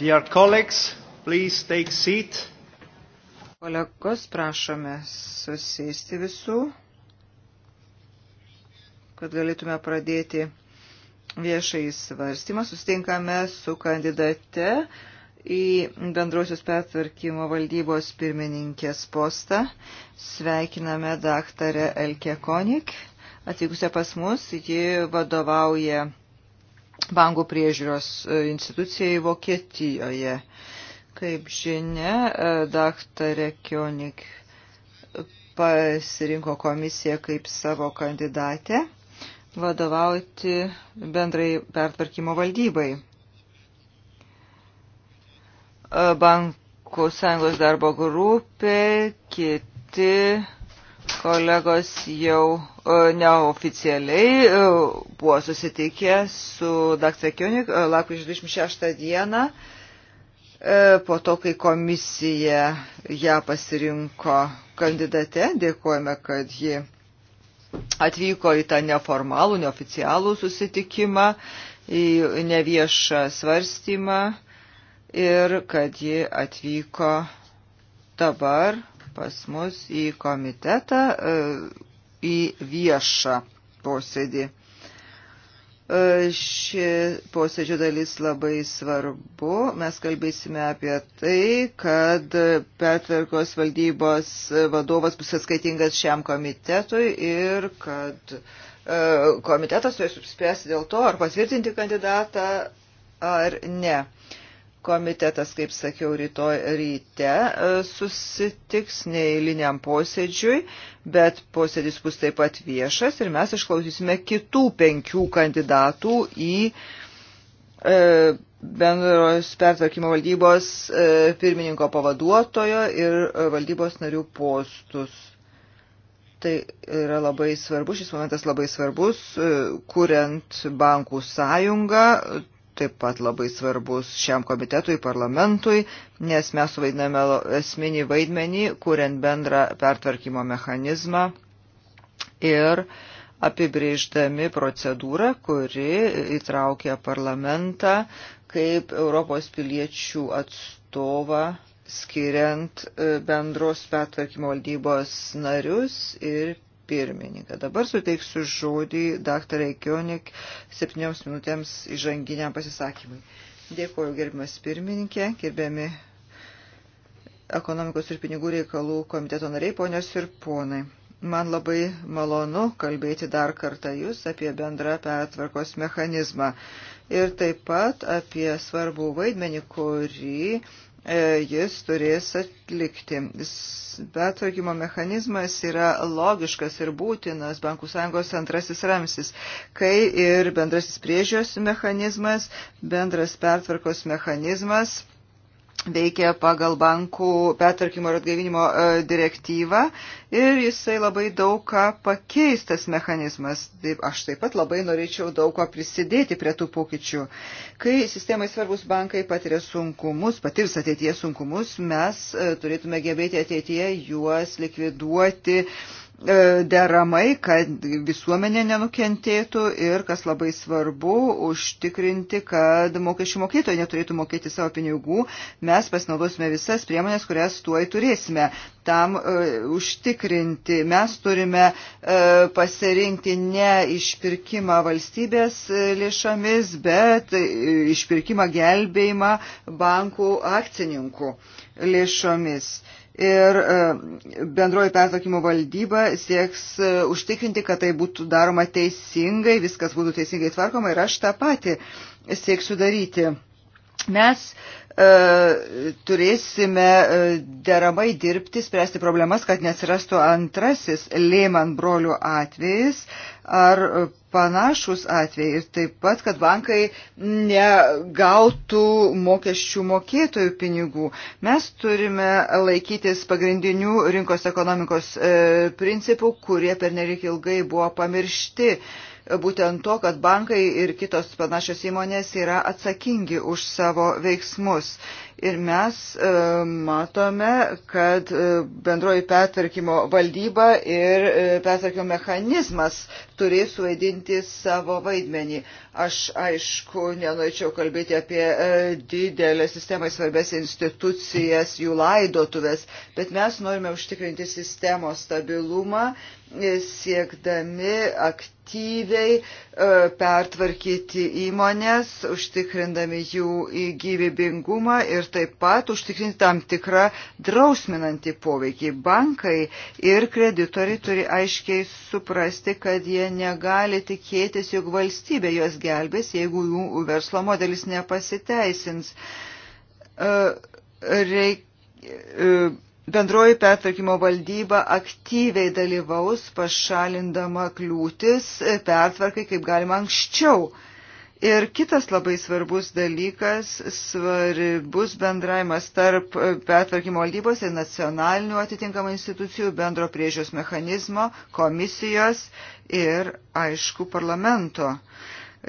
Dear colleagues, please take seat. Kolegos, prašome susėsti visų, kad galėtume pradėti viešai svarstymą. Sustinkame su kandidate į bendrosios pertvarkymo valdybos pirmininkės postą. Sveikiname daktarę Elke Konik. Atvykusią pas mus, ji vadovauja bankų priežiūros e, institucijai Vokietijoje. Kaip žinia, e, daktarė Kionik pasirinko komisiją kaip savo kandidatę vadovauti bendrai pertvarkymo valdybai. E, bankų sąjungos darbo grupė, kiti Kolegos jau e, neoficialiai e, buvo susitikę su dr. Kionik e, lapkričio 26 dieną, po to, kai komisija ją pasirinko kandidate, dėkojame, kad ji atvyko į tą neformalų, neoficialų susitikimą, į neviešą svarstymą ir kad ji atvyko dabar pas mus į komitetą, e, į viešą posėdį. E, ši posėdžio dalis labai svarbu. Mes kalbėsime apie tai, kad pertvarkos valdybos vadovas bus atskaitingas šiam komitetui ir kad e, komitetas turės apspręsti dėl to, ar patvirtinti kandidatą ar ne. Komitetas, kaip sakiau, rytoj ryte e, susitiks neįliniam posėdžiui, bet posėdis bus taip pat viešas ir mes išklausysime kitų penkių kandidatų į e, bendros pertvarkymo valdybos e, pirmininko pavaduotojo ir e, valdybos narių postus. Tai yra labai svarbus, šis momentas labai svarbus, e, kuriant bankų sąjungą, taip pat labai svarbus šiam komitetui, parlamentui, nes mes suvaidiname esminį vaidmenį, kuriant bendrą pertvarkymo mechanizmą ir apibrėždami procedūrą, kuri įtraukia parlamentą kaip Europos piliečių atstovą skiriant e, bendros pertvarkymo valdybos narius ir pirmininką. Dabar suteiksiu žodį daktarai Kionik septynioms minutėms įžanginiam pasisakymui. Dėkuoju, gerbimas pirmininkė, gerbiami ekonomikos ir pinigų reikalų komiteto nariai, ponios ir ponai. Man labai malonu kalbėti dar kartą jūs apie bendrą pertvarkos mechanizmą ir taip pat apie svarbų vaidmenį, kurį E, jis turės atlikti. Betvarkymo mechanizmas yra logiškas ir būtinas Bankų sąjungos antrasis ramsis, kai ir bendrasis priežios mechanizmas, bendras pertvarkos mechanizmas veikia pagal bankų pertvarkymo ir atgaivinimo e, direktyvą ir jisai labai daug ką pakeistas mechanizmas. Taip, aš taip pat labai norėčiau daug ko prisidėti prie tų pokyčių. Kai sistemai svarbus bankai patiria sunkumus, patirs ateityje sunkumus, mes e, turėtume gebėti ateityje juos likviduoti E, deramai, kad visuomenė nenukentėtų ir, kas labai svarbu, užtikrinti, kad mokesčių mokėtojai neturėtų mokėti savo pinigų. Mes pasinaudosime visas priemonės, kurias tuoj turėsime. Tam uh, užtikrinti mes turime uh, pasirinkti ne išpirkimą valstybės lėšomis, bet išpirkimą gelbėjimą bankų akcininkų lėšomis. Uh, ir e, bendroji pertvarkymo valdyba sieks e, užtikrinti, kad tai būtų daroma teisingai, viskas būtų teisingai tvarkoma ir aš tą patį sieksiu daryti. Mes E, turėsime e, deramai dirbti, spręsti problemas, kad neatsirastų antrasis Lehman brolių atvejis ar panašus atvejai ir taip pat, kad bankai negautų mokesčių mokėtojų pinigų. Mes turime laikytis pagrindinių rinkos ekonomikos e, principų, kurie per nereik ilgai buvo pamiršti. E, būtent to, kad bankai ir kitos panašios įmonės yra atsakingi už savo veiksmus. Ir mes e, matome, kad e, bendroji pertvarkymo valdyba ir e, pertvarkymo mechanizmas turės suvaidinti savo vaidmenį. Aš aišku nenorėčiau kalbėti apie didelę sistemai svarbės institucijas, jų laidotuvės, bet mes norime užtikrinti sistemos stabilumą siekdami aktyviai pertvarkyti įmonės, užtikrindami jų gyvybingumą ir taip pat užtikrinti tam tikrą drausminantį poveikį. Bankai ir kreditoriai turi aiškiai suprasti, kad jie negali tikėtis, jog valstybė juos gelbės, jeigu jų verslo modelis nepasiteisins. E, reik... E, bendroji pertvarkymo valdyba aktyviai dalyvaus pašalindama kliūtis e, pertvarkai kaip galima anksčiau Ir kitas labai svarbus dalykas, svarbus bendraimas tarp pertvarkymo valdybos ir nacionalinių atitinkamų institucijų, bendro priežios mechanizmo, komisijos ir, aišku, parlamento.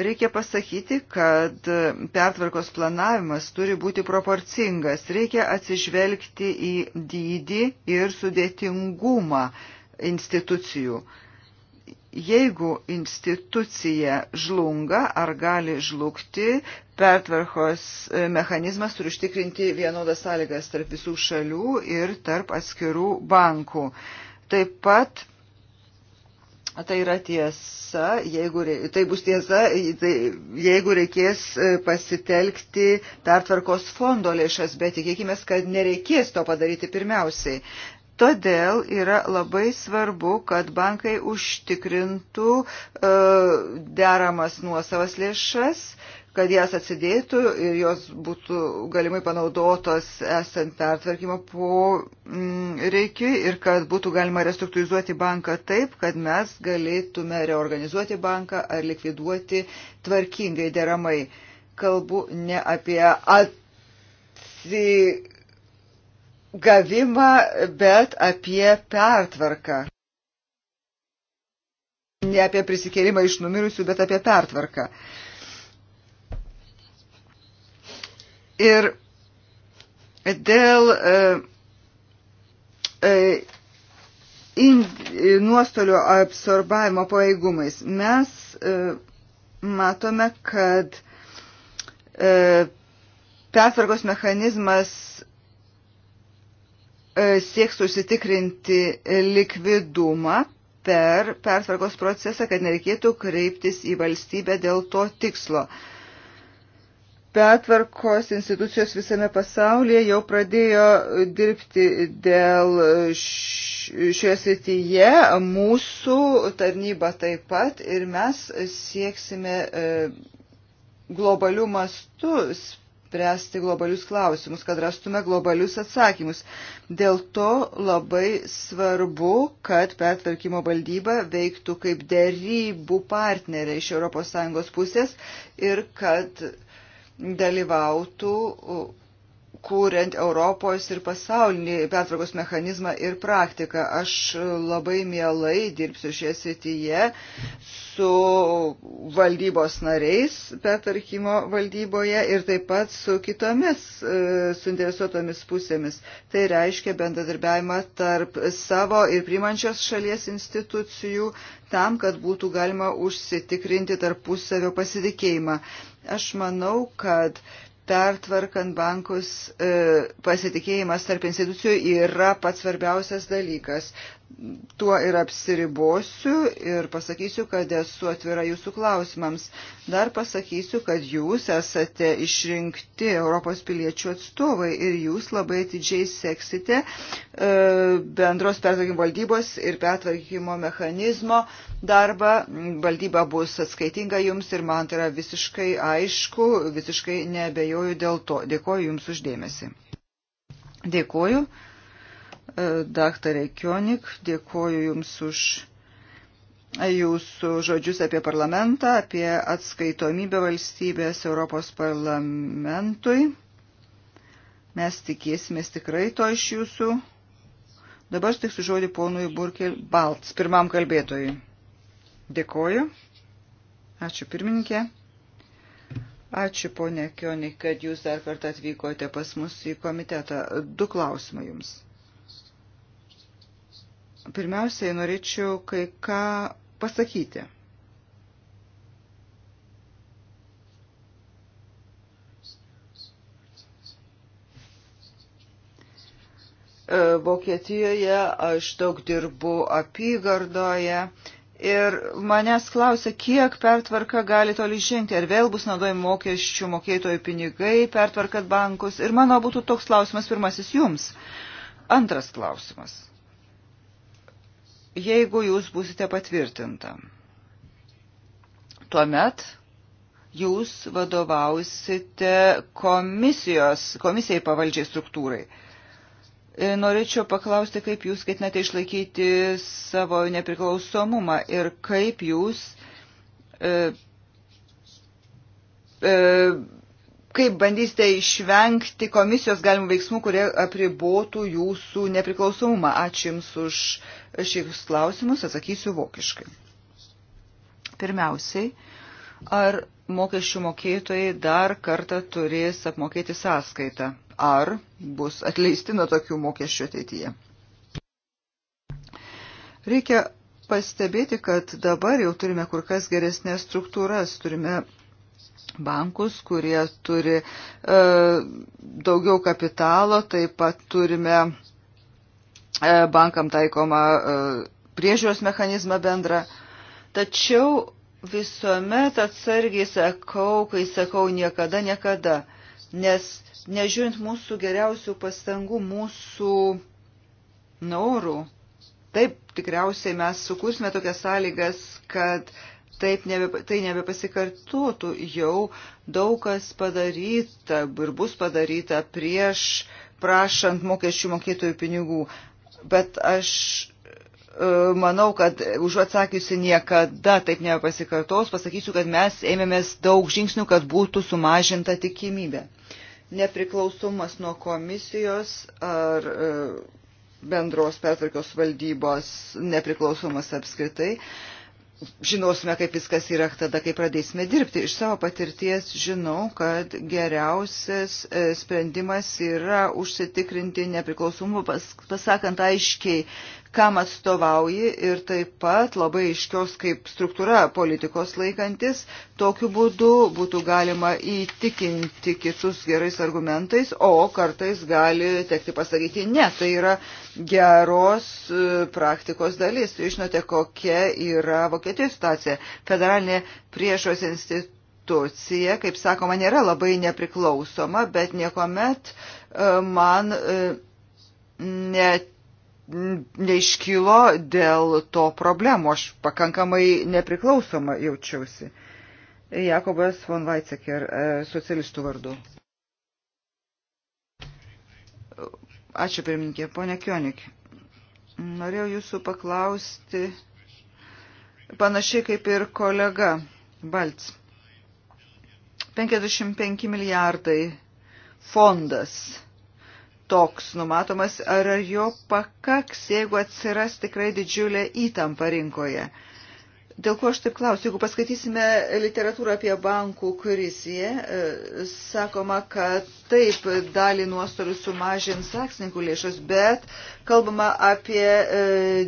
Reikia pasakyti, kad pertvarkos planavimas turi būti proporcingas. Reikia atsižvelgti į dydį ir sudėtingumą institucijų jeigu institucija žlunga ar gali žlugti, pertvarkos e, mechanizmas turi užtikrinti vienodas sąlygas tarp visų šalių ir tarp atskirų bankų. Taip pat tai yra tiesa, jeigu, tai bus tiesa, tai, jeigu reikės e, pasitelkti pertvarkos fondo lėšas, bet tikėkime, kad nereikės to padaryti pirmiausiai. Todėl yra labai svarbu, kad bankai užtikrintų e, deramas nuosavas lėšas, kad jas atsidėtų ir jos būtų galimai panaudotos esant pertvarkymo poreikiui mm, ir kad būtų galima restruktūrizuoti banką taip, kad mes galėtume reorganizuoti banką ar likviduoti tvarkingai deramai. Kalbu ne apie atsi gavimą, bet apie pertvarką. Ne apie prisikėlimą iš numirusių, bet apie pertvarką. Ir dėl e, e, in, nuostolio absorbavimo pajėgumais mes e, matome, kad e, pertvarkos mechanizmas E, sieks užsitikrinti likvidumą per pertvarkos procesą, kad nereikėtų kreiptis į valstybę dėl to tikslo. Pertvarkos institucijos visame pasaulyje jau pradėjo dirbti dėl šioje srityje, mūsų tarnyba taip pat ir mes sieksime e, globalių mastų spręsti globalius klausimus, kad rastume globalius atsakymus. Dėl to labai svarbu, kad pertvarkymo valdyba veiktų kaip dėrybų partnerė iš ES pusės ir kad dalyvautų kuriant Europos ir pasaulinį pertvarkos mechanizmą ir praktiką. Aš labai mielai dirbsiu šioje srityje su valdybos nariais pertvarkymo valdyboje ir taip pat su kitomis e, suinteresuotomis pusėmis. Tai reiškia bendradarbiavimą tarp savo ir primančios šalies institucijų tam, kad būtų galima užsitikrinti tarpusavio pasitikėjimą. Aš manau, kad pertvarkant bankus e, pasitikėjimas tarp institucijų yra pats svarbiausias dalykas tuo ir apsiribosiu ir pasakysiu, kad esu atvira jūsų klausimams. Dar pasakysiu, kad jūs esate išrinkti Europos piliečių atstovai ir jūs labai atidžiai seksite e, bendros pertvarkymo valdybos ir pertvarkymo mechanizmo darbą. Valdyba bus atskaitinga jums ir man tai yra visiškai aišku, visiškai nebejoju dėl to. Dėkoju jums uždėmesi. Dėkoju. E, daktarė Kionik, dėkoju Jums už Jūsų žodžius apie parlamentą, apie atskaitomybę valstybės Europos parlamentui. Mes tikėsimės tikrai to iš Jūsų. Dabar stiksiu žodį ponui Burkel Balts, pirmam kalbėtojui. Dėkoju. Ačiū pirmininkė. Ačiū ponė Kionik, kad Jūs dar kartą atvykote pas mus į komitetą. Du klausimai Jums. Pirmiausiai norėčiau kai ką pasakyti. E, Vokietijoje, aš daug dirbu apygardoje ir manęs klausia, kiek pertvarka gali toli žengti, ar vėl bus naudojami mokesčių mokėtojų pinigai, pertvarkat bankus. Ir mano būtų toks klausimas pirmasis jums. Antras klausimas jeigu jūs būsite patvirtinta. Tuomet jūs vadovausite komisijos, komisijai pavaldžiai struktūrai. E, norėčiau paklausti, kaip jūs ketinate išlaikyti savo nepriklausomumą ir kaip jūs e, e, kaip bandysite išvengti komisijos galimų veiksmų, kurie apribotų jūsų nepriklausomumą. Ačiū Jums už šius klausimus, atsakysiu vokiškai. Pirmiausiai, ar mokesčių mokėtojai dar kartą turės apmokėti sąskaitą, ar bus atleisti nuo tokių mokesčių ateityje? Reikia pastebėti, kad dabar jau turime kur kas geresnės struktūras, turime bankus, kurie turi e, daugiau kapitalo, taip pat turime e, bankam taikomą e, priežiūros mechanizmą bendrą. Tačiau visuomet atsargiai sakau, kai sakau niekada, niekada, nes nežiūrint mūsų geriausių pastangų, mūsų norų, taip tikriausiai mes sukursime tokias sąlygas, kad taip nebe, tai nebepasikartotų. Jau daug kas padaryta ir bus padaryta prieš prašant mokesčių mokėtojų pinigų. Bet aš e, manau, kad užuot sakiusi niekada taip nepasikartos, pasakysiu, kad mes ėmėmės daug žingsnių, kad būtų sumažinta tikimybė. Nepriklausomas nuo komisijos ar e, bendros pertvarkios valdybos nepriklausomas apskritai žinosime, kaip viskas yra tada, kai pradėsime dirbti. Iš savo patirties žinau, kad geriausias e, sprendimas yra užsitikrinti nepriklausomumą, pas, pasakant aiškiai kam atstovauji ir taip pat labai iškios kaip struktūra politikos laikantis. Tokiu būdu būtų galima įtikinti kitus gerais argumentais, o kartais gali tekti pasakyti ne. Tai yra geros e, praktikos dalis. Jūs žinote, kokia yra Vokietijos situacija. Federalinė priešos institucija institucija, kaip sakoma, nėra labai nepriklausoma, bet niekuomet e, man e, net neiškilo dėl to problemų. Aš pakankamai nepriklausoma jaučiausi. Jakobas von Weizsäcker, e, socialistų vardu. Ačiū, pirmininkė. Pone Kionik, norėjau jūsų paklausti panašiai kaip ir kolega Balts. 55 milijardai fondas toks numatomas, ar jo pakaks, jeigu atsiras tikrai didžiulė įtampa rinkoje. Dėl ko aš taip klausiu, jeigu paskaitysime literatūrą apie bankų krizę, e, sakoma, kad taip dalį nuostolių sumažins akcininkų lėšos, bet kalbama apie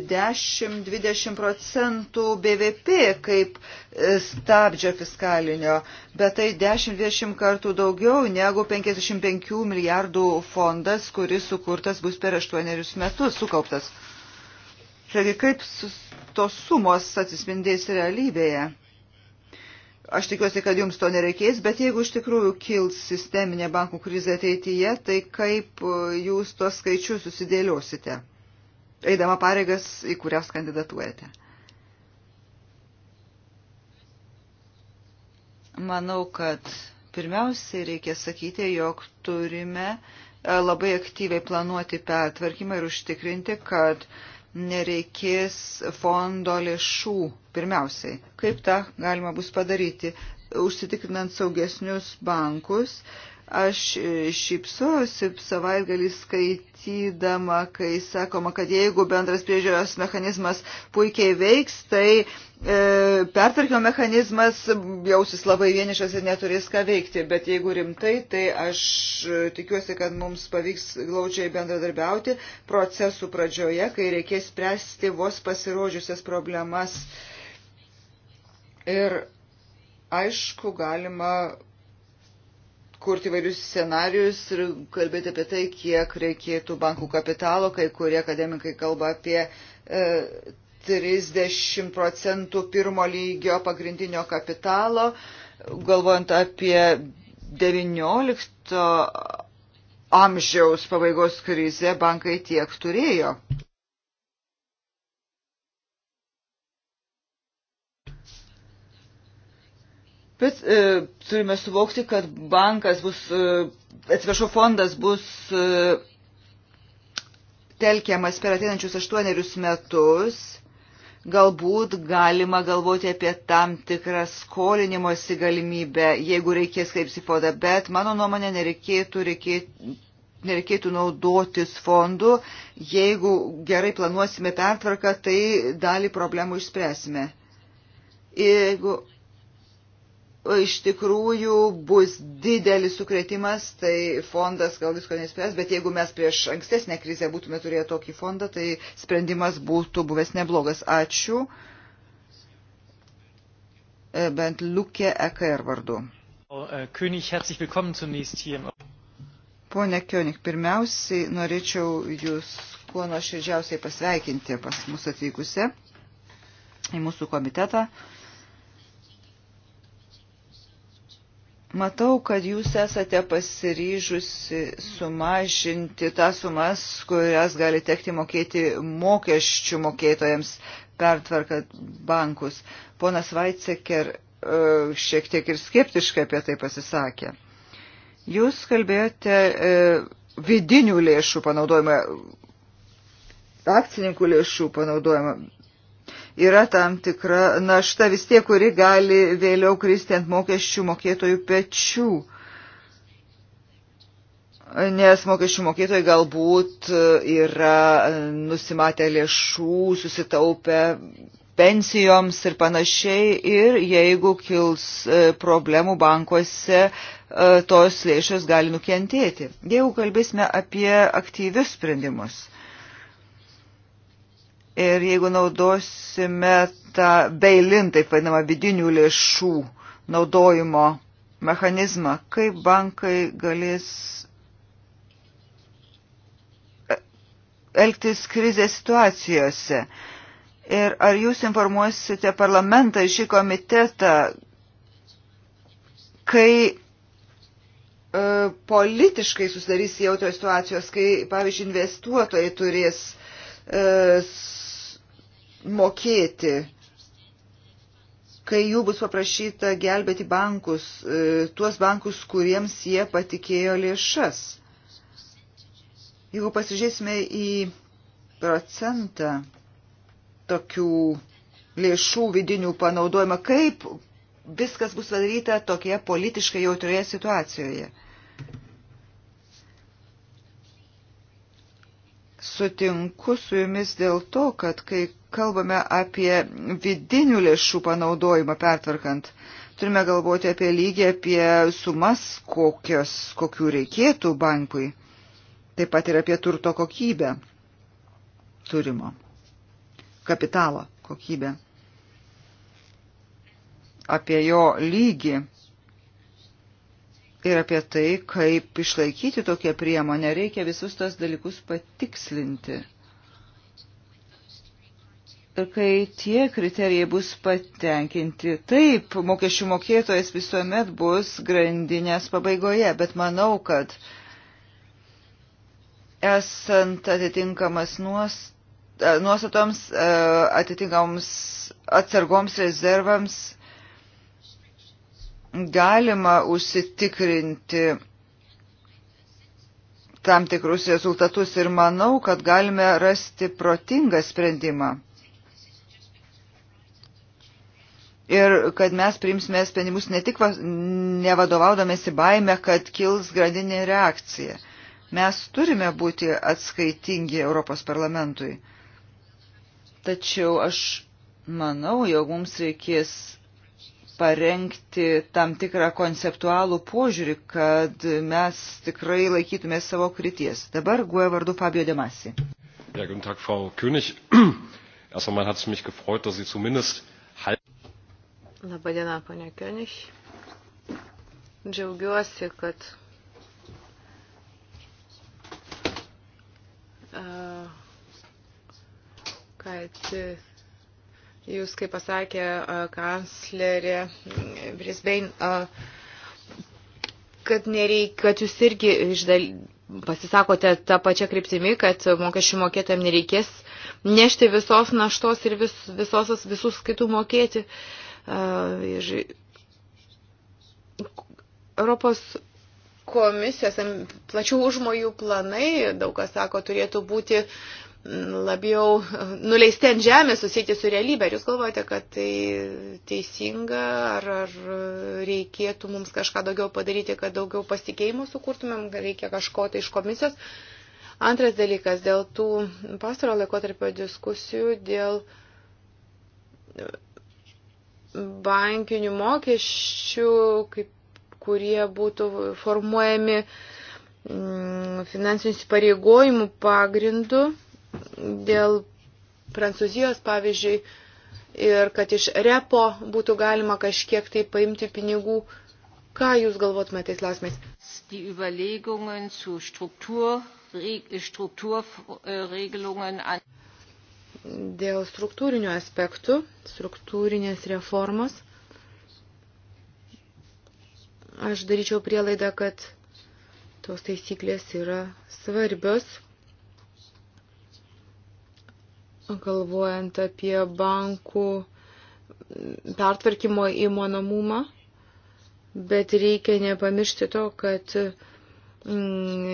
10-20 e, procentų BVP kaip e, stabdžio fiskalinio, bet tai 10-20 kartų daugiau negu 55 milijardų fondas, kuris sukurtas bus per 8 metus, sukauptas. Taigi kaip tos sumos atsispindės realybėje? Aš tikiuosi, kad jums to nereikės, bet jeigu iš tikrųjų kils sisteminė bankų krizė ateityje, tai kaip e, jūs tuos skaičius susidėliosite, eidama pareigas, į kurias kandidatuojate? Manau, kad pirmiausiai reikia sakyti, jog turime e, labai aktyviai planuoti pertvarkymą ir užtikrinti, kad uh, nereikės fondo lėšų pirmiausiai. Kaip tą galima bus padaryti? Užsitikrinant saugesnius bankus, uh, Aš e, šypsosiu savaitgalį skaitydama, kai sakoma, kad jeigu bendras priežiūros mechanizmas puikiai veiks, tai e, pertvarkymo mechanizmas jausis labai vienišas ir neturės ką veikti. Bet jeigu rimtai, tai aš e, tikiuosi, kad mums pavyks glaučiai bendradarbiauti procesų pradžioje, kai reikės spręsti vos pasirodžiusias problemas. Ir aišku, galima kurti vairius scenarius ir kalbėti apie tai, kiek reikėtų bankų kapitalo. Kai kurie akademikai kalba apie e, 30 procentų pirmo lygio pagrindinio kapitalo, galvojant apie 19 amžiaus pabaigos krizę, bankai tiek turėjo. Bet e, turime suvokti, kad bankas bus, e, atsiprašau, fondas bus e, telkiamas per ateinančius aštuonerius metus. Galbūt galima galvoti apie tam tikrą skolinimosi galimybę, jeigu reikės kreipsi fondą, bet mano nuomonė nereikėtų, reikėtų, nereikėtų naudotis fondu. Jeigu gerai planuosime pertvarką, tai dalį problemų išspręsime. Jeigu iš tikrųjų bus didelis sukretimas, tai fondas gal visko nespręs, bet jeigu mes prieš ankstesnę krizę būtume turėję tokį fondą, tai sprendimas būtų buvęs neblogas. Ačiū. E, bent Lukė EKR vardu.
E, König, herzlich willkommen zunächst hier.
Pone Kionik, pirmiausiai norėčiau Jūs kuo nuoširdžiausiai pasveikinti pas mus atvykusią į mūsų komitetą. Uh, Matau, kad jūs esate pasiryžusi sumažinti tas sumas, kurias gali tekti mokėti mokesčių mokėtojams pertvarkant bankus. Ponas Vaiceker e, šiek tiek ir skeptiškai apie tai pasisakė. Jūs kalbėjote e, vidinių lėšų panaudojimą, akcininkų lėšų panaudojimą, yra tam tikra našta vis tiek, kuri gali vėliau kristi ant mokesčių mokėtojų pečių. Nes mokesčių mokėtojai galbūt e, yra e, nusimatę lėšų, susitaupę pensijoms ir panašiai. Ir jeigu kils e, problemų bankuose, tos lėšos gali nukentėti. Jeigu kalbėsime apie aktyvius sprendimus Ir jeigu naudosime tą beilin, taip vadinamą, vidinių lėšų naudojimo mechanizmą, kaip bankai galės e, elgtis krizės situacijose. Ir ar jūs informuosite parlamentą šį komitetą, kai e, politiškai susidarys jautrios situacijos, kai, pavyzdžiui, investuotojai turės e, mokėti, kai jų bus paprašyta gelbėti bankus, e, tuos bankus, kuriems jie patikėjo lėšas. Jeigu pasižiūrėsime į procentą tokių lėšų vidinių panaudojimą, kaip viskas bus padaryta tokioje politiškai jautrioje situacijoje. sutinku su jumis dėl to, kad kai kalbame apie vidinių lėšų panaudojimą pertvarkant, turime galvoti apie lygį, apie sumas, kokios, kokių reikėtų bankui, taip pat ir apie turto kokybę turimo, kapitalo kokybę, apie jo lygį ir apie tai, kaip išlaikyti tokią priemonę, reikia visus tos dalykus patikslinti. Ir kai tie kriterijai bus patenkinti, taip, mokesčių mokėtojas visuomet bus grandinės pabaigoje, bet manau, kad esant atitinkamas nuostatas, nuostatoms, e, atitinkamoms atsargoms rezervams galima užsitikrinti tam tikrus rezultatus ir manau, kad galime rasti protingą sprendimą. Ir kad mes priimsime sprendimus ne tik nevadovaudomėsi baime, kad kils gradinė reakcija. Mes turime būti atskaitingi Europos parlamentui. Tačiau aš manau, jog mums reikės parengti tam tikrą konceptualų požiūrį, kad mes tikrai laikytume savo krities. Dabar guoja vardu Fabio Demasi.
Ja, guten Tag, Frau König. Erst einmal hat es mich gefreut, dass Sie zumindest halb.
Labadiena, ponia König. Džiaugiuosi, kad uh, kad uh, Jūs, kaip pasakė kanclerė mm, Brisbane, kad, nereik, kad jūs irgi išdal, pasisakote tą pačią kryptimį, kad mokesčių mokėtojams nereikės nešti visos naštos ir vis, visos, visus kitų mokėti. Ir Europos komisijos plačių užmojų planai, daug kas sako, turėtų būti labiau nuleisti ant žemės, susijęti su realybė. Ar jūs galvojate, kad tai teisinga, ar, ar reikėtų mums kažką daugiau padaryti, kad daugiau pasikeimo sukurtumėm, reikia kažko tai iš komisijos? Antras dalykas, dėl tų pastaro laikotarpio diskusijų, dėl bankinių mokesčių, kaip, kurie būtų formuojami mm, finansinių įsipareigojimų pagrindu dėl Prancūzijos, pavyzdžiui, ir kad iš repo būtų galima kažkiek tai paimti pinigų. Ką Jūs galvotumėte tais klausimais?
Die Überlegungen zu Struktur, Strukturregelungen an.
Dėl struktūrinių aspektų, struktūrinės reformos, aš daryčiau prielaidą, kad tos taisyklės yra svarbios galvojant apie bankų pertvarkymo įmanomumą, bet reikia nepamiršti to, kad mm,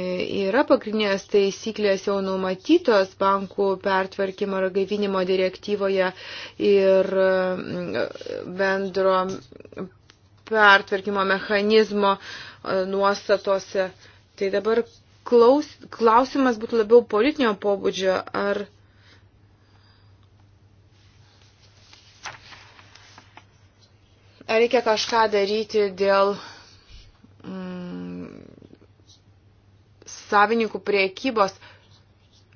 yra pagrindinės taisyklės jau numatytos bankų pertvarkymo ir gaivinimo direktyvoje ir mm, bendro pertvarkymo mechanizmo e, nuostatose. Tai dabar klaus, klausimas būtų labiau politinio pobūdžio, ar reikia kažką daryti dėl mm, savininkų priekybos.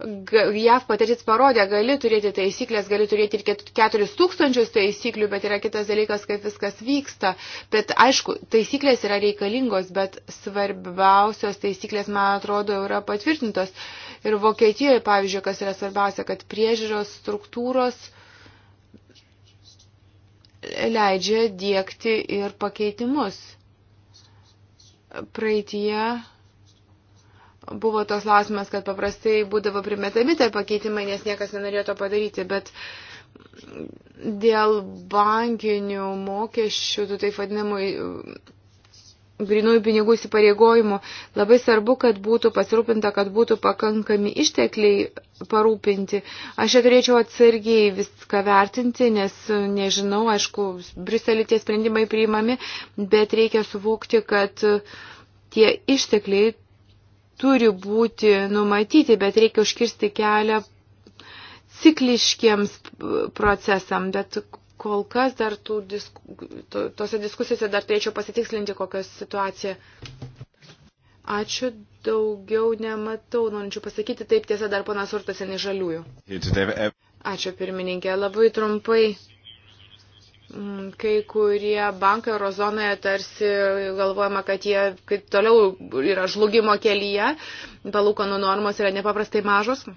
JAV patirtis parodė, gali turėti taisyklės, gali turėti ir 4000 taisyklių, bet yra kitas dalykas, kaip viskas vyksta. Bet aišku, taisyklės yra reikalingos, bet svarbiausios taisyklės, man atrodo, yra patvirtintos. Ir Vokietijoje, pavyzdžiui, kas yra svarbiausia, kad priežiūros struktūros uh, leidžia dėkti ir pakeitimus. Praeitie buvo tos lausimas, kad paprastai būdavo primetami tie pakeitimai, nes niekas nenorėjo to padaryti, bet dėl bankinių mokesčių, tų taip vadinamų grinųjų pinigų įsipareigojimų, labai svarbu, kad būtų pasirūpinta, kad būtų pakankami ištekliai parūpinti. Aš čia turėčiau atsargiai viską vertinti, nes nežinau, aišku, Briuselį tie sprendimai priimami, bet reikia suvokti, kad tie ištekliai turi būti numatyti, bet reikia užkirsti kelią cikliškiems procesam, bet Kol kas dar tų disku, to, tose diskusijose dar turėčiau pasitikslinti, kokią situaciją. Ačiū, daugiau nematau, norinčių pasakyti, taip tiesa dar panas urtas seniai žaliųjų. Ačiū pirmininkė, labai trumpai. Mm, kai kurie bankai eurozonoje tarsi galvojama, kad jie kaip toliau yra žlugimo kelyje, palūkanų normos yra nepaprastai mažos.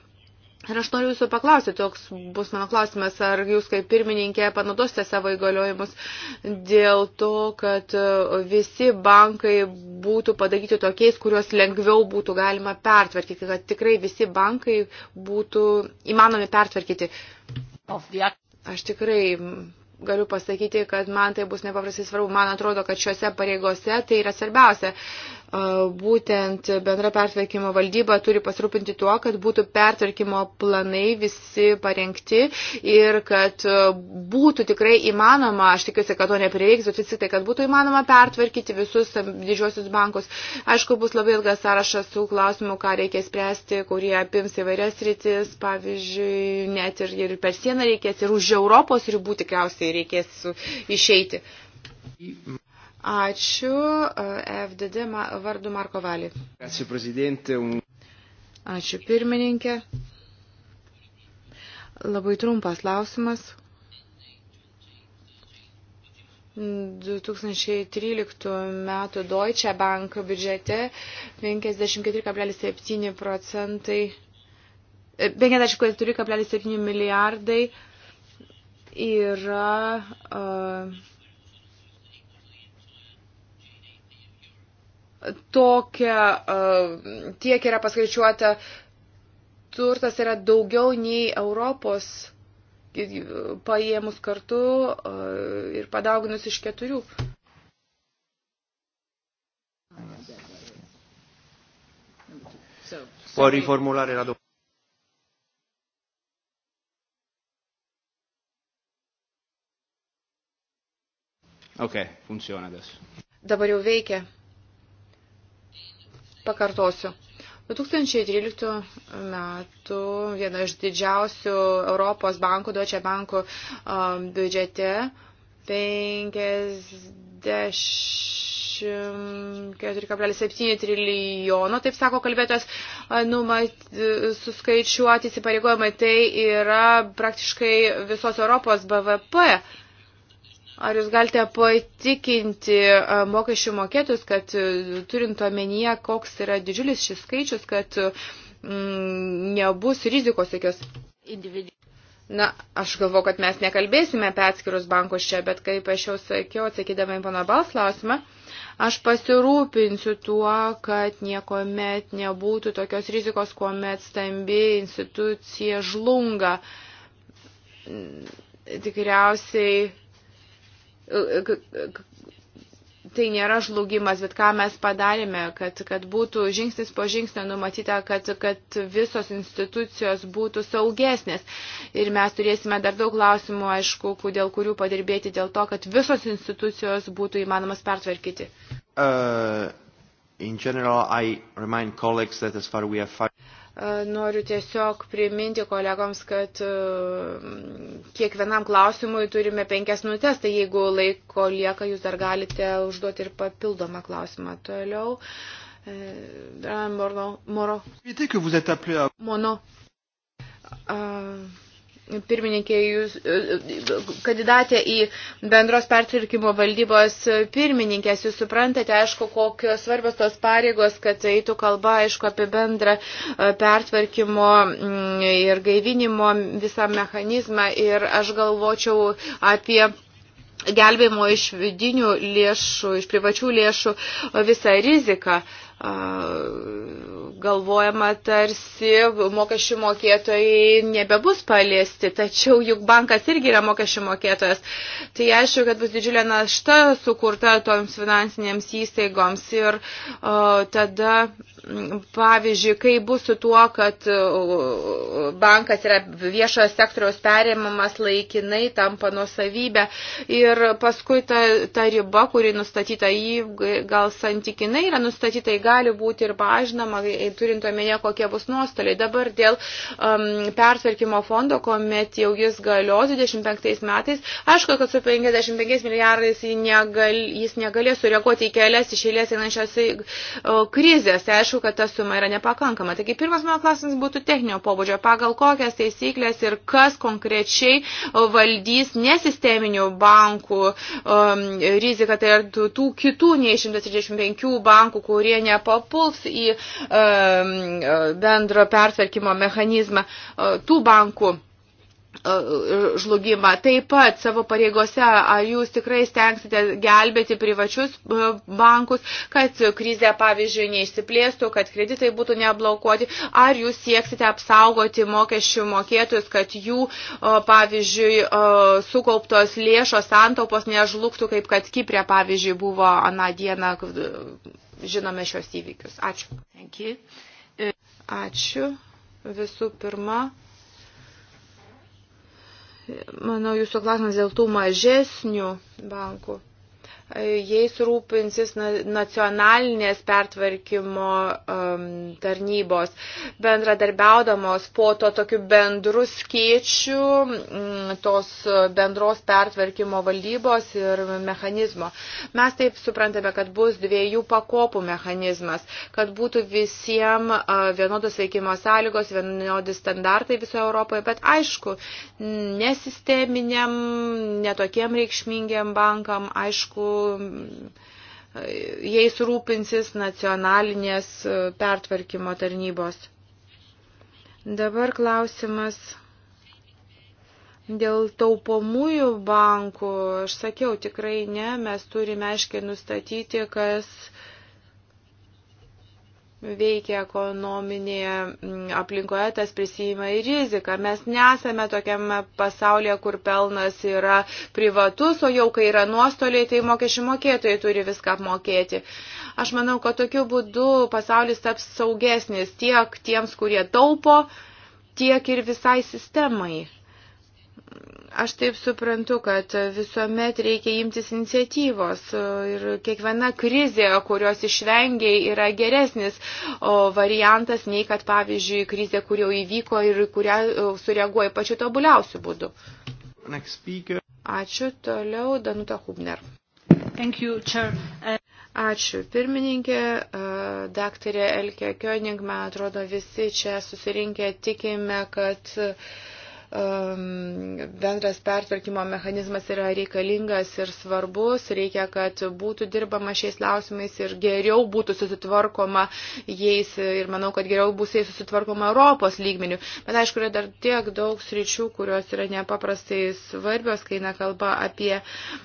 Ir aš noriu jūsų paklausyti, toks bus mano klausimas, ar jūs kaip pirmininkė panaudosite savo įgaliojimus dėl to, kad e, visi bankai būtų padaryti tokiais, kuriuos lengviau būtų galima pertvarkyti, kad tikrai visi bankai būtų įmanomi pertvarkyti. Aš tikrai galiu pasakyti, kad man tai bus nepaprastai svarbu. Man atrodo, kad šiuose pareigose tai yra svarbiausia būtent bendra pertvarkymo valdyba turi pasirūpinti tuo, kad būtų pertvarkymo planai visi parengti ir kad e, būtų tikrai įmanoma, aš tikiuosi, kad to neprireiks, bet vis tik tai, kad būtų įmanoma pertvarkyti visus didžiosius bankus. Aišku, bus labai ilgas sąrašas tų klausimų, ką reikia spręsti, kurie apims įvairias rytis, pavyzdžiui, net ir, ir per sieną reikės, ir už Europos ribų tikriausiai reikės išeiti. Ačiū e, FDD vardu Marko Valį. Ačiū prezidentė. Ačiū pirmininkė. Labai trumpas klausimas. 2013 metų Deutsche Bank biudžete 54,7 procentai 54,7 e, milijardai yra uh, tokia, tiek yra paskaičiuota, turtas yra daugiau nei Europos paėmus kartu ir padauginus iš keturių. Può riformulare la domanda.
Ok, funziona adesso.
Dabar jau veikia. Pakartosiu. 2013 metų viena iš didžiausių Europos bankų, Deutsche Bankų um, biudžete 54,7 trilijono, taip sako kalbėtas, numat, suskaičiuoti įsipareigojimai, tai yra praktiškai visos Europos BVP. Uh, Ar jūs galite patikinti e, mokesčių mokėtus, kad e, turint omenyje, koks yra didžiulis šis skaičius, kad e, mm, nebus rizikos jokios? Na, aš galvoju, kad mes nekalbėsime apie atskirus bankus čia, bet kaip aš jau sakiau, atsakydama į pana Bals klausimą, aš pasirūpinsiu tuo, kad niekuomet nebūtų tokios rizikos, kuomet stambi institucija žlunga. Tikriausiai tai nėra žlugimas, bet ką mes padarėme, kad, kad būtų žingsnis po žingsnio numatyta, kad, kad visos institucijos būtų saugesnės. Ir mes turėsime dar daug klausimų, aišku, dėl kurių padirbėti, dėl to, kad visos institucijos būtų įmanomas pertvarkyti.
Uh... In general, I remind colleagues that as far we have five...
Noriu tiesiog priminti kolegoms, kad e, kiekvienam klausimui turime penkias minutės, tai jeigu laiko lieka, jūs dar galite užduoti ir papildomą klausimą toliau. E, Moro. Moro. Mono. Uh, pirmininkė, jūs, e, e, kandidatė į bendros pertvirkimo valdybos pirmininkės, jūs suprantate, aišku, kokios svarbios tos pareigos, kad eitų kalba, aišku, apie bendrą e, pertvarkymo mm, ir gaivinimo visą mechanizmą ir aš galvočiau apie gelbėjimo iš vidinių lėšų, iš privačių lėšų visą riziką. Uh, galvojama tarsi mokesčių mokėtojai nebebus paliesti, tačiau juk bankas irgi yra mokesčių mokėtojas. Tai aišku, kad bus didžiulė našta sukurta toms finansinėms įstaigoms ir o, tada, pavyzdžiui, kai bus su tuo, kad o, bankas yra viešojo sektoriaus perėmamas laikinai, tampa nuosavybė ir paskui ta, ta riba, kuri nustatyta į, gal santykinai yra nustatyta į gali būti ir mažinama, turint omenyje, kokie bus nuostoliai. Dabar dėl um, pertvarkymo fondo, kuomet jau jis galios 25 metais, aišku, kad su 55 milijardais jis, negal, jis negalės sureaguoti į kelias iš eilės einančias krizės. Tai aišku, kad ta suma yra nepakankama. Taigi pirmas mano klausimas būtų techninio pobūdžio. Pagal kokias taisyklės ir kas konkrečiai valdys nesisteminių bankų um, riziką, tai yra tų kitų nei 135 bankų, kurie ne nepapuls į bendro pertvarkymo mechanizmą e, tų bankų e, žlugimą. Taip pat savo pareigose, ar jūs tikrai stengsite gelbėti privačius e, bankus, kad krizė, pavyzdžiui, neišsiplėstų, kad kreditai būtų neblokuoti, ar jūs sieksite apsaugoti mokesčių mokėtojus, kad jų, pavyzdžiui, sukauptos lėšos santaupos nežlugtų, kaip kad Kiprė, pavyzdžiui, buvo aną dieną žinome šios įvykius. Ačiū. Uh, Ačiū. Visų pirma, manau, jūsų klausimas dėl tų mažesnių bankų jais rūpinsis nacionalinės pertvarkymo um, tarnybos, bendradarbiaudamos po to tokiu bendru skiečiu mm, tos bendros pertvarkymo valdybos ir mechanizmo. Mes taip suprantame, kad bus dviejų pakopų mechanizmas, kad būtų visiems vienodos veikimo sąlygos, vienodi standartai visoje Europoje, bet aišku, nesisteminiam, netokiem reikšmingiam bankam, aišku, jais rūpinsis nacionalinės pertvarkymo tarnybos. Dabar klausimas dėl taupomųjų bankų. Aš sakiau, tikrai ne, mes turime aiškiai nustatyti, kas veikia ekonominėje mm, aplinkoje, tas prisijima į riziką. Mes nesame tokiame pasaulyje, kur pelnas yra privatus, o jau kai yra nuostoliai, tai mokesčių mokėtojai turi viską apmokėti. Aš manau, kad tokiu būdu pasaulis taps saugesnis tiek tiems, kurie taupo, tiek ir visai sistemai. Aš taip suprantu, kad visuomet reikia imtis iniciatyvos ir kiekviena krizė, kurios išvengiai, yra geresnis variantas nei kad, pavyzdžiui, krizė, kur jau įvyko ir kurią e, sureaguoja pačiu tobuliausiu būdu. Ačiū toliau, Danuta Hubner. Thank you, Chair. Uh, Ačiū pirmininkė, e, daktarė Elke König, man atrodo, visi čia susirinkę tikime, kad uh, Ehm, bendras pertvarkymo mechanizmas yra reikalingas ir svarbus, reikia, kad būtų dirbama šiais klausimais ir geriau būtų susitvarkoma jais ir manau, kad geriau bus jais susitvarkoma Europos lygmenių. Bet aišku, yra dar tiek daug sričių, kurios yra nepaprastai svarbios, kai nekalba apie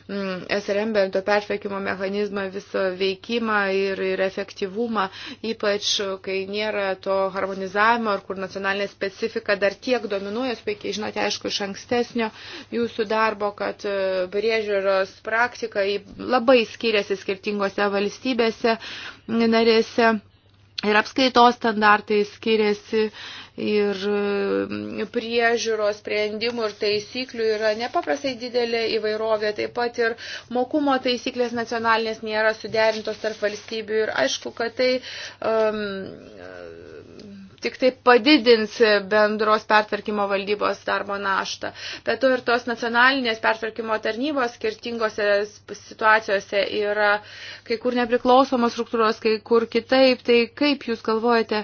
SRM mm, bendro pertvarkymo mechanizmą, visą veikimą ir, ir efektyvumą, ypač kai nėra to harmonizavimo ir kur nacionalinė specifika dar tiek dominuoja, veikia žinote, aišku, iš ankstesnio jūsų darbo, kad e, priežiūros praktika labai skiriasi skirtingose valstybėse narėse. Ir apskaitos standartai skiriasi, ir priežiūros sprendimų ir taisyklių yra nepaprastai didelė įvairovė, taip pat ir mokumo taisyklės nacionalinės nėra suderintos tarp valstybių ir aišku, kad tai um, tik tai padidins bendros pertvarkymo valdybos darbo naštą. Bet to ir tos nacionalinės pertvarkymo tarnybos skirtingose situacijose yra kai kur nepriklausomos struktūros, kai kur kitaip. Tai kaip jūs galvojate?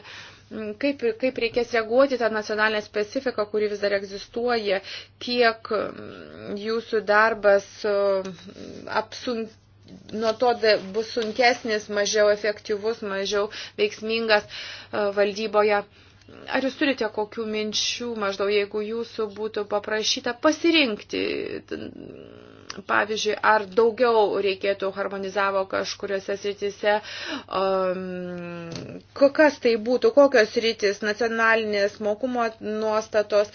Kaip, kaip reikės reaguoti tą nacionalinę specifiką, kuri vis dar egzistuoja, kiek jūsų darbas apsunkia nuo to bus sunkesnis, mažiau efektyvus, mažiau veiksmingas e, valdyboje. Ar jūs turite kokių minčių, maždaug jeigu jūsų būtų paprašyta pasirinkti, pavyzdžiui, ar daugiau reikėtų harmonizavo kažkuriuose sritise, um, kas tai būtų, kokios sritis, nacionalinės mokumo nuostatos,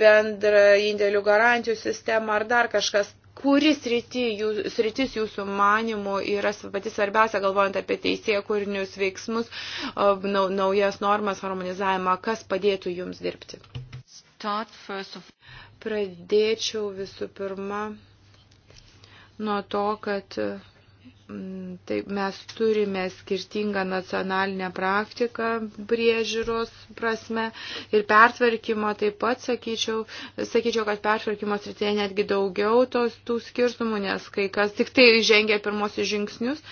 bendra indėlių garantijų sistema ar dar kažkas, kuris srity, jūs, sritis jūsų manimų yra pati svarbiausia, galvojant apie teisėjų kūrinius veiksmus, naujas normas, harmonizavimą, kas padėtų jums dirbti? Pradėčiau visų pirma nuo to, kad Mm, taip, mes turime skirtingą nacionalinę praktiką priežiūros prasme ir pertvarkymo taip pat, sakyčiau, sakyčiau kad pertvarkymo srityje netgi daugiau tos, tų skirtumų, nes kai kas tik tai žengia pirmosius žingsnius,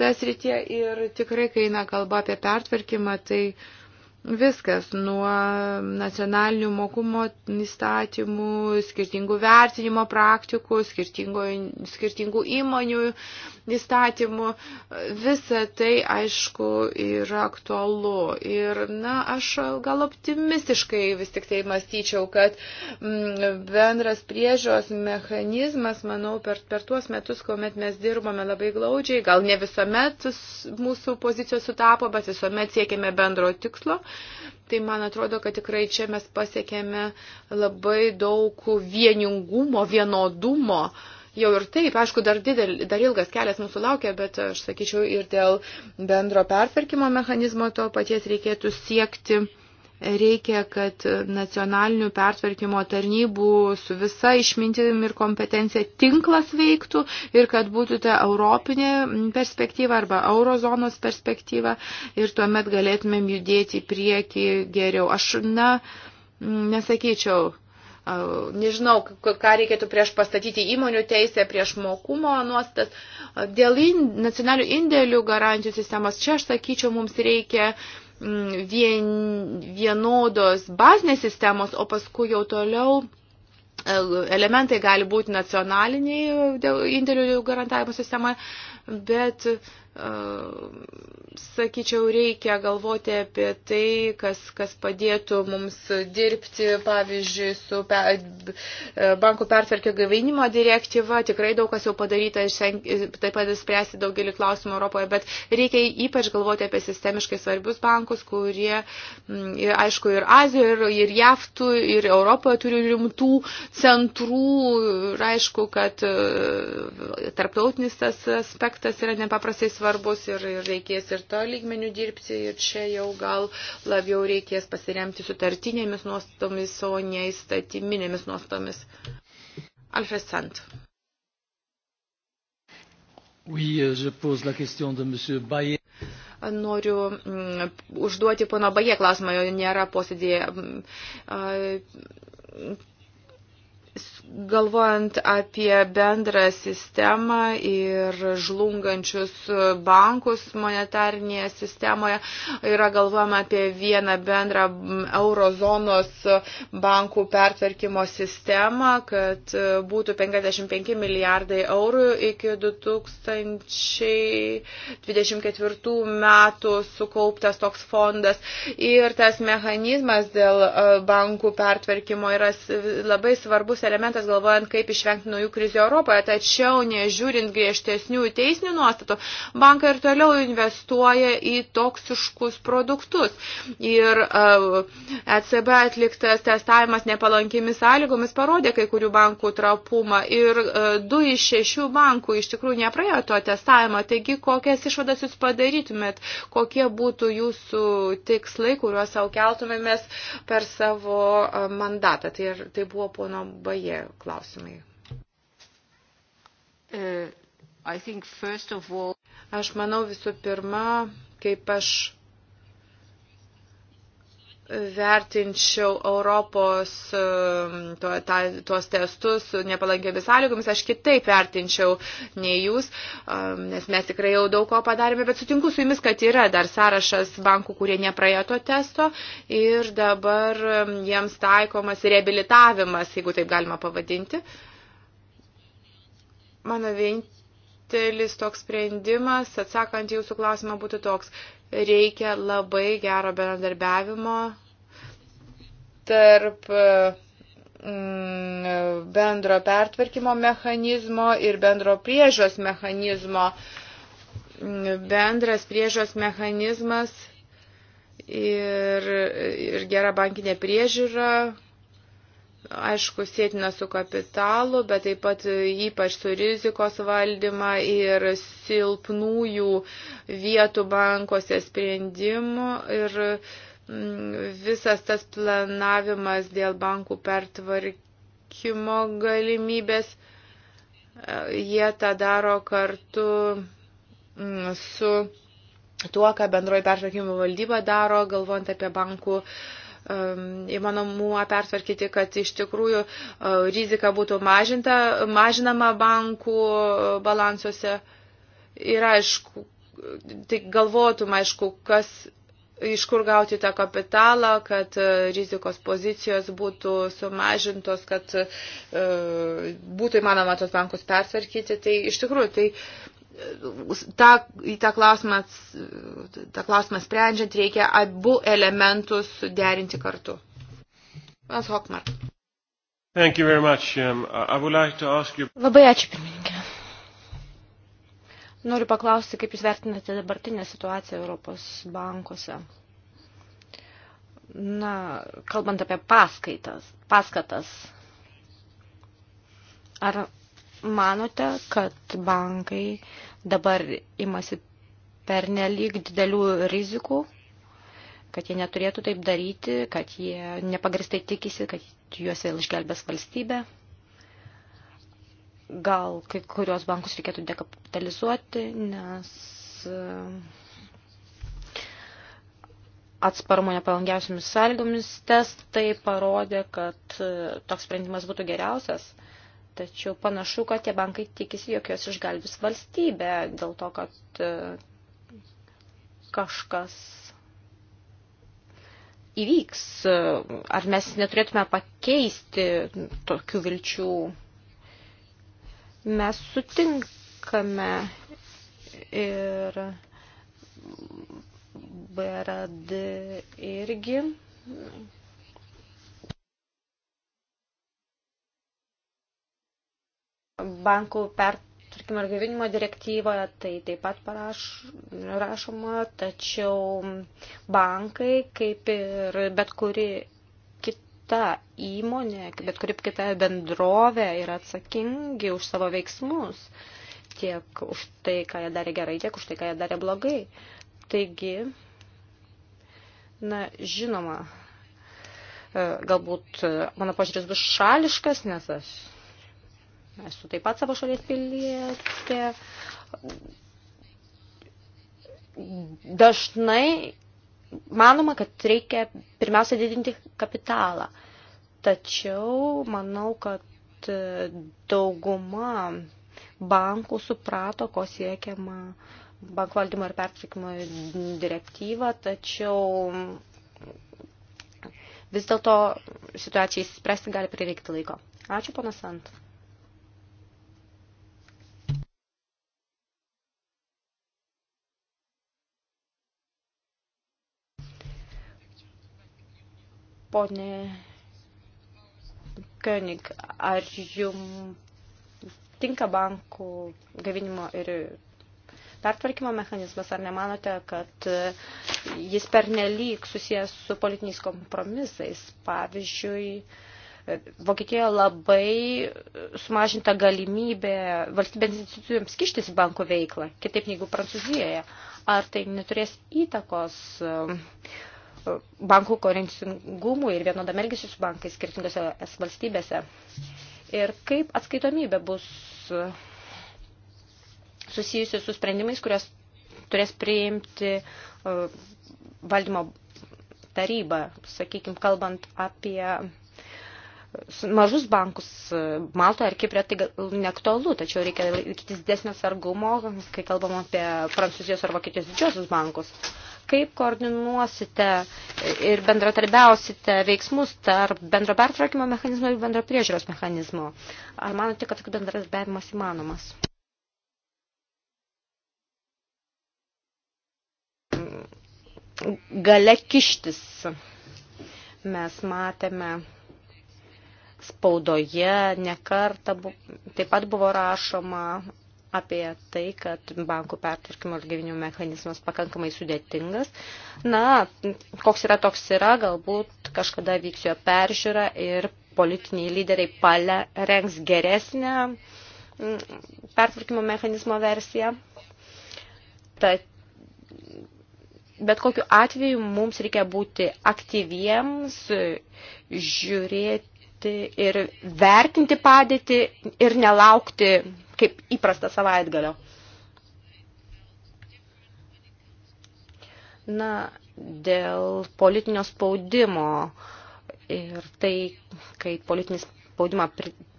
tas rytie ir tikrai, kai eina kalba apie pertvarkymą, tai uh, viskas nuo nacionalinių mokumo įstatymų, skirtingų vertinimo praktikų, skirtingų įmonių įstatymų. Visa tai, aišku, yra aktualu. Ir, na, aš gal optimistiškai vis tik tai mąstyčiau, kad mm, bendras priežios mechanizmas, manau, per, per tuos metus, kuomet mes dirbome labai glaudžiai, gal ne visuomet mūsų pozicijos sutapo, bet visuomet siekėme bendro tikslo Tai man atrodo, kad tikrai čia mes pasiekėme labai daug vieningumo, vienodumo. Jau ir taip, aišku, dar, didel, dar ilgas kelias mūsų laukia, bet aš sakyčiau ir dėl bendro pertvarkymo mechanizmo to paties reikėtų siekti reikia, kad nacionalinių pertvarkymo tarnybų su visa išmintim ir kompetencija tinklas veiktų ir kad būtų ta europinė perspektyva arba eurozonos perspektyva ir tuomet galėtumėm judėti į priekį geriau. Aš, na, nesakyčiau, nežinau, ką reikėtų prieš pastatyti įmonių teisę, prieš mokumo nuostas. Dėl in, nacionalių indėlių garantijų sistemas čia aš sakyčiau, mums reikia uh, Mm, vien, vienodos bazinės sistemos, o paskui jau toliau e, elementai gali būti nacionaliniai indėlių garantavimo sistema, bet sakyčiau, reikia galvoti apie tai, kas, kas padėtų mums dirbti, pavyzdžiui, su pe, bankų pertvarkio gaivinimo direktyva. Tikrai daug kas jau padaryta, taip pat spręsti daugelį klausimų Europoje, bet reikia ypač galvoti apie sistemiškai svarbius bankus, kurie, mm, aišku, ir Azijoje, ir, ir JAV, ir Europoje turi rimtų centrų. Ir aišku, kad e, tarptautinis tas aspektas yra nepaprastai svarbus svarbus ir, ir reikės ir to lygmenių dirbti ir čia jau gal labiau reikės pasiremti sutartinėmis nuostomis, o ne įstatyminėmis nuostomis. Alfred Sant.
Oui, je pose la question de monsieur Bayer
noriu mm, užduoti pono Baje klausimą, jo nėra posėdėje. Mm, galvojant apie bendrą sistemą ir žlungančius bankus monetarnėje sistemoje, yra galvojama apie vieną bendrą eurozonos bankų pertvarkymo sistemą, kad būtų 55 milijardai eurų iki 2024 metų sukauptas toks fondas. Ir tas mechanizmas dėl e, bankų pertvarkymo yra labai svarbus elementas instrumentas, galvojant, kaip išvengti naujų krizių Europoje. Tačiau, nežiūrint griežtesnių teisinių nuostatų, bankai ir toliau investuoja į toksiškus produktus. Ir ECB e atliktas testavimas nepalankimis sąlygomis parodė kai kurių bankų trapumą. Ir e, du iš šešių bankų iš tikrųjų nepraėjo to testavimo. Taigi, kokias išvadas jūs padarytumėt, kokie būtų jūsų tikslai, kuriuos savo keltumėmės per savo e, mandatą. Tai, ir, tai buvo pono Baje klausimai? Uh, all... Aš manau visų pirma, kaip aš vertinčiau Europos um, to, ta, tuos testus nepalankiomis sąlygomis, aš kitaip vertinčiau nei jūs, um, nes mes tikrai jau daug ko padarėme, bet sutinku su jumis, kad yra dar sąrašas bankų, kurie nepraėjo to testo ir dabar um, jiems taikomas reabilitavimas, jeigu taip galima pavadinti. Mano vienintelis toks sprendimas, atsakant jūsų klausimą, būtų toks – reikia labai gero bendradarbiavimo tarp mm, bendro pertvarkymo mechanizmo ir bendro priežos mechanizmo. Mm, bendras priežos mechanizmas ir, ir gera bankinė priežiūra aišku, sėtina su kapitalu, bet taip pat ypač su rizikos valdyma ir silpnųjų vietų bankose sprendimu. Ir mm, visas tas planavimas dėl bankų pertvarkymo galimybės, e, jie tą daro kartu mm, su tuo, ką bendroji pertvarkymo valdyba daro, galvojant apie bankų uh, Um, įmanomumą pertvarkyti, kad iš tikrųjų uh, rizika būtų mažinta, mažinama bankų uh, balansuose. Ir aišku, tai galvotum, aišku, kas iš kur gauti tą kapitalą, kad uh, rizikos pozicijos būtų sumažintos, kad būtų įmanoma tos bankus persvarkyti. Tai iš tikrųjų tai ta, į tą klausimą, tą klausimą sprendžiant reikia abu elementus suderinti kartu. Mas Hokmar. Thank you very much. Um, I would like to ask you...
Labai ačiū, pirmininkė. Noriu paklausti, kaip jūs vertinate dabartinę situaciją Europos bankuose. Na, kalbant apie paskaitas, paskatas, ar manote, kad bankai uh, dabar imasi per nelik didelių rizikų, kad jie neturėtų taip daryti, kad jie nepagristai tikisi, kad juos vėl išgelbės valstybė. Gal kai kurios bankus reikėtų dekapitalizuoti, nes e, atsparumo nepalangiausiamis sąlygomis testai parodė, kad e, toks sprendimas būtų geriausias. Tačiau panašu, kad tie bankai tikisi, jog jos išgelbės valstybę dėl to, kad e,
kažkas
įvyks. Ar mes neturėtume pakeisti tokių vilčių? Mes sutinkame ir BRD irgi bankų pertvarkymo ir gyvenimo direktyvoje, tai taip pat paraš, rašoma, tačiau bankai, kaip ir bet kuri kita įmonė, bet kuri kita bendrovė yra atsakingi už savo veiksmus, tiek už tai, ką jie darė gerai, tiek už tai, ką jie darė blogai. Taigi, na, žinoma, e, galbūt mano požiūris bus šališkas, nes aš esu taip pat savo šalies pilietė. Dažnai manoma, kad reikia pirmiausia didinti kapitalą. Tačiau manau, kad dauguma bankų suprato, ko siekiama bankų valdymo ir pertvarkymo direktyva, tačiau vis dėlto situacijai spręsti gali prireikti laiko. Ačiū, ponas Sant. Pone König, ar jums tinka bankų gavinimo ir pertvarkymo mechanizmas, ar nemanote, kad jis pernelyg susijęs su politiniais kompromisais? Pavyzdžiui, Vokietijoje labai sumažinta galimybė valstybės institucijoms kištis į bankų veiklą, kitaip negu Prancūzijoje. Ar tai neturės įtakos bankų konkurencingumui ir vienodam elgesiu su bankais skirtingose es valstybėse. Ir kaip atskaitomybė bus susijusi su sprendimais, kurias turės priimti e, valdymo taryba, sakykime, kalbant apie mažus bankus e, Maltoje ar Kiprė tai neaktualu, tačiau reikia laikytis didesnio sargumo, kai kalbam apie Prancūzijos ar Vokietijos didžiosius bankus. Uh, Kaip koordinuosite ir bendratarbiausite veiksmus tarp bendro pertvarkymo mechanizmo ir bendro priežiūros mechanizmo? Ar manote, kad tokių bendradarbiavimas įmanomas? Gale kištis. Mes matėme spaudoje nekartą, taip pat buvo rašoma apie tai, kad bankų pertvarkymo ir gyvinių mechanizmas pakankamai sudėtingas. Na, koks yra toks yra, galbūt kažkada vyks jo peržiūra ir politiniai lyderiai pale rengs geresnę mm, pertvarkymo mechanizmo versiją. Ta, bet kokiu atveju mums reikia būti aktyviems, žiūrėti ir vertinti padėtį ir nelaukti kaip įprasta savaitgalio. Na, dėl politinio spaudimo ir tai, kai politinis spaudimą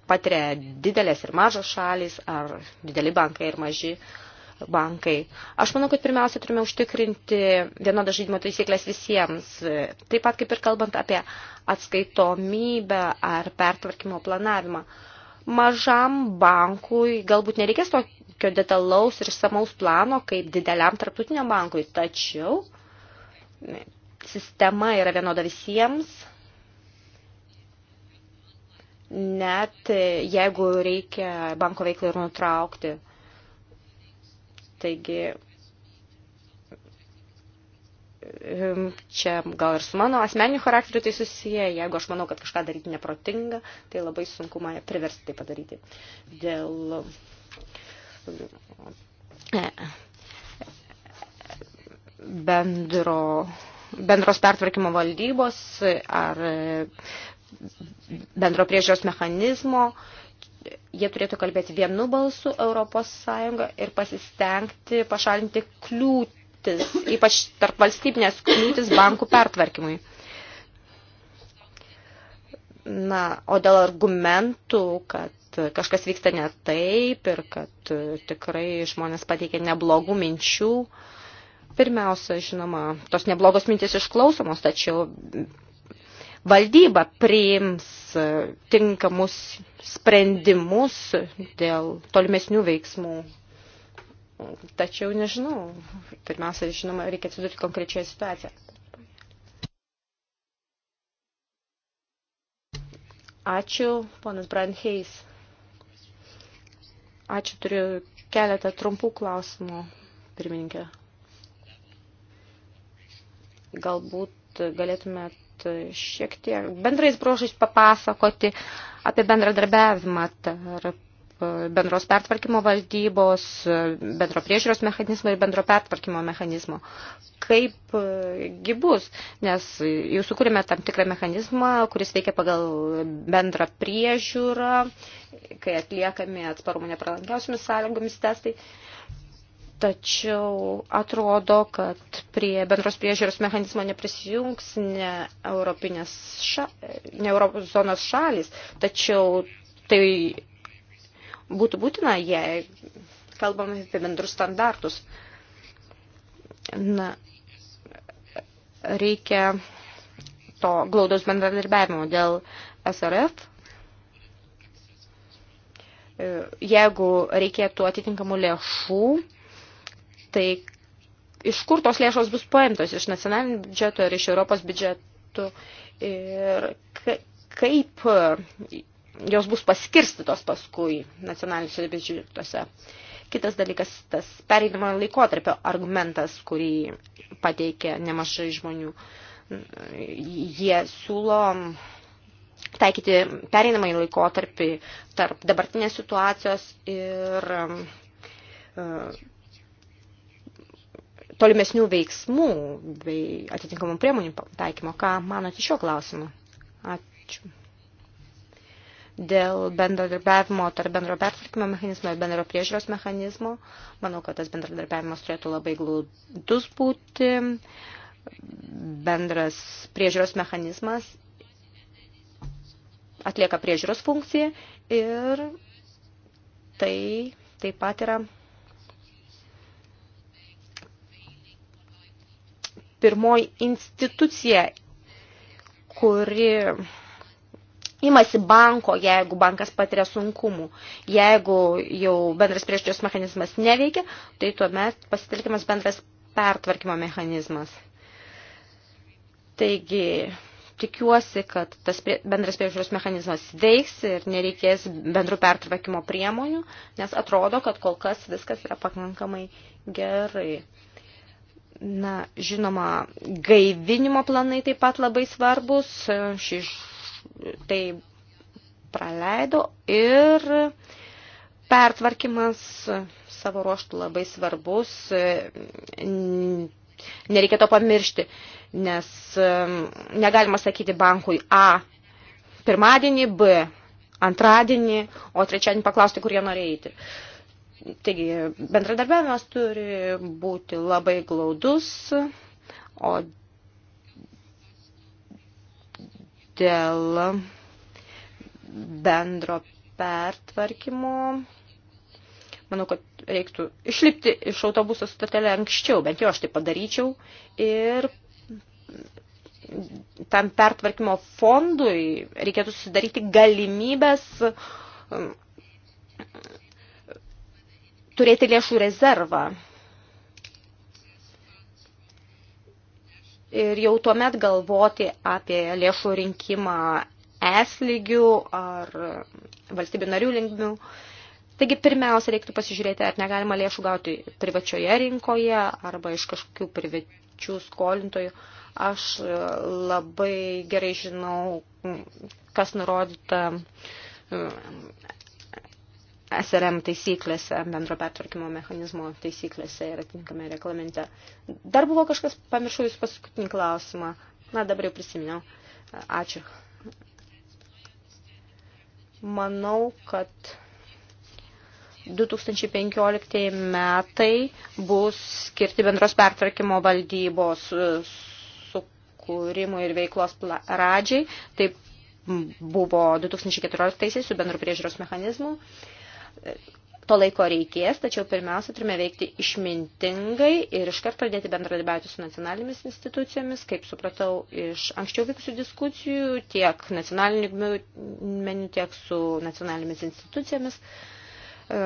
patiria didelės ir mažos šalis ar dideli bankai ir maži, uh, bankai. Aš manau, kad pirmiausia turime užtikrinti vienodą žaidimo taisyklės visiems. Taip pat kaip ir kalbant apie atskaitomybę ar pertvarkymo planavimą. Mažam bankui galbūt nereikės tokio detalaus ir samaus plano kaip dideliam tarptautiniam bankui, tačiau sistema yra vienoda visiems net jeigu reikia banko veiklą ir nutraukti. Taigi čia gal ir su mano asmeniniu charakteriu tai susiję, jeigu aš manau, kad kažką daryti neprotinga, tai labai sunku mane priversti tai padaryti. Dėl bendro, bendros pertvarkymo valdybos ar bendro priežiūros mechanizmo. Uh, jie turėtų kalbėti vienu balsu Europos Sąjungą ir pasistengti pašalinti kliūtis, ypač tarp valstybinės kliūtis bankų pertvarkymui. Na, o dėl argumentų, kad kažkas vyksta ne taip ir kad tikrai žmonės pateikia neblogų minčių, pirmiausia, žinoma, tos neblogos mintis išklausomos, tačiau valdyba priims e, tinkamus sprendimus dėl tolimesnių veiksmų. Tačiau nežinau, pirmiausia, žinoma, reikia atsidurti konkrečioje situacijoje. Ačiū, ponas Brian Hayes. Ačiū, turiu keletą trumpų klausimų, pirmininkė. Galbūt galėtumėt E, šiek tiek bendrais brožais papasakoti apie bendradarbiavimą tarp e, bendros pertvarkymo valdybos, e, bendro priežiūros mechanizmo ir bendro pertvarkymo mechanizmo. Kaip gybus, nes jau sukūrėme tam tikrą mechanizmą, kuris veikia pagal bendrą priežiūrą, kai atliekami atsparumo nepralankiausiamis sąlygomis testai. Uh, Tačiau atrodo, kad prie bendros priežiūros mechanizmo neprisijungs ne, Europinės ša, ne Europos zonos šalis, tačiau tai būtų būtina, jei kalbame apie bendrus standartus. Na, reikia to glaudos bendradarbiavimo dėl SRF jeigu reikėtų atitinkamų lėšų, Tai iš kur tos lėšos bus paimtos, iš nacionalinių biudžeto ir iš Europos biudžetų ir kaip e, jos bus paskirstytos paskui nacionaliniuose biudžetuose. Kitas dalykas, tas pereinimo laikotarpio argumentas, kurį pateikė nemažai žmonių, jie siūlo taikyti pereinamąjį laikotarpį tarp dabartinės situacijos ir e, tolimesnių veiksmų bei atitinkamų priemonių taikymo. Ką manote šio klausimu? Ačiū. Dėl bendradarbiavimo tarp bendro pertvarkymo mechanizmo ir bendro priežiūros mechanizmo, manau, kad tas bendradarbiavimas turėtų labai glūdus būti. Bendras priežiūros mechanizmas atlieka priežiūros funkciją ir tai taip pat yra pirmoji institucija, kuri imasi banko, jeigu bankas patiria sunkumų. Jeigu jau bendras priežiūros mechanizmas neveikia, tai tuomet pasitelkimas bendras pertvarkymo mechanizmas. Taigi, tikiuosi, kad tas bendras priežiūros mechanizmas veiks ir nereikės bendrų pertvarkymo priemonių, nes atrodo, kad kol kas viskas yra pakankamai gerai. Na, žinoma, gaivinimo planai taip pat labai svarbus. Ši, tai praleido ir pertvarkymas savo ruoštų labai svarbus. Nereikia to pamiršti, nes negalima sakyti bankui A pirmadienį, B antradienį, o trečiadienį paklausti, kur jie norėjo eiti. Uh, Taigi, bendradarbiavimas turi būti labai glaudus, o dėl bendro pertvarkymo, manau, kad reiktų išlipti iš autobuso stotelę anksčiau, bent jau aš tai padaryčiau, ir tam pertvarkymo fondui reikėtų susidaryti galimybės turėti lėšų rezervą. Ir jau tuomet galvoti apie lėšų rinkimą es lygių ar valstybių narių lygmių. Taigi pirmiausia reiktų pasižiūrėti, ar negalima lėšų gauti privačioje rinkoje arba iš kažkokių privačių skolintojų. Aš e, labai gerai žinau, kas nurodyta e, SRM taisyklėse, bendro pertvarkymo mechanizmo taisyklėse ir atinkame reglamente. Dar buvo kažkas, pamiršau jūs paskutinį klausimą. Na, dabar jau prisiminiau. Ačiū. Manau, kad 2015 metai bus skirti bendros pertvarkymo valdybos sukūrimui ir veiklos pradžiai. Taip buvo 2014 su bendru priežiūros mechanizmu. To laiko reikės, tačiau pirmiausia turime veikti išmintingai ir iškart pradėti bendradarbiauti su nacionalinėmis institucijomis, kaip supratau iš anksčiau vykusių diskusijų, tiek nacionalinių menių, tiek su nacionalinėmis institucijomis. E,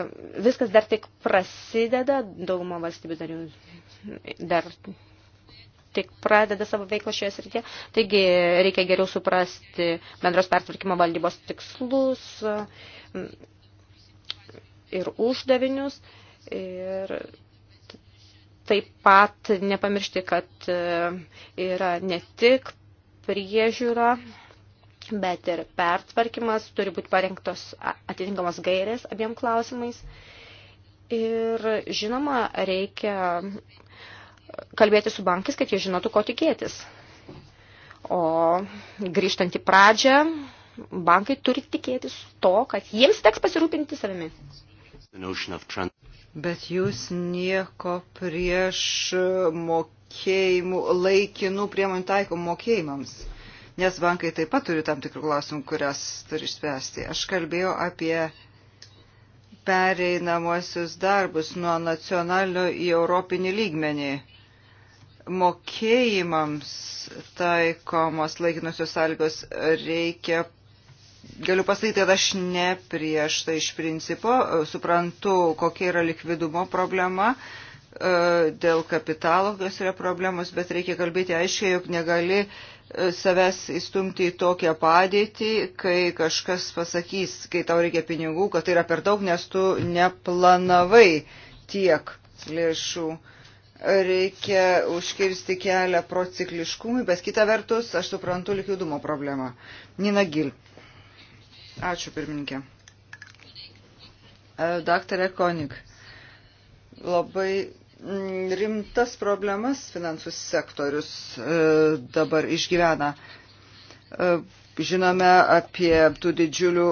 viskas dar tik prasideda, dauguma valstybių darių dar tik pradeda savo veiklą šioje srityje. Taigi reikia geriau suprasti bendros pertvarkymo valdybos tikslus, ir uždavinius. Ir taip pat nepamiršti, kad e, yra ne tik priežiūra, bet ir pertvarkymas, turi būti parengtos atitinkamos gairės abiem klausimais. Ir žinoma, reikia kalbėti su bankais, kad jie žinotų, ko tikėtis. O grįžtant į pradžią, bankai turi tikėtis to, kad jiems teks pasirūpinti savimi.
Bet jūs nieko prieš mokėjimų, laikinų priemonių taikomų mokėjimams, nes bankai taip pat turi tam tikrų klausimų, kurias turi išspręsti. Aš kalbėjau apie pereinamosius darbus nuo nacionalinio į europinį lygmenį mokėjimams taikomos laikinusios sąlygos reikia galiu pasakyti, kad aš ne prieš tai iš principo e, suprantu, kokia yra likvidumo problema e, dėl kapitalo, kas yra problemos, bet reikia kalbėti aiškiai, jog negali e, savęs įstumti į tokią padėtį, kai kažkas pasakys, kai tau reikia pinigų, kad tai yra per daug, nes tu neplanavai tiek lėšų reikia užkirsti kelią procikliškumui, bet kita vertus, aš suprantu likvidumo problemą. Nina Gil. Ačiū pirmininkė. E, daktarė Konik, labai mm, rimtas problemas finansų sektorius e, dabar išgyvena. E, žinome apie tų didžiulių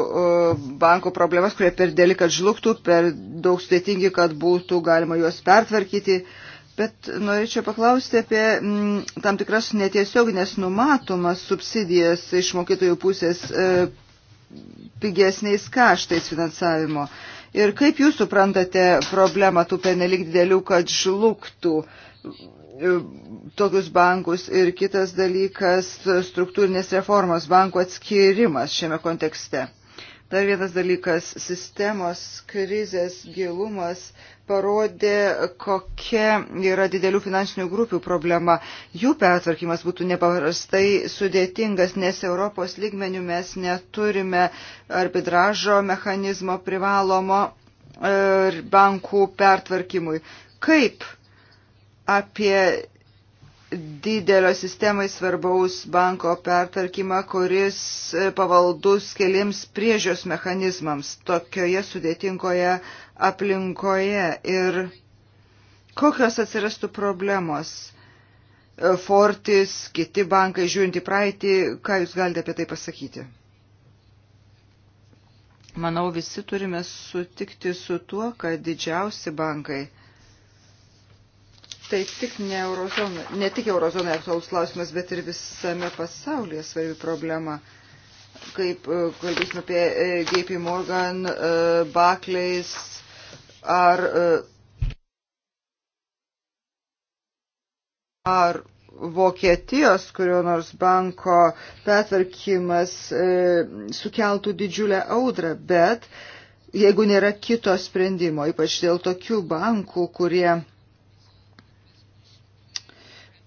bankų problemas, kurie per dėlį, kad žlugtų, per daug sudėtingi, kad būtų galima juos pertvarkyti. Bet norėčiau paklausti apie m, mm, tam tikras netiesioginės numatomas subsidijas iš mokėtojų pusės e, pigesniais kaštais finansavimo. Ir kaip jūs suprantate problemą tų penelik didelių, kad žlugtų e, tokius bankus ir kitas dalykas struktūrinės reformos bankų atskirimas šiame kontekste? Dar vienas dalykas - sistemos krizės gilumas parodė, kokia yra didelių finansinių grupių problema. Jų pertvarkymas būtų nepaprastai sudėtingas, nes Europos lygmenių mes neturime arbitražo mechanizmo privalomo e, bankų pertvarkymui. Kaip apie didelio sistemai svarbaus banko pertarkimą, kuris e, pavaldus keliems priežios mechanizmams tokioje sudėtingoje aplinkoje ir kokios atsirastų problemos. E, Fortis, kiti bankai, žiūrint į praeitį, ką jūs galite apie tai pasakyti? Manau, visi turime sutikti su tuo, kad didžiausi bankai – tai tik ne, eurozona, ne tik eurozonoje aktualus klausimas, bet ir visame pasaulyje svarbi problema. Kaip e, kalbėsime apie e, JP Morgan, e, Barclays ar, ar Vokietijos kurio nors banko pertvarkymas sukeltų didžiulę audrą, bet jeigu nėra kito sprendimo, ypač dėl tokių bankų, kurie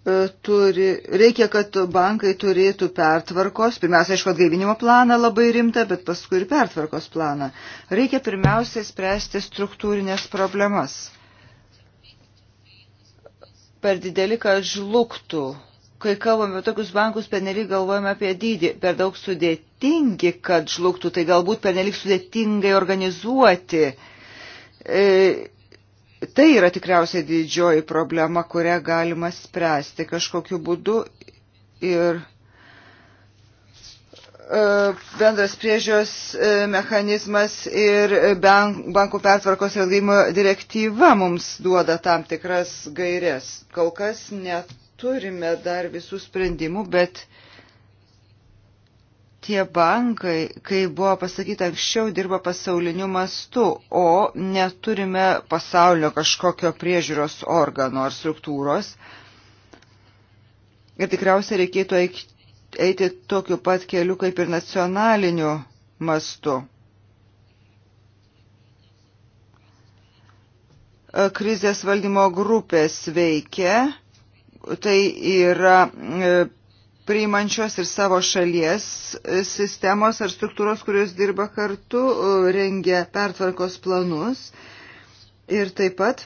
E, turi, reikia, kad bankai turėtų pertvarkos, pirmiausia, aišku, atgaivinimo planą labai rimtą, bet paskui ir pertvarkos planą. Reikia pirmiausia spręsti struktūrinės problemas. Per didelį, kad žlugtų. Kai kalbame apie tokius bankus, pernelyg galvojame apie dydį. Per daug sudėtingi, kad žlugtų, tai galbūt pernelyg sudėtingai organizuoti. E, Tai yra tikriausiai didžioji problema, kurią galima spręsti kažkokiu būdu ir e, bendras priežios e, mechanizmas ir bankų pertvarkos vėlgimo direktyva mums duoda tam tikras gairias. Kol kas neturime dar visų sprendimų, bet uh, tie bankai, kai buvo pasakyta anksčiau, dirba pasauliniu mastu, o neturime pasaulio kažkokio priežiūros organo ar struktūros. Ir tikriausiai reikėtų eiti tokiu pat keliu kaip ir nacionaliniu mastu. Krizės valdymo grupės veikia, tai yra e, priimančios ir savo šalies e, sistemos ar struktūros, kurios dirba kartu, e, rengia pertvarkos planus. Ir taip pat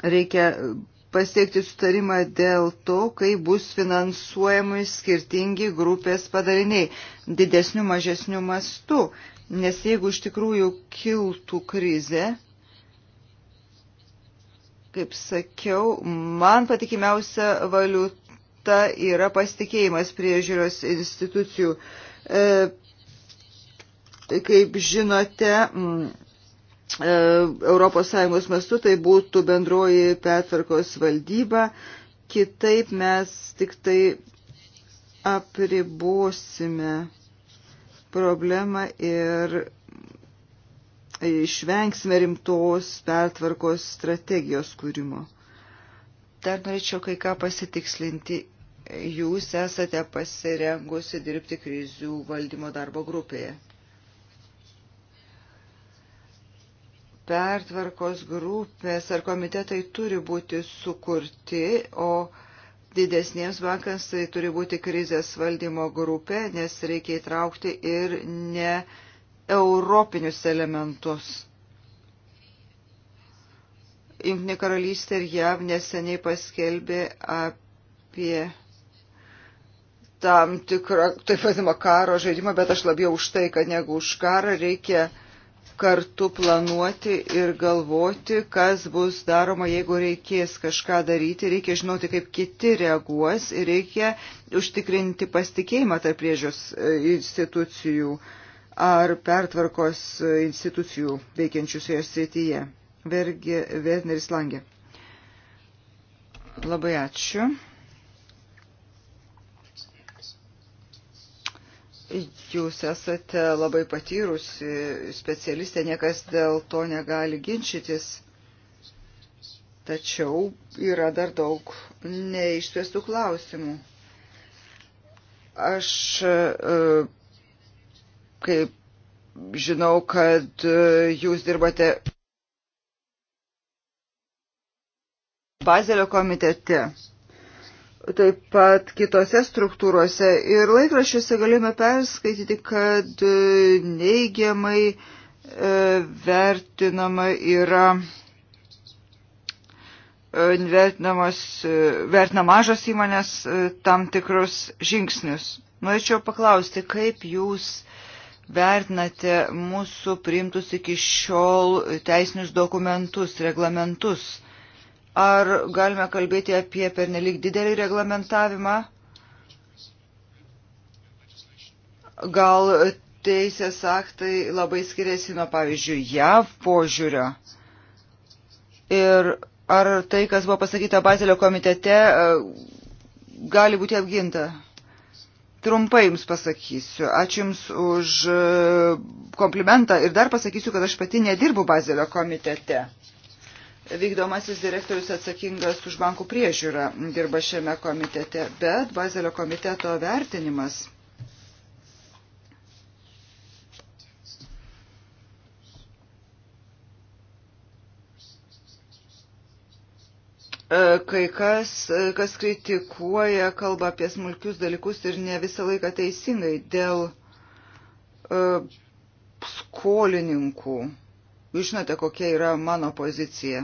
reikia pasiekti sutarimą dėl to, kaip bus finansuojami skirtingi grupės padaliniai didesnių, mažesnių mastų. Nes jeigu iš tikrųjų kiltų krizė, kaip sakiau, man patikimiausia valiuta verta yra pasitikėjimas priežiūros institucijų. E, kaip žinote, ES mastu tai būtų bendroji petvarkos valdyba, kitaip mes tik tai apribosime problemą ir išvengsime rimtos pertvarkos strategijos kūrimo. Dar norėčiau kai ką pasitikslinti jūs esate pasirengusi dirbti krizių valdymo darbo grupėje. Pertvarkos grupės ar komitetai turi būti sukurti, o didesniems bankams tai turi būti krizės valdymo grupė, nes reikia įtraukti ir ne europinius elementus. Junktinė karalystė ir JAV neseniai paskelbė apie tam tikrą, taip vadinamą karo žaidimą, bet aš labiau už tai, kad negu už karą reikia kartu planuoti ir galvoti, kas bus daroma, jeigu reikės kažką daryti, reikia žinoti, kaip kiti reaguos ir reikia užtikrinti pasitikėjimą tarp priežios e, institucijų ar pertvarkos e, institucijų veikiančių šioje srityje. Vergi Werneris Langė. Labai ačiū. Jūs esate labai patyrusi specialistė, niekas dėl to negali ginčytis. Tačiau yra dar daug neišspręstų klausimų. Aš e, kaip žinau, kad e, jūs dirbate Bazelio komitete taip pat kitose struktūrose. Ir laikraščiuose galime perskaityti, kad e, neigiamai e, vertinama yra e, vertinamas, vertina mažos įmonės tam tikrus žingsnius. Norėčiau paklausti, kaip jūs vertinate mūsų priimtus iki šiol teisinius dokumentus, reglamentus? Ar galime kalbėti apie pernelik didelį reglamentavimą? Gal teisės aktai labai skiriasi nuo, pavyzdžiui, JAV požiūrio? Ir ar tai, kas buvo pasakyta Bazelio komitete, gali būti apginta? Trumpai Jums pasakysiu. Ačiū Jums už komplimentą ir dar pasakysiu, kad aš pati nedirbu Bazelio komitete vykdomasis direktorius atsakingas už bankų priežiūrą dirba šiame komitete, bet Bazelio komiteto vertinimas kai kas, kas kritikuoja, kalba apie smulkius dalykus ir ne visą laiką teisingai dėl e, skolininkų Jūs nu, žinote, kokia yra mano pozicija.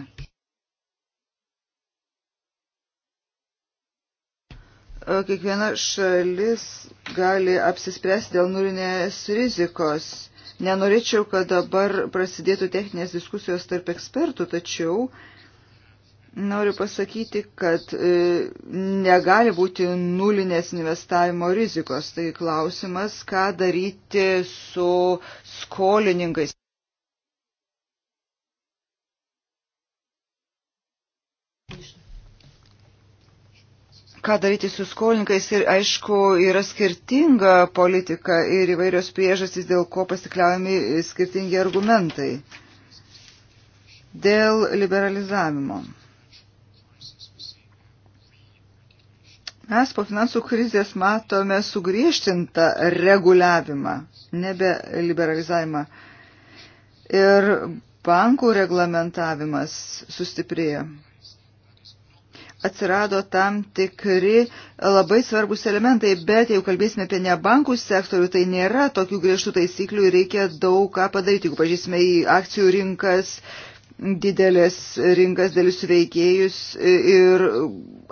E, kiekviena šalis gali apsispręsti dėl nulinės rizikos. Nenorėčiau, kad dabar prasidėtų techninės diskusijos tarp ekspertų, tačiau noriu pasakyti, kad e, negali būti nulinės investavimo rizikos. Tai klausimas, ką daryti su skolininkais. ką daryti su skolininkais ir aišku yra skirtinga politika ir įvairios priežastys, dėl ko pasikliaujami skirtingi argumentai. Dėl liberalizavimo. Mes po finansų krizės matome sugriežtintą reguliavimą, nebe liberalizavimą. Ir bankų reglamentavimas sustiprėjo atsirado tam tikri labai svarbus elementai, bet jeigu kalbėsime apie nebankų sektorių, tai nėra tokių griežtų taisyklių ir reikia daug ką padaryti. Jeigu pažįsime į akcijų rinkas, didelės rinkas, dėlius veikėjus ir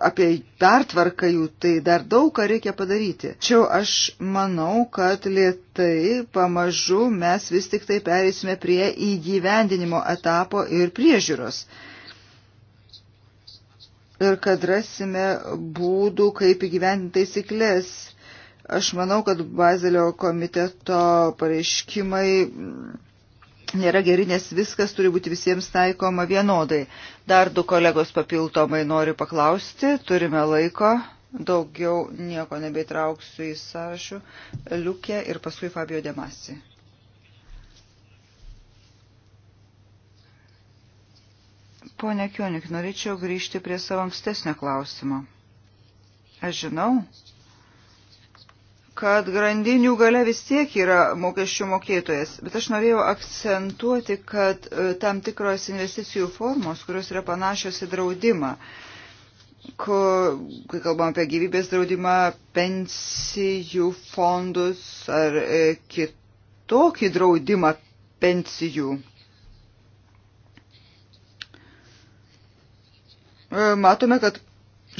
apie pertvarką jų, tai dar daug ką reikia padaryti. Čia aš manau, kad lietai pamažu mes vis tik tai perėsime prie įgyvendinimo etapo ir priežiūros ir kad rasime būdų, kaip įgyvendinti taisyklės. Aš manau, kad Bazelio komiteto pareiškimai nėra geri, nes viskas turi būti visiems taikoma vienodai. Dar du kolegos papildomai noriu paklausti, turime laiko, daugiau nieko nebeitrauksiu į sąrašų. Liukė ir paskui Fabio Demasi. Pone Kionik, norėčiau grįžti prie savo ankstesnio klausimo. Aš žinau, kad grandinių gale vis tiek yra mokesčių mokėtojas, bet aš norėjau akcentuoti, kad e, tam tikros investicijų formos, kurios yra panašios į draudimą, kur, kai kalbam apie gyvybės draudimą, pensijų fondus ar e, kitokį draudimą pensijų E, matome, kad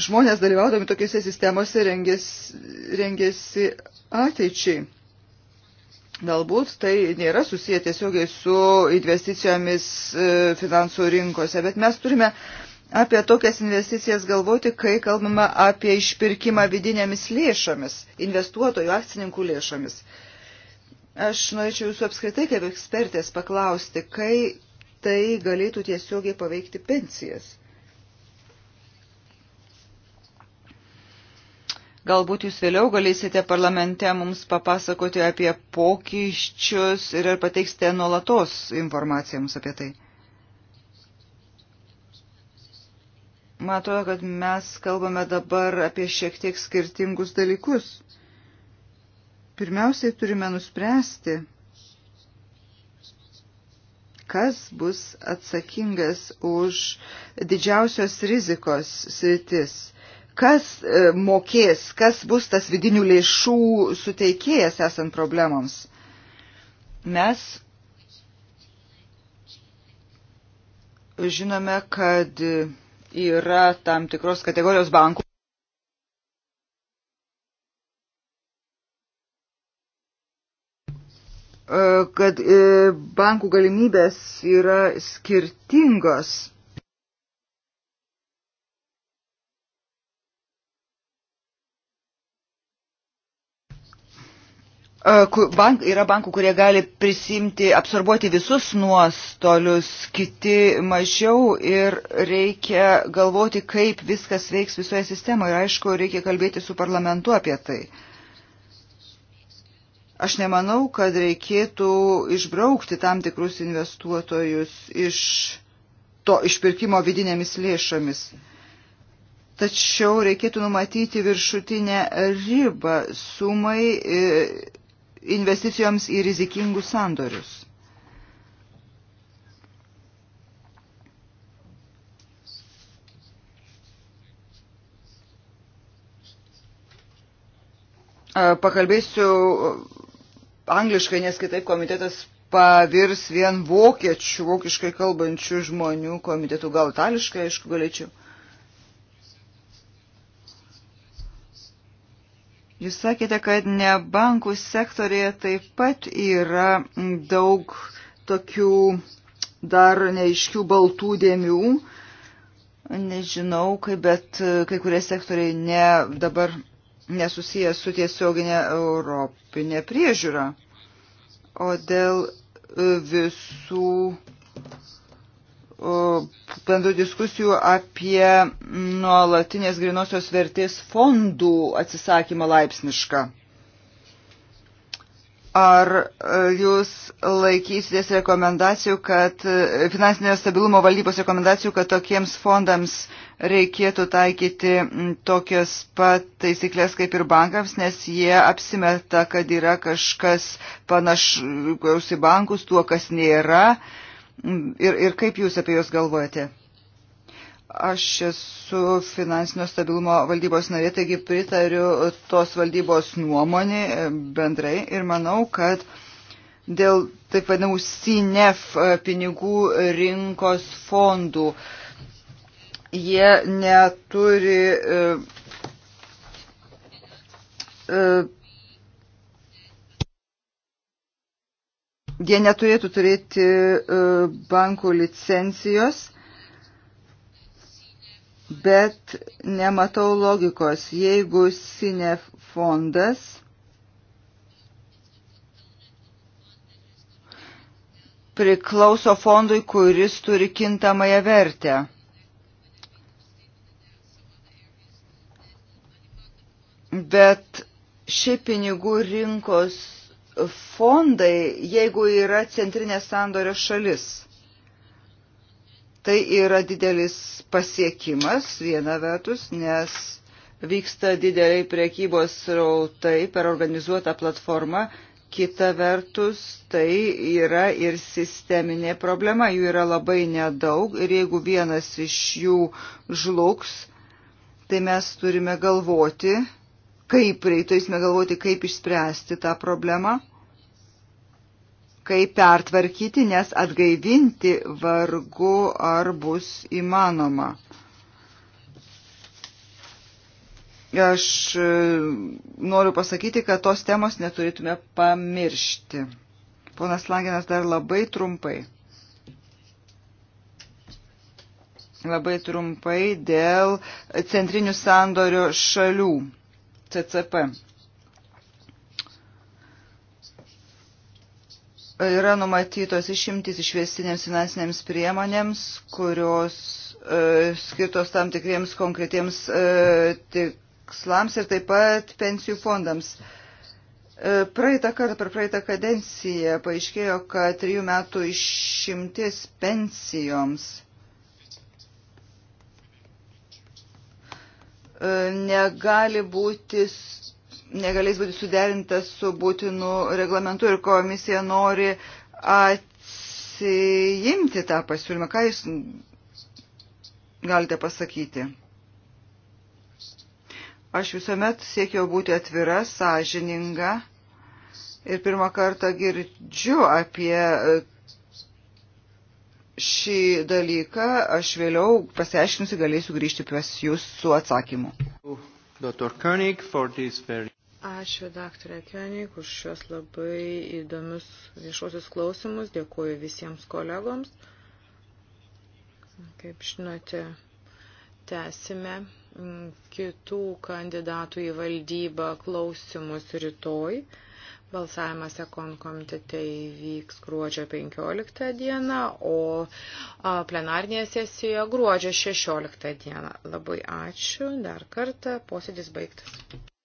žmonės dalyvaudami tokiuose sistemose rengiasi, rengiasi ateičiai. Galbūt tai nėra susiję tiesiogiai su investicijomis e, finansų rinkose, bet mes turime apie tokias investicijas galvoti, kai kalbama apie išpirkimą vidinėmis lėšomis, investuotojų akcininkų lėšomis. Aš norėčiau jūsų apskritai kaip ekspertės paklausti, kai tai galėtų tiesiogiai paveikti pensijas. Galbūt jūs vėliau galėsite parlamente mums papasakoti apie pokyščius ir ar pateiksite nuolatos informaciją mums apie tai. Man atrodo, kad mes kalbame dabar apie šiek tiek skirtingus dalykus. Pirmiausiai turime nuspręsti, kas bus atsakingas už didžiausios rizikos sritis kas e, mokės, kas bus tas vidinių lėšų suteikėjas esant problemams. Mes žinome, kad yra tam tikros kategorijos bankų. E, kad e, bankų galimybės yra skirtingos E, bank, yra bankų, kurie gali prisimti, absorbuoti visus nuostolius, kiti mažiau ir reikia galvoti, kaip viskas veiks visoje sistemoje. Ir aišku, reikia kalbėti su parlamentu apie tai. Aš nemanau, kad reikėtų išbraukti tam tikrus investuotojus iš to išpirkimo vidinėmis lėšomis. Tačiau reikėtų numatyti viršutinę ribą sumai. E, investicijoms į rizikingus sandorius. Pakalbėsiu angliškai, nes kitaip komitetas pavirs vien vokiečių, vokiškai kalbančių žmonių komitetų, gal itališkai, aišku, galėčiau. Jūs sakėte, kad ne bankų sektorėje taip pat yra daug tokių dar neiškių baltų dėmių. Nežinau, kaip, bet kai kurie sektoriai ne, dabar nesusijęs su tiesioginė europinė priežiūra. O dėl visų bendrų diskusijų apie nuolatinės grinosios vertės fondų atsisakymą laipsnišką. Ar e, jūs laikysitės rekomendacijų, kad e, finansinio stabilumo valdybos rekomendacijų, kad tokiems fondams reikėtų taikyti tokias pat taisyklės kaip ir bankams, nes jie apsimeta, kad yra kažkas panašaus į bankus, tuo, kas nėra. Uh, ir, ir kaip jūs apie juos galvojate? Aš esu finansinio stabilumo valdybos narė, taigi pritariu tos valdybos nuomonį e, bendrai ir manau, kad dėl taip vadinamų CNF e, pinigų rinkos fondų jie neturi. Uh, uh, jie neturėtų turėti e, bankų licencijos, bet nematau logikos. Jeigu Sine fondas priklauso fondui, kuris turi kintamąją vertę. Bet šiaip pinigų rinkos fondai, jeigu yra centrinė sandorio šalis. Tai yra didelis pasiekimas viena vertus, nes vyksta dideliai priekybos rautai per organizuotą platformą, kita vertus tai yra ir sisteminė problema, jų yra labai nedaug ir jeigu vienas iš jų žlugs, tai mes turime galvoti, kaip reikėtume galvoti, kaip išspręsti tą problemą kaip pertvarkyti, nes atgaivinti vargu ar bus įmanoma. Aš e, noriu pasakyti, kad tos temos neturėtume pamiršti. Ponas Langinas dar labai trumpai. Labai trumpai dėl centrinių sandorių šalių CCP. yra numatytos išimtis išvestinėms finansinėms priemonėms, kurios e, skirtos tam tikriems konkretiems e, tikslams ir taip pat pensijų fondams. E, praeitą kartą, per praeitą kadenciją paaiškėjo, kad trijų metų išimtis pensijoms e, negali būti negalės būti suderintas su būtinu reglamentu ir komisija nori atsiimti tą pasiūlymą. Ką jūs galite pasakyti? Aš visuomet siekiau būti atvira, sąžininga ir pirmą kartą girdžiu apie šį dalyką. Aš vėliau pasiaiškinsiu, galėsiu grįžti pas jūs su atsakymu. Dr. Koenig for this very...
Ačiū daktarė Kenik už šios labai įdomius viešuosius klausimus. Dėkuoju visiems kolegoms. Kaip žinote, tęsime kitų kandidatų į valdybą klausimus rytoj. Balsavimas Ekon komitete įvyks gruodžio 15 dieną, o plenarnėje sesijoje gruodžio 16 dieną. Labai ačiū
dar kartą, posėdis baigtas.